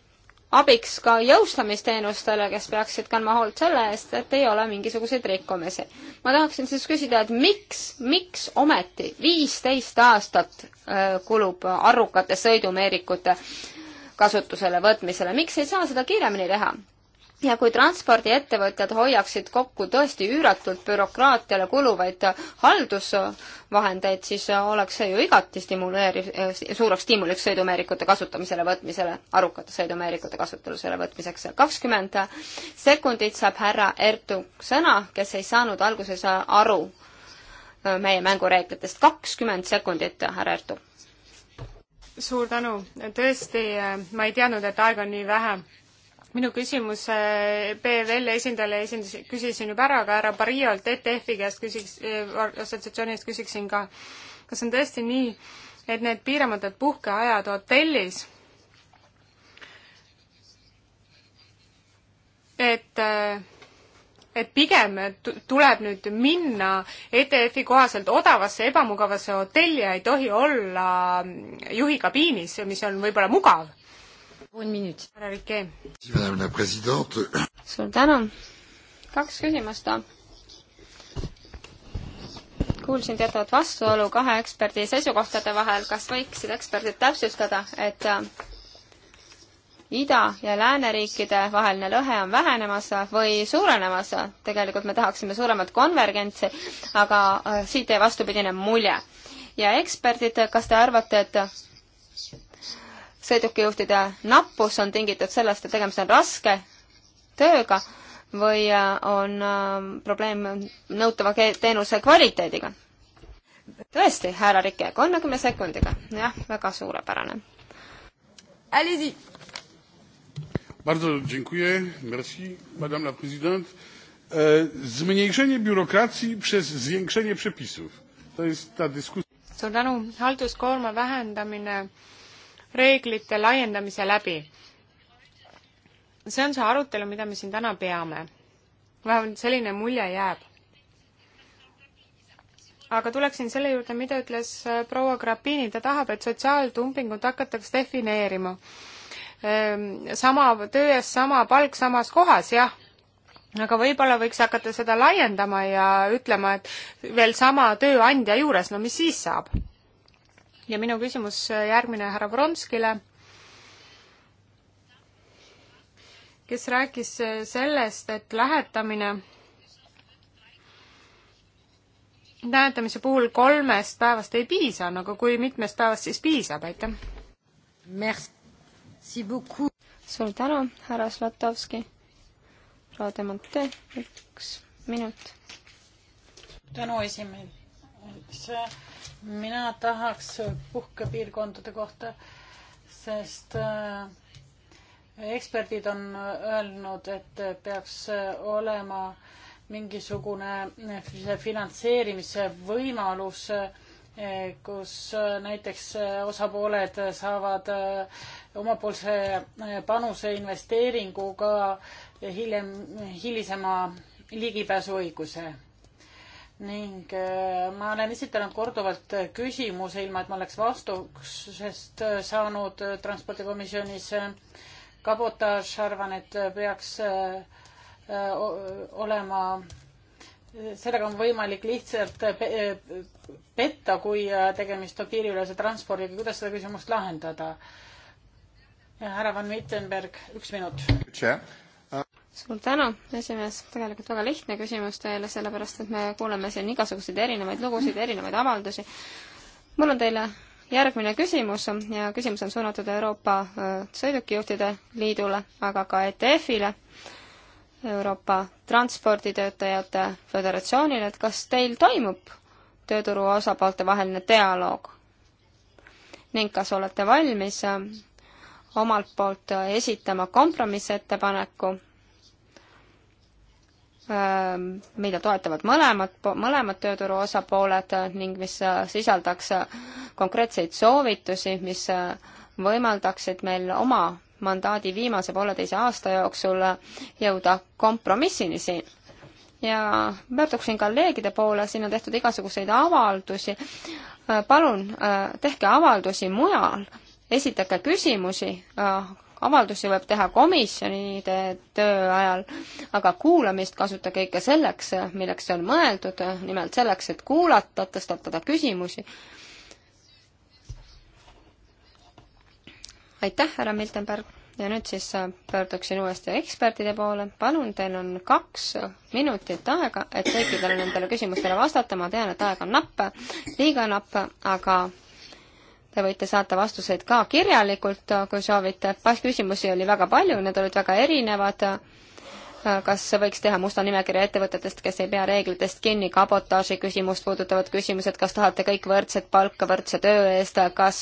abiks ka jõustamisteenustele, kes peaksid kandma hoolt selle eest, et ei ole mingisuguseid rikkumisi. ma tahaksin siis küsida, et miks, miks ometi viisteist aastat äh, kulub arukate sõidumeerikute kasutusele võtmisele, miks ei saa seda kiiremini teha? ja kui transpordiettevõtjad hoiaksid kokku tõesti üüratult bürokraatiale kuluvaid haldusvahendeid, siis oleks see ju igati stimuleeriv, suureks stiimuliks sõidumeerikute kasutamisele võtmisele, arukate sõidumeerikute kasutusele võtmiseks. kakskümmend sekundit saab härra Ertu sõna, kes ei saanud alguses aru äh, meie mängureeglitest. kakskümmend sekundit, härra Ertu. suur tänu, tõesti, äh, ma ei teadnud, et aega on nii vähe minu küsimuse BVL esindajale esindas, küsisin juba ära, aga härra Barriolt, ETF-i käest küsiks, äh, assotsiatsiooni eest küsiksin ka, kas on tõesti nii, et need piiramatud puhkeajad hotellis, et äh, et pigem tuleb nüüd minna ETF-i kohaselt odavasse ebamugavasse hotelli ja ei tohi olla mm, juhi kabiinis, mis on võib-olla mugav härra Rike. suur tänu. kaks küsimust kuulsin teatavat vastuolu kahe eksperdi seisukohtade vahel, kas võiksid eksperdid täpsustada, et äh, ida- ja lääneriikide vaheline lõhe on vähenemas või suurenemas, tegelikult me tahaksime suuremat konvergentsi, aga äh, siit jäi vastupidine mulje. ja eksperdid, kas te arvate, et sõidukijuhtide nappus on tingitud sellest, et tegemist on raske tööga või äh, on äh, probleem nõutava teenuse kvaliteediga. tõesti, härra Rike, kolmekümne sekundiga, jah, väga suurepärane. Allez-y! Bardzo dziękuję, merci, madame la présidente. E, zmniejszenie biurokracji przez zwiększenie przepisów. To jest ta dyskusja. Suur tänu, halduskoorma vähendamine reeglite laiendamise läbi. see on see arutelu, mida me siin täna peame. vähemalt selline mulje jääb. aga tuleksin selle juurde, mida ütles äh, proua Grapini, ta tahab, et sotsiaaltumpingut hakataks defineerima. Ehm, sama töö eest sama palk samas kohas, jah aga võib-olla võiks hakata seda laiendama ja ütlema, et veel sama tööandja juures, no mis siis saab? ja minu küsimus äh, järgmine härra Vronskile, kes rääkis äh, sellest, et lähetamine, lähetamise puhul kolmest päevast ei piisa, aga kui mitmest päevast siis piisab, aitäh? suur tänu, härra Zlatovski. Raademante, üks minut. tänu esimees mina tahaks puhkepiirkondade kohta, sest äh, eksperdid on öelnud, et peaks äh, olema mingisugune äh, finantseerimise võimalus, kus näiteks osapooled saavad omapoolse panuse investeeringuga hiljem, hilisema ligipääsuõiguse ning äh, ma olen esitanud korduvalt äh, küsimuse, ilma et ma oleks vastusest äh, saanud transpordikomisjonis. kabotaaž, arvan, et peaks olema, sellega on võimalik lihtsalt petta, kui tegemist on piiriülese transpordiga. kuidas seda küsimust lahendada? härra Van Wittenberg, üks minut suur tänu, esimees, tegelikult väga lihtne küsimus teile, sellepärast et me kuuleme siin igasuguseid erinevaid lugusid, erinevaid avaldusi. mul on teile järgmine küsimus ja küsimus on suunatud Euroopa äh, Sõidukijuhtide Liidule, aga ka ETF-ile, Euroopa Transporditöötajate Föderatsioonile, et kas teil toimub tööturu osapoolte vaheline dialoog ning kas olete valmis äh, omalt poolt äh, esitama kompromissettepaneku mida toetavad mõlemad, mõlemad tööturu osapooled ning mis äh, sisaldaks äh, konkreetseid soovitusi, mis äh, võimaldaksid meil oma mandaadi viimase pooleteise aasta jooksul jõuda kompromissini siin. ja pöörduksin kolleegide poole, siin on tehtud igasuguseid avaldusi, palun tehke avaldusi mujal, esitage küsimusi avaldusi võib teha komisjonide töö ajal, aga kuulamist kasutage ikka selleks, milleks see on mõeldud, nimelt selleks, et kuulata, tõstatada küsimusi. aitäh, härra Miltenberg ja nüüd siis pöörduksin uuesti ekspertide poole. palun, teil on kaks minutit aega, et kõikidele nendele küsimustele vastata. ma tean, et aeg on napp, liiga napp, aga Te võite saata vastuseid ka kirjalikult, kui soovite. küsimusi oli väga palju, need olid väga erinevad. kas võiks teha musta nimekirja ettevõtetest, kes ei pea reeglitest kinni, kabotaaži küsimust puudutavad küsimused, kas tahate kõik võrdset palka võrdse töö eest, kas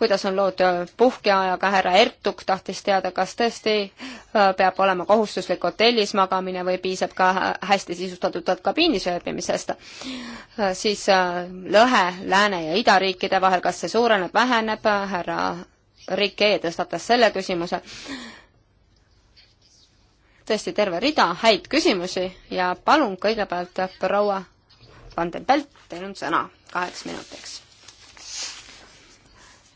kuidas on lood puhkeajaga, härra Ertuk tahtis teada, kas tõesti äh, peab olema kohustuslik hotellis magamine või piisab ka hästi sisustatud kabiinis ööbimisest. Äh, siis äh, lõhe lääne ja idariikide vahel, kas see suureneb, väheneb, härra Rike tõstatas selle küsimuse tõesti terve rida häid küsimusi ja palun kõigepealt proua Vandenbelt, teil on sõna kaheks minutiks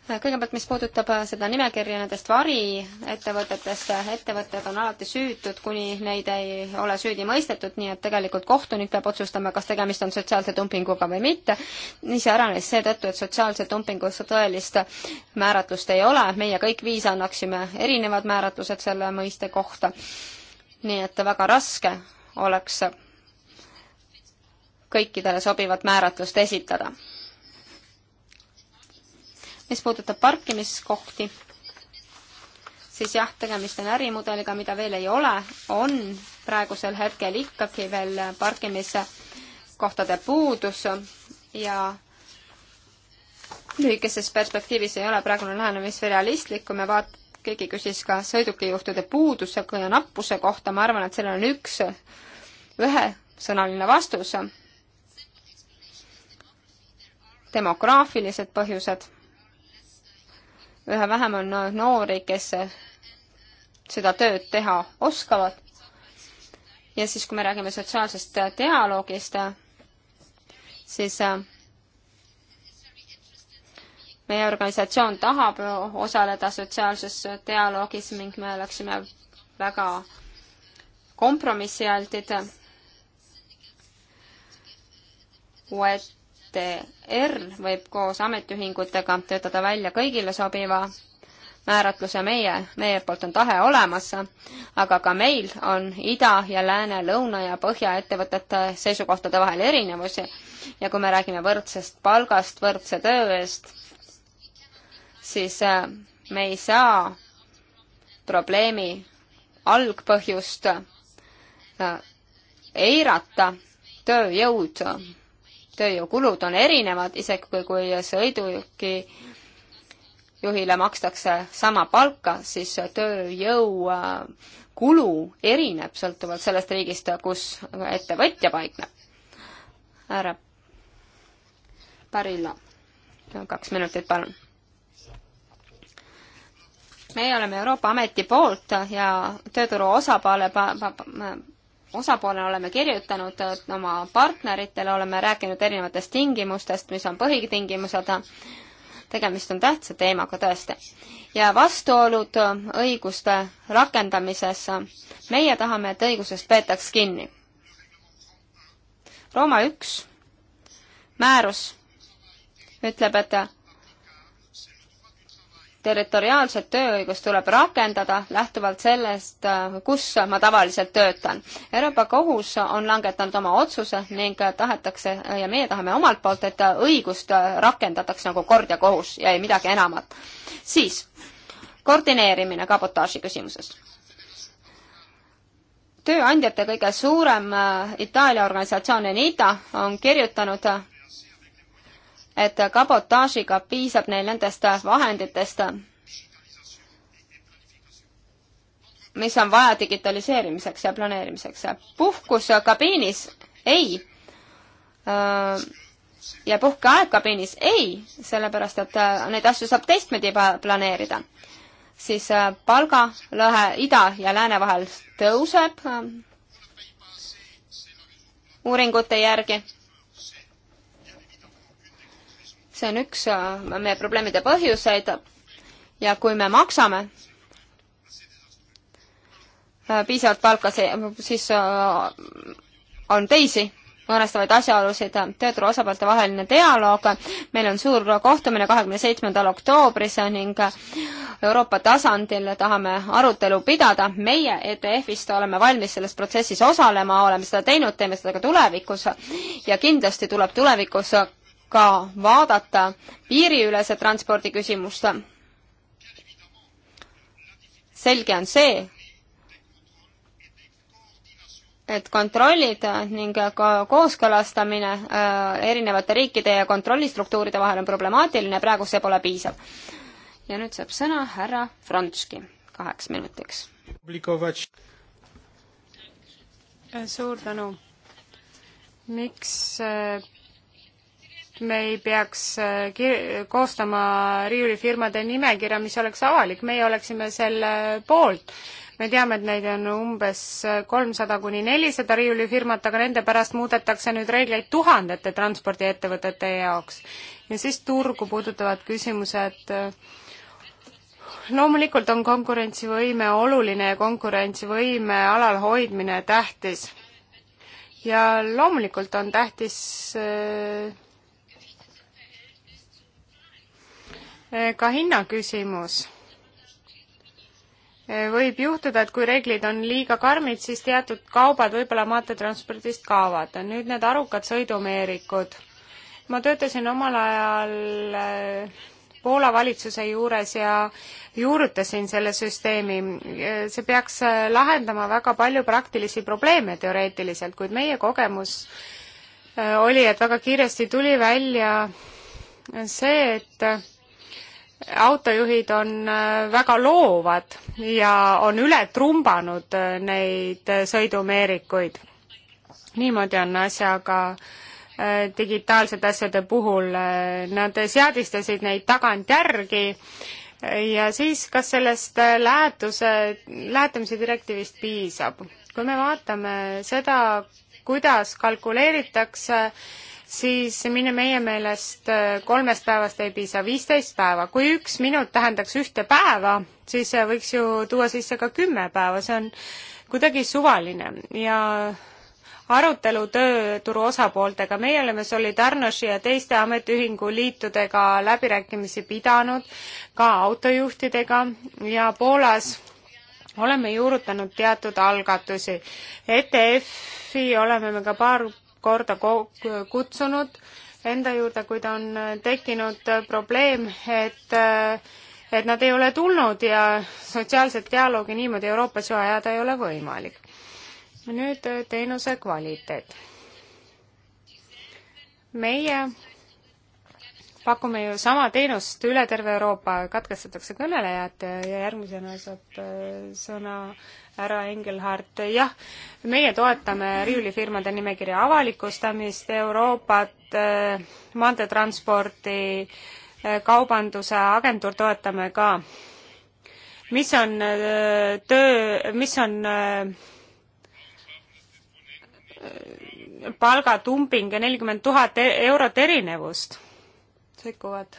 kõigepealt, mis puudutab äh, seda nimekirja nendest variettevõtetest, äh, ettevõtted on alati süütud, kuni neid ei ole süüdi mõistetud, nii et tegelikult kohtunik peab otsustama, kas tegemist on sotsiaalse dumpinguga või mitte. iseäranis seetõttu, et sotsiaalse dumpingu tõelist määratlust ei ole, meie kõik viis annaksime erinevad määratlused selle mõiste kohta. nii et väga raske oleks kõikidele sobivat määratlust esitada mis puudutab parkimiskohti, siis jah, tegemist on ärimudeliga, mida veel ei ole, on praegusel hetkel ikkagi veel parkimiskohtade puudus ja lühikeses perspektiivis ei ole praegune lähenemis realistlik, kui me vaat-, keegi küsis ka sõidukijuhtide puuduse ja nappuse kohta, ma arvan, et sellel on üks, ühesõnaline vastus demograafilised põhjused üha vähem on noori, kes seda tööd teha oskavad. ja siis, kui me räägime sotsiaalsest dialoogist, siis äh, meie organisatsioon tahab osaleda sotsiaalses dialoogis ning me oleksime väga kompromissialtid. uued ETRN võib koos ametiühingutega töötada välja kõigile sobiva määratluse meie, meie poolt on tahe olemas, aga ka meil on ida ja lääne, lõuna ja põhja ettevõtete seisukohtade vahel erinevusi. ja kui me räägime võrdsest palgast võrdse töö eest, siis äh, me ei saa probleemi algpõhjust äh, eirata, tööjõud tööjõukulud on erinevad, isegi kui sõiduki juhile makstakse sama palka, siis tööjõukulu äh, erineb sõltuvalt sellest riigist, kus ettevõtja paikneb. härra Pärilla, kaks minutit, palun. meie oleme Euroopa Ameti poolt ja tööturu osapoole pa-, pa-, pa, osapoolena oleme kirjutanud oma partneritele, oleme rääkinud erinevatest tingimustest, mis on põhitingimused, tegemist on tähtsa teemaga tõesti. ja vastuolud õiguste rakendamises, meie tahame, et õigusest peetaks kinni. Rooma üks määrus ütleb, et territoriaalset tööõigust tuleb rakendada lähtuvalt sellest, kus ma tavaliselt töötan. Euroopa Kohus on langetanud oma otsuse ning tahetakse ja meie tahame omalt poolt, et õigust rakendataks nagu kord ja kohus ja ei midagi enamat. siis koordineerimine kabotaaži küsimuses tööandjate kõige suurem äh, Itaalia organisatsioon Enita on kirjutanud et kabotaažiga piisab neil nendest vahenditest, mis on vaja digitaliseerimiseks ja planeerimiseks. puhkus kabiinis? ei. Äh, ja puhkeaeg kabiinis? ei, sellepärast et äh, neid asju saab teistmoodi planeerida. siis äh, palgalõhe ida ja lääne vahel tõuseb uuringute järgi see on üks äh, meie probleemide põhjuseid ja kui me maksame äh, piisavalt palka, siis äh, on teisi õõnestavaid asjaolusid, tööturu osapoolte vaheline dialoog, meil on suur kohtumine kahekümne seitsmendal oktoobris ning Euroopa tasandil tahame arutelu pidada, meie ETF-ist oleme valmis selles protsessis osalema, oleme seda teinud, teeme seda ka tulevikus ja kindlasti tuleb tulevikus ka vaadata piiriülese transpordi küsimust. selge on see, et kontrollid ning ka kooskõlastamine äh, erinevate riikide ja kontrollistruktuuride vahel on problemaatiline, praegu see pole piisav. ja nüüd saab sõna härra Fronski kaheks minutiks. suur tänu. miks äh, me ei peaks äh, koostama riiulifirmade nimekirja, mis oleks avalik, meie oleksime selle poolt. me teame, et neid on umbes äh, kolmsada kuni nelisada riiulifirmat, aga nende pärast muudetakse nüüd reegleid tuhandete transpordiettevõtete jaoks. ja siis turgu puudutavad küsimused äh, loomulikult on konkurentsivõime oluline ja konkurentsivõime alal hoidmine tähtis. ja loomulikult on tähtis äh, Eh, ka hinnaküsimus. Eh, võib juhtuda, et kui reeglid on liiga karmid, siis teatud kaubad võib-olla maanteetranspordist kaovad. nüüd need arukad sõidumeerikud. ma töötasin omal ajal eh, Poola valitsuse juures ja juurutasin selle süsteemi. see peaks lahendama väga palju praktilisi probleeme teoreetiliselt, kuid meie kogemus oli, et väga kiiresti tuli välja see, et autojuhid on äh, väga loovad ja on üle trumbanud äh, neid äh, sõidumeerikuid. niimoodi on asjaga digitaalsete asjade puhul, nad seadistasid neid tagantjärgi ja siis, kas sellest lähetuse, lähetamise direktiivist piisab? kui me vaatame seda, kuidas kalkuleeritakse äh, siis minu, meie meelest äh, kolmest päevast ei piisa, viisteist päeva. kui üks minut tähendaks ühte päeva, siis äh, võiks ju tuua sisse ka kümme päeva, see on kuidagi suvaline ja arutelu tööturu osapooltega, meie oleme Solidarnoši ja teiste ametiühingu liitudega läbirääkimisi pidanud, ka autojuhtidega ja Poolas oleme juurutanud teatud algatusi. ETF-i oleme me ka paar korda kutsunud enda juurde, kui ta on äh, tekkinud äh, probleem, et äh, et nad ei ole tulnud ja sotsiaalset dialoogi niimoodi Euroopas ju ajada ei ole võimalik. nüüd teenuse kvaliteet. meie pakume ju sama teenust üle terve Euroopa, katkestatakse kõnelejad ja järgmisena saab äh, sõna härra Engelhardt. jah, meie toetame riiulifirmade nimekirja avalikustamist, Euroopat, äh, maanteetransporti, äh, kaubanduse agentuur toetame ka. mis on töö, mis on palgatumping ja nelikümmend tuhat e-, eurot erinevust sekkuvad.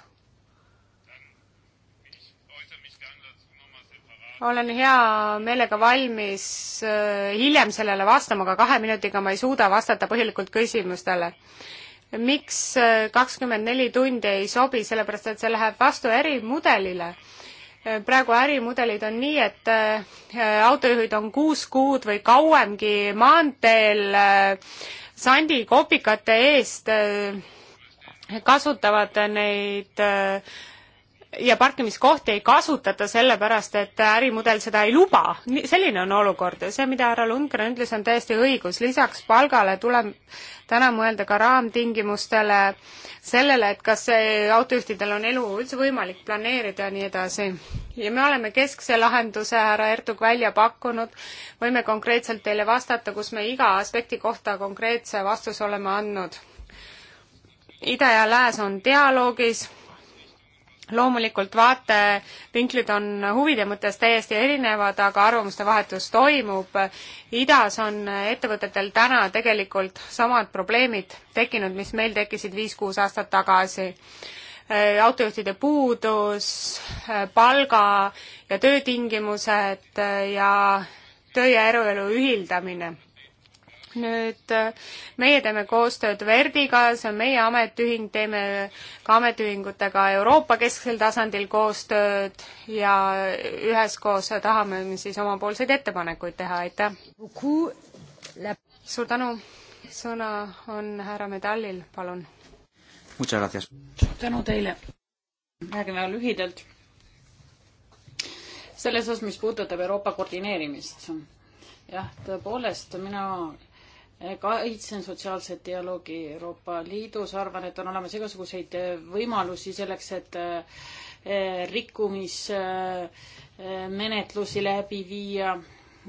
olen hea meelega valmis äh, hiljem sellele vastama, aga kahe minutiga ma ei suuda vastata põhjalikult küsimustele miks äh, kakskümmend neli tundi ei sobi, sellepärast et see läheb vastu ärimudelile. Äh, praegu ärimudelid on nii, et autojuhid on kuus kuud või kauemgi maanteel sandikopikate eest kasutavad neid ja parkimiskohti ei kasutata sellepärast, et ärimudel seda ei luba. selline on olukord ja see, mida härra Lundgren ütles, on täiesti õigus. lisaks palgale tuleb täna mõelda ka raamtingimustele, sellele, et kas autojuhtidel on elu üldse võimalik planeerida ja nii edasi. ja me oleme keskse lahenduse, härra Ertug, välja pakkunud. võime konkreetselt teile vastata, kus me iga aspekti kohta konkreetse vastuse oleme andnud ida ja lääs on dialoogis, loomulikult vaatevinklid on huvide mõttes täiesti erinevad, aga arvamuste vahetus toimub. idas on ettevõtetel täna tegelikult samad probleemid tekkinud, mis meil tekkisid viis-kuus aastat tagasi. Äh, autojuhtide puudus, äh, palga ja töötingimused äh, ja töö ja eruelu ühildamine nüüd äh, meie teeme koostööd Verdiga, see on meie ametiühing, teeme ka ametiühingutega Euroopa kesksel tasandil koostööd ja üheskoos tahame siis omapoolseid ettepanekuid teha, aitäh! suur tänu, sõna on härra Medallil, palun. suur tänu teile, räägime lühidalt selles osas, mis puudutab Euroopa koordineerimist. jah, tõepoolest, mina kaitsen sotsiaalset dialoogi Euroopa Liidus, arvan, et on olemas igasuguseid äh, võimalusi selleks, et äh, rikkumismenetlusi läbi viia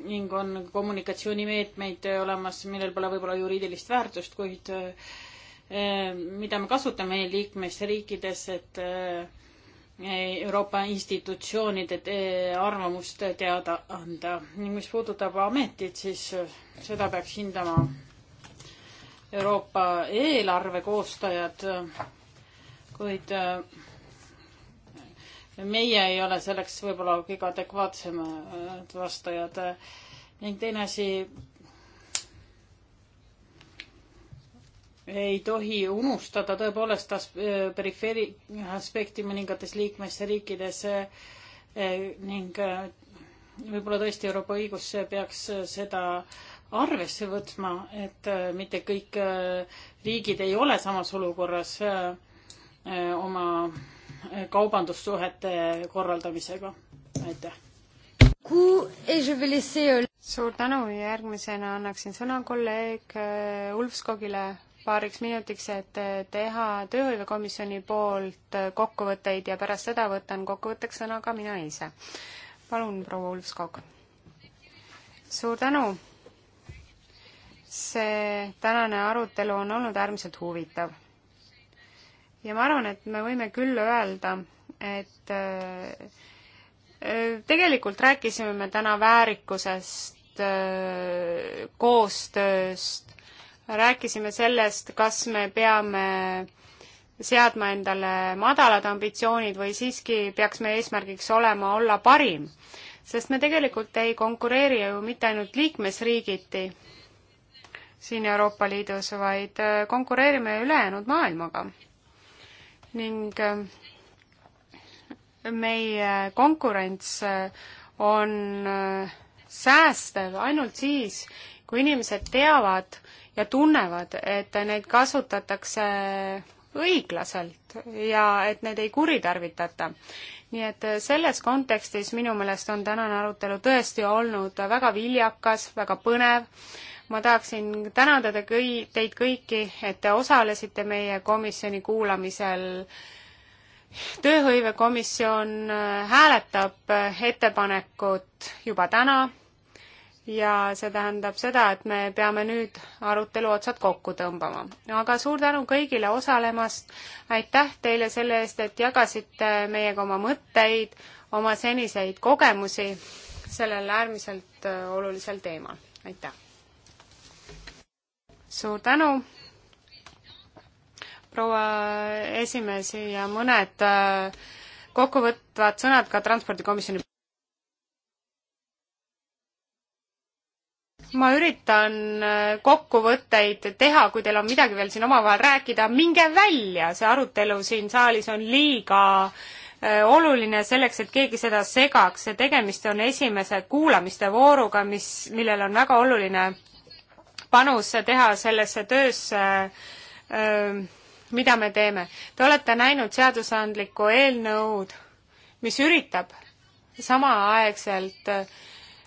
ning on kommunikatsioonimeetmeid olemas, millel pole võib-olla juriidilist väärtust, kuid äh, mida me kasutame liikmesriikides, et Euroopa institutsioonide arvamust teada anda ning mis puudutab ametit, siis äh, seda peaks hindama Euroopa eelarve koostajad, äh, kuid äh, meie ei ole selleks võib-olla kõige adekvaatsemad vastajad. ning teine asi, ei tohi unustada tõepoolest äh, perifeeri aspekti mõningates liikmesriikides äh, ning äh, võib-olla tõesti Euroopa õigus peaks seda arvesse võtma, et mitte kõik riigid ei ole samas olukorras oma kaubandussuhete korraldamisega. aitäh. Euh, suur tänu ja järgmisena annaksin sõna kolleeg Ulfskogile paariks minutiks, et teha tööhõivekomisjoni poolt kokkuvõtteid ja pärast seda võtan kokkuvõtteks sõna ka mina ise. palun, proua Ulfskog. suur tänu. see tänane arutelu on olnud äärmiselt huvitav. ja ma arvan, et me võime küll öelda, et äh, tegelikult rääkisime me täna väärikusest, äh, koostööst, rääkisime sellest, kas me peame seadma endale madalad ambitsioonid või siiski peaks meie eesmärgiks olema olla parim. sest me tegelikult ei konkureeri ju mitte ainult liikmesriigiti siin Euroopa Liidus, vaid äh, konkureerime ülejäänud maailmaga. ning äh, meie konkurents äh, on säästev ainult siis, kui inimesed teavad, ja tunnevad, et neid kasutatakse õiglaselt ja et neid ei kuritarvitata. nii et selles kontekstis minu meelest on tänane arutelu tõesti olnud väga viljakas, väga põnev. ma tahaksin tänada te kõi-, teid kõiki, et te osalesite meie komisjoni kuulamisel tööhõivekomisjon hääletab ettepanekut juba täna ja see tähendab seda, et me peame nüüd arutelu otsad kokku tõmbama. aga suur tänu kõigile osalemast, aitäh teile selle eest, et jagasite meiega oma mõtteid, oma seniseid kogemusi sellel äärmiselt äh, olulisel teemal, aitäh! suur tänu, proua esimees ja mõned äh, kokkuvõtvad sõnad ka transpordikomisjoni ma üritan äh, kokkuvõtteid teha, kui teil on midagi veel siin omavahel rääkida, minge välja, see arutelu siin saalis on liiga äh, oluline selleks, et keegi seda segaks, tegemist on esimese kuulamiste vooruga, mis, millel on väga oluline panus teha sellesse töösse, äh, mida me teeme. Te olete näinud seadusandlikku eelnõud, mis üritab samaaegselt äh,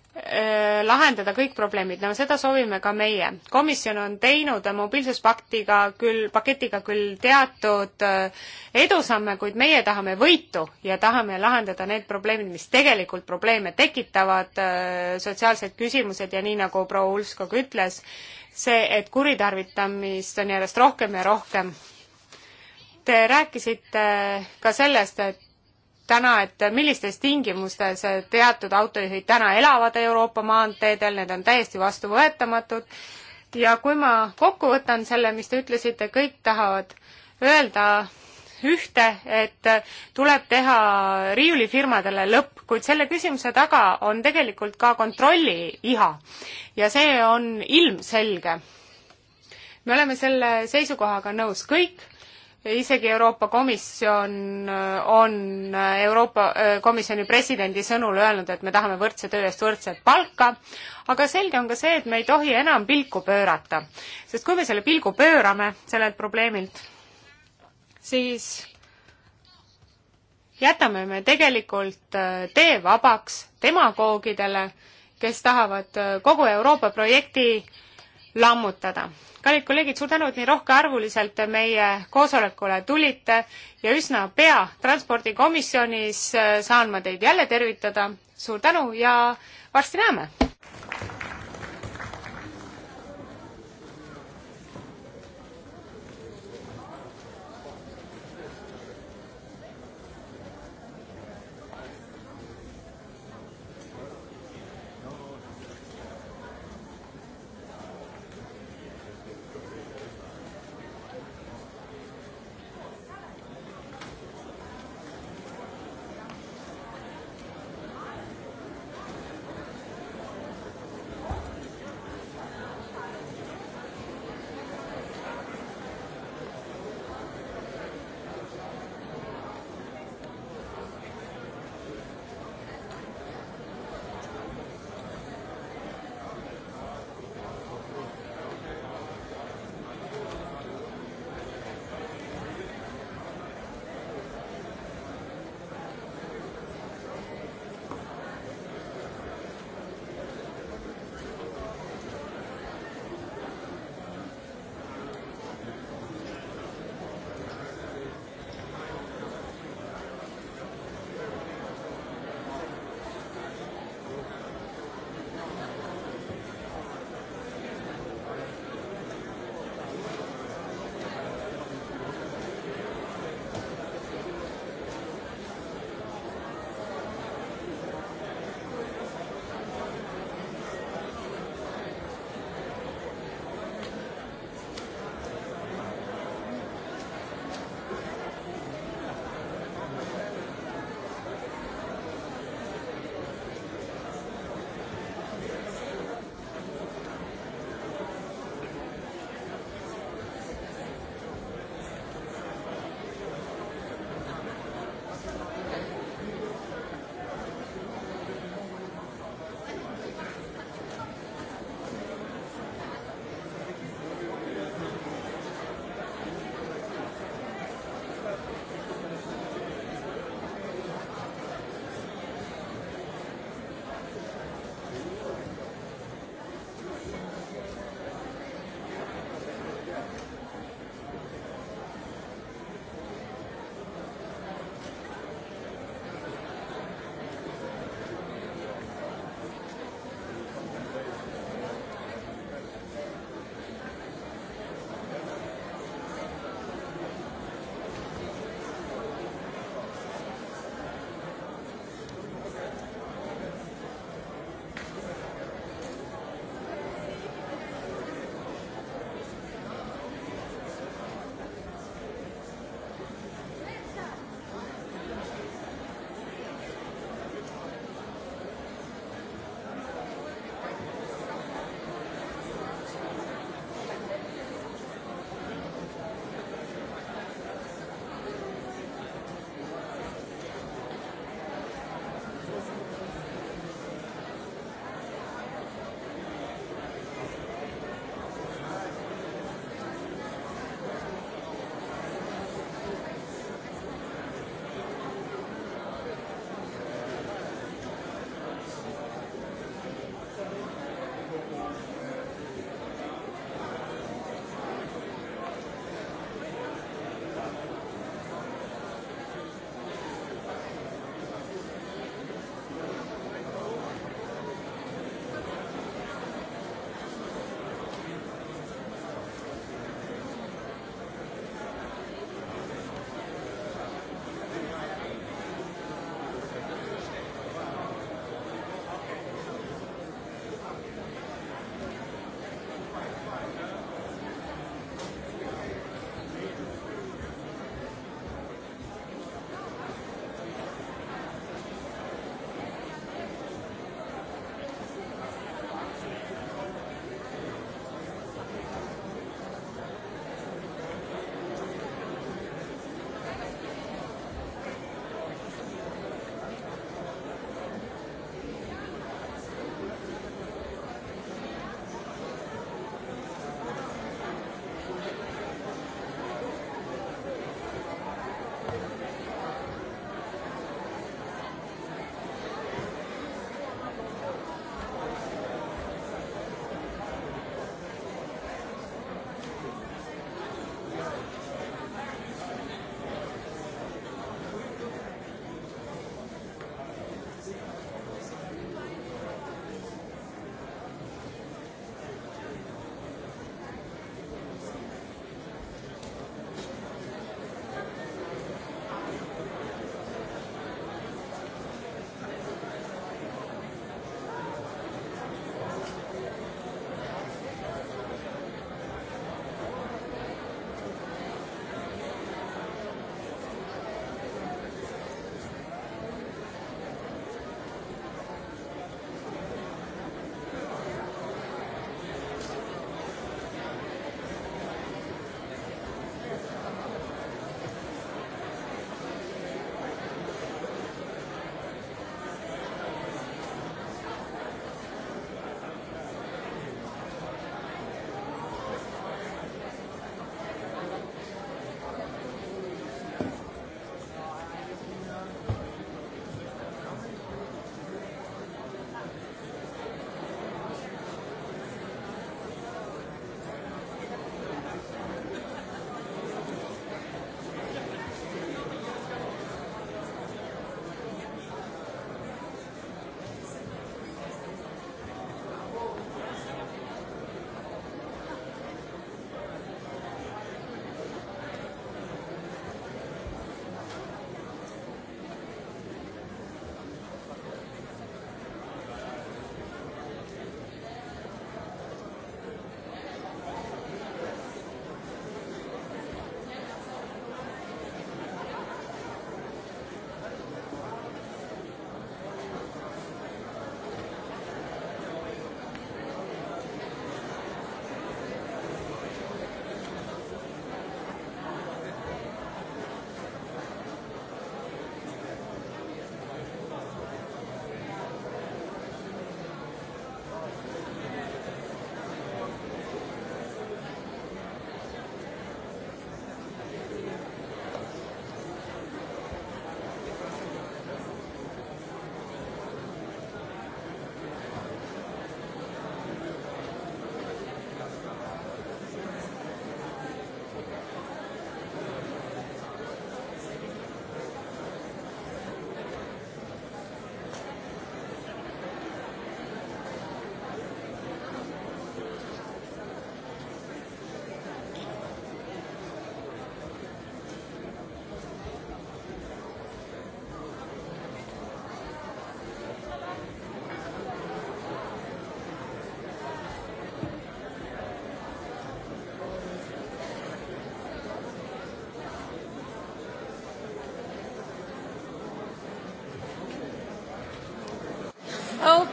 Äh, lahendada kõik probleemid, no seda soovime ka meie. komisjon on teinud mobiilsuspaktiga küll, paketiga küll teatud äh, edusamme, kuid meie tahame võitu ja tahame lahendada need probleemid, mis tegelikult probleeme tekitavad, äh, sotsiaalsed küsimused ja nii, nagu proua Ulfskog ütles, see, et kuritarvitamist on järjest rohkem ja rohkem. Te rääkisite ka sellest, et täna, et millistes tingimustes teatud autojuhid täna elavad Euroopa maanteedel, need on täiesti vastuvõetamatud. ja kui ma kokku võtan selle, mis te ütlesite, kõik tahavad öelda ühte, et tuleb teha riiulifirmadele lõpp, kuid selle küsimuse taga on tegelikult ka kontrolli iha ja see on ilmselge. me oleme selle seisukohaga nõus kõik isegi Euroopa Komisjon äh, on äh, Euroopa äh, Komisjoni presidendi sõnul öelnud, et me tahame võrdse töö eest võrdset palka, aga selge on ka see, et me ei tohi enam pilku pöörata. sest kui me selle pilgu pöörame sellelt probleemilt, siis jätame me tegelikult tee vabaks demagoogidele, kes tahavad kogu Euroopa projekti lammutada kallid kolleegid, suur tänu, et nii rohkearvuliselt meie koosolekule tulite ja üsna pea transpordikomisjonis äh, saan ma teid jälle tervitada. suur tänu ja varsti näeme!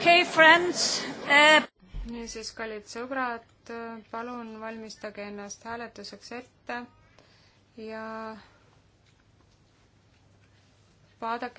okei okay,, friends uh... Eh.... niisiis, kallid sõbrad, palun valmistage ennast hääletuseks ette ja vaadake,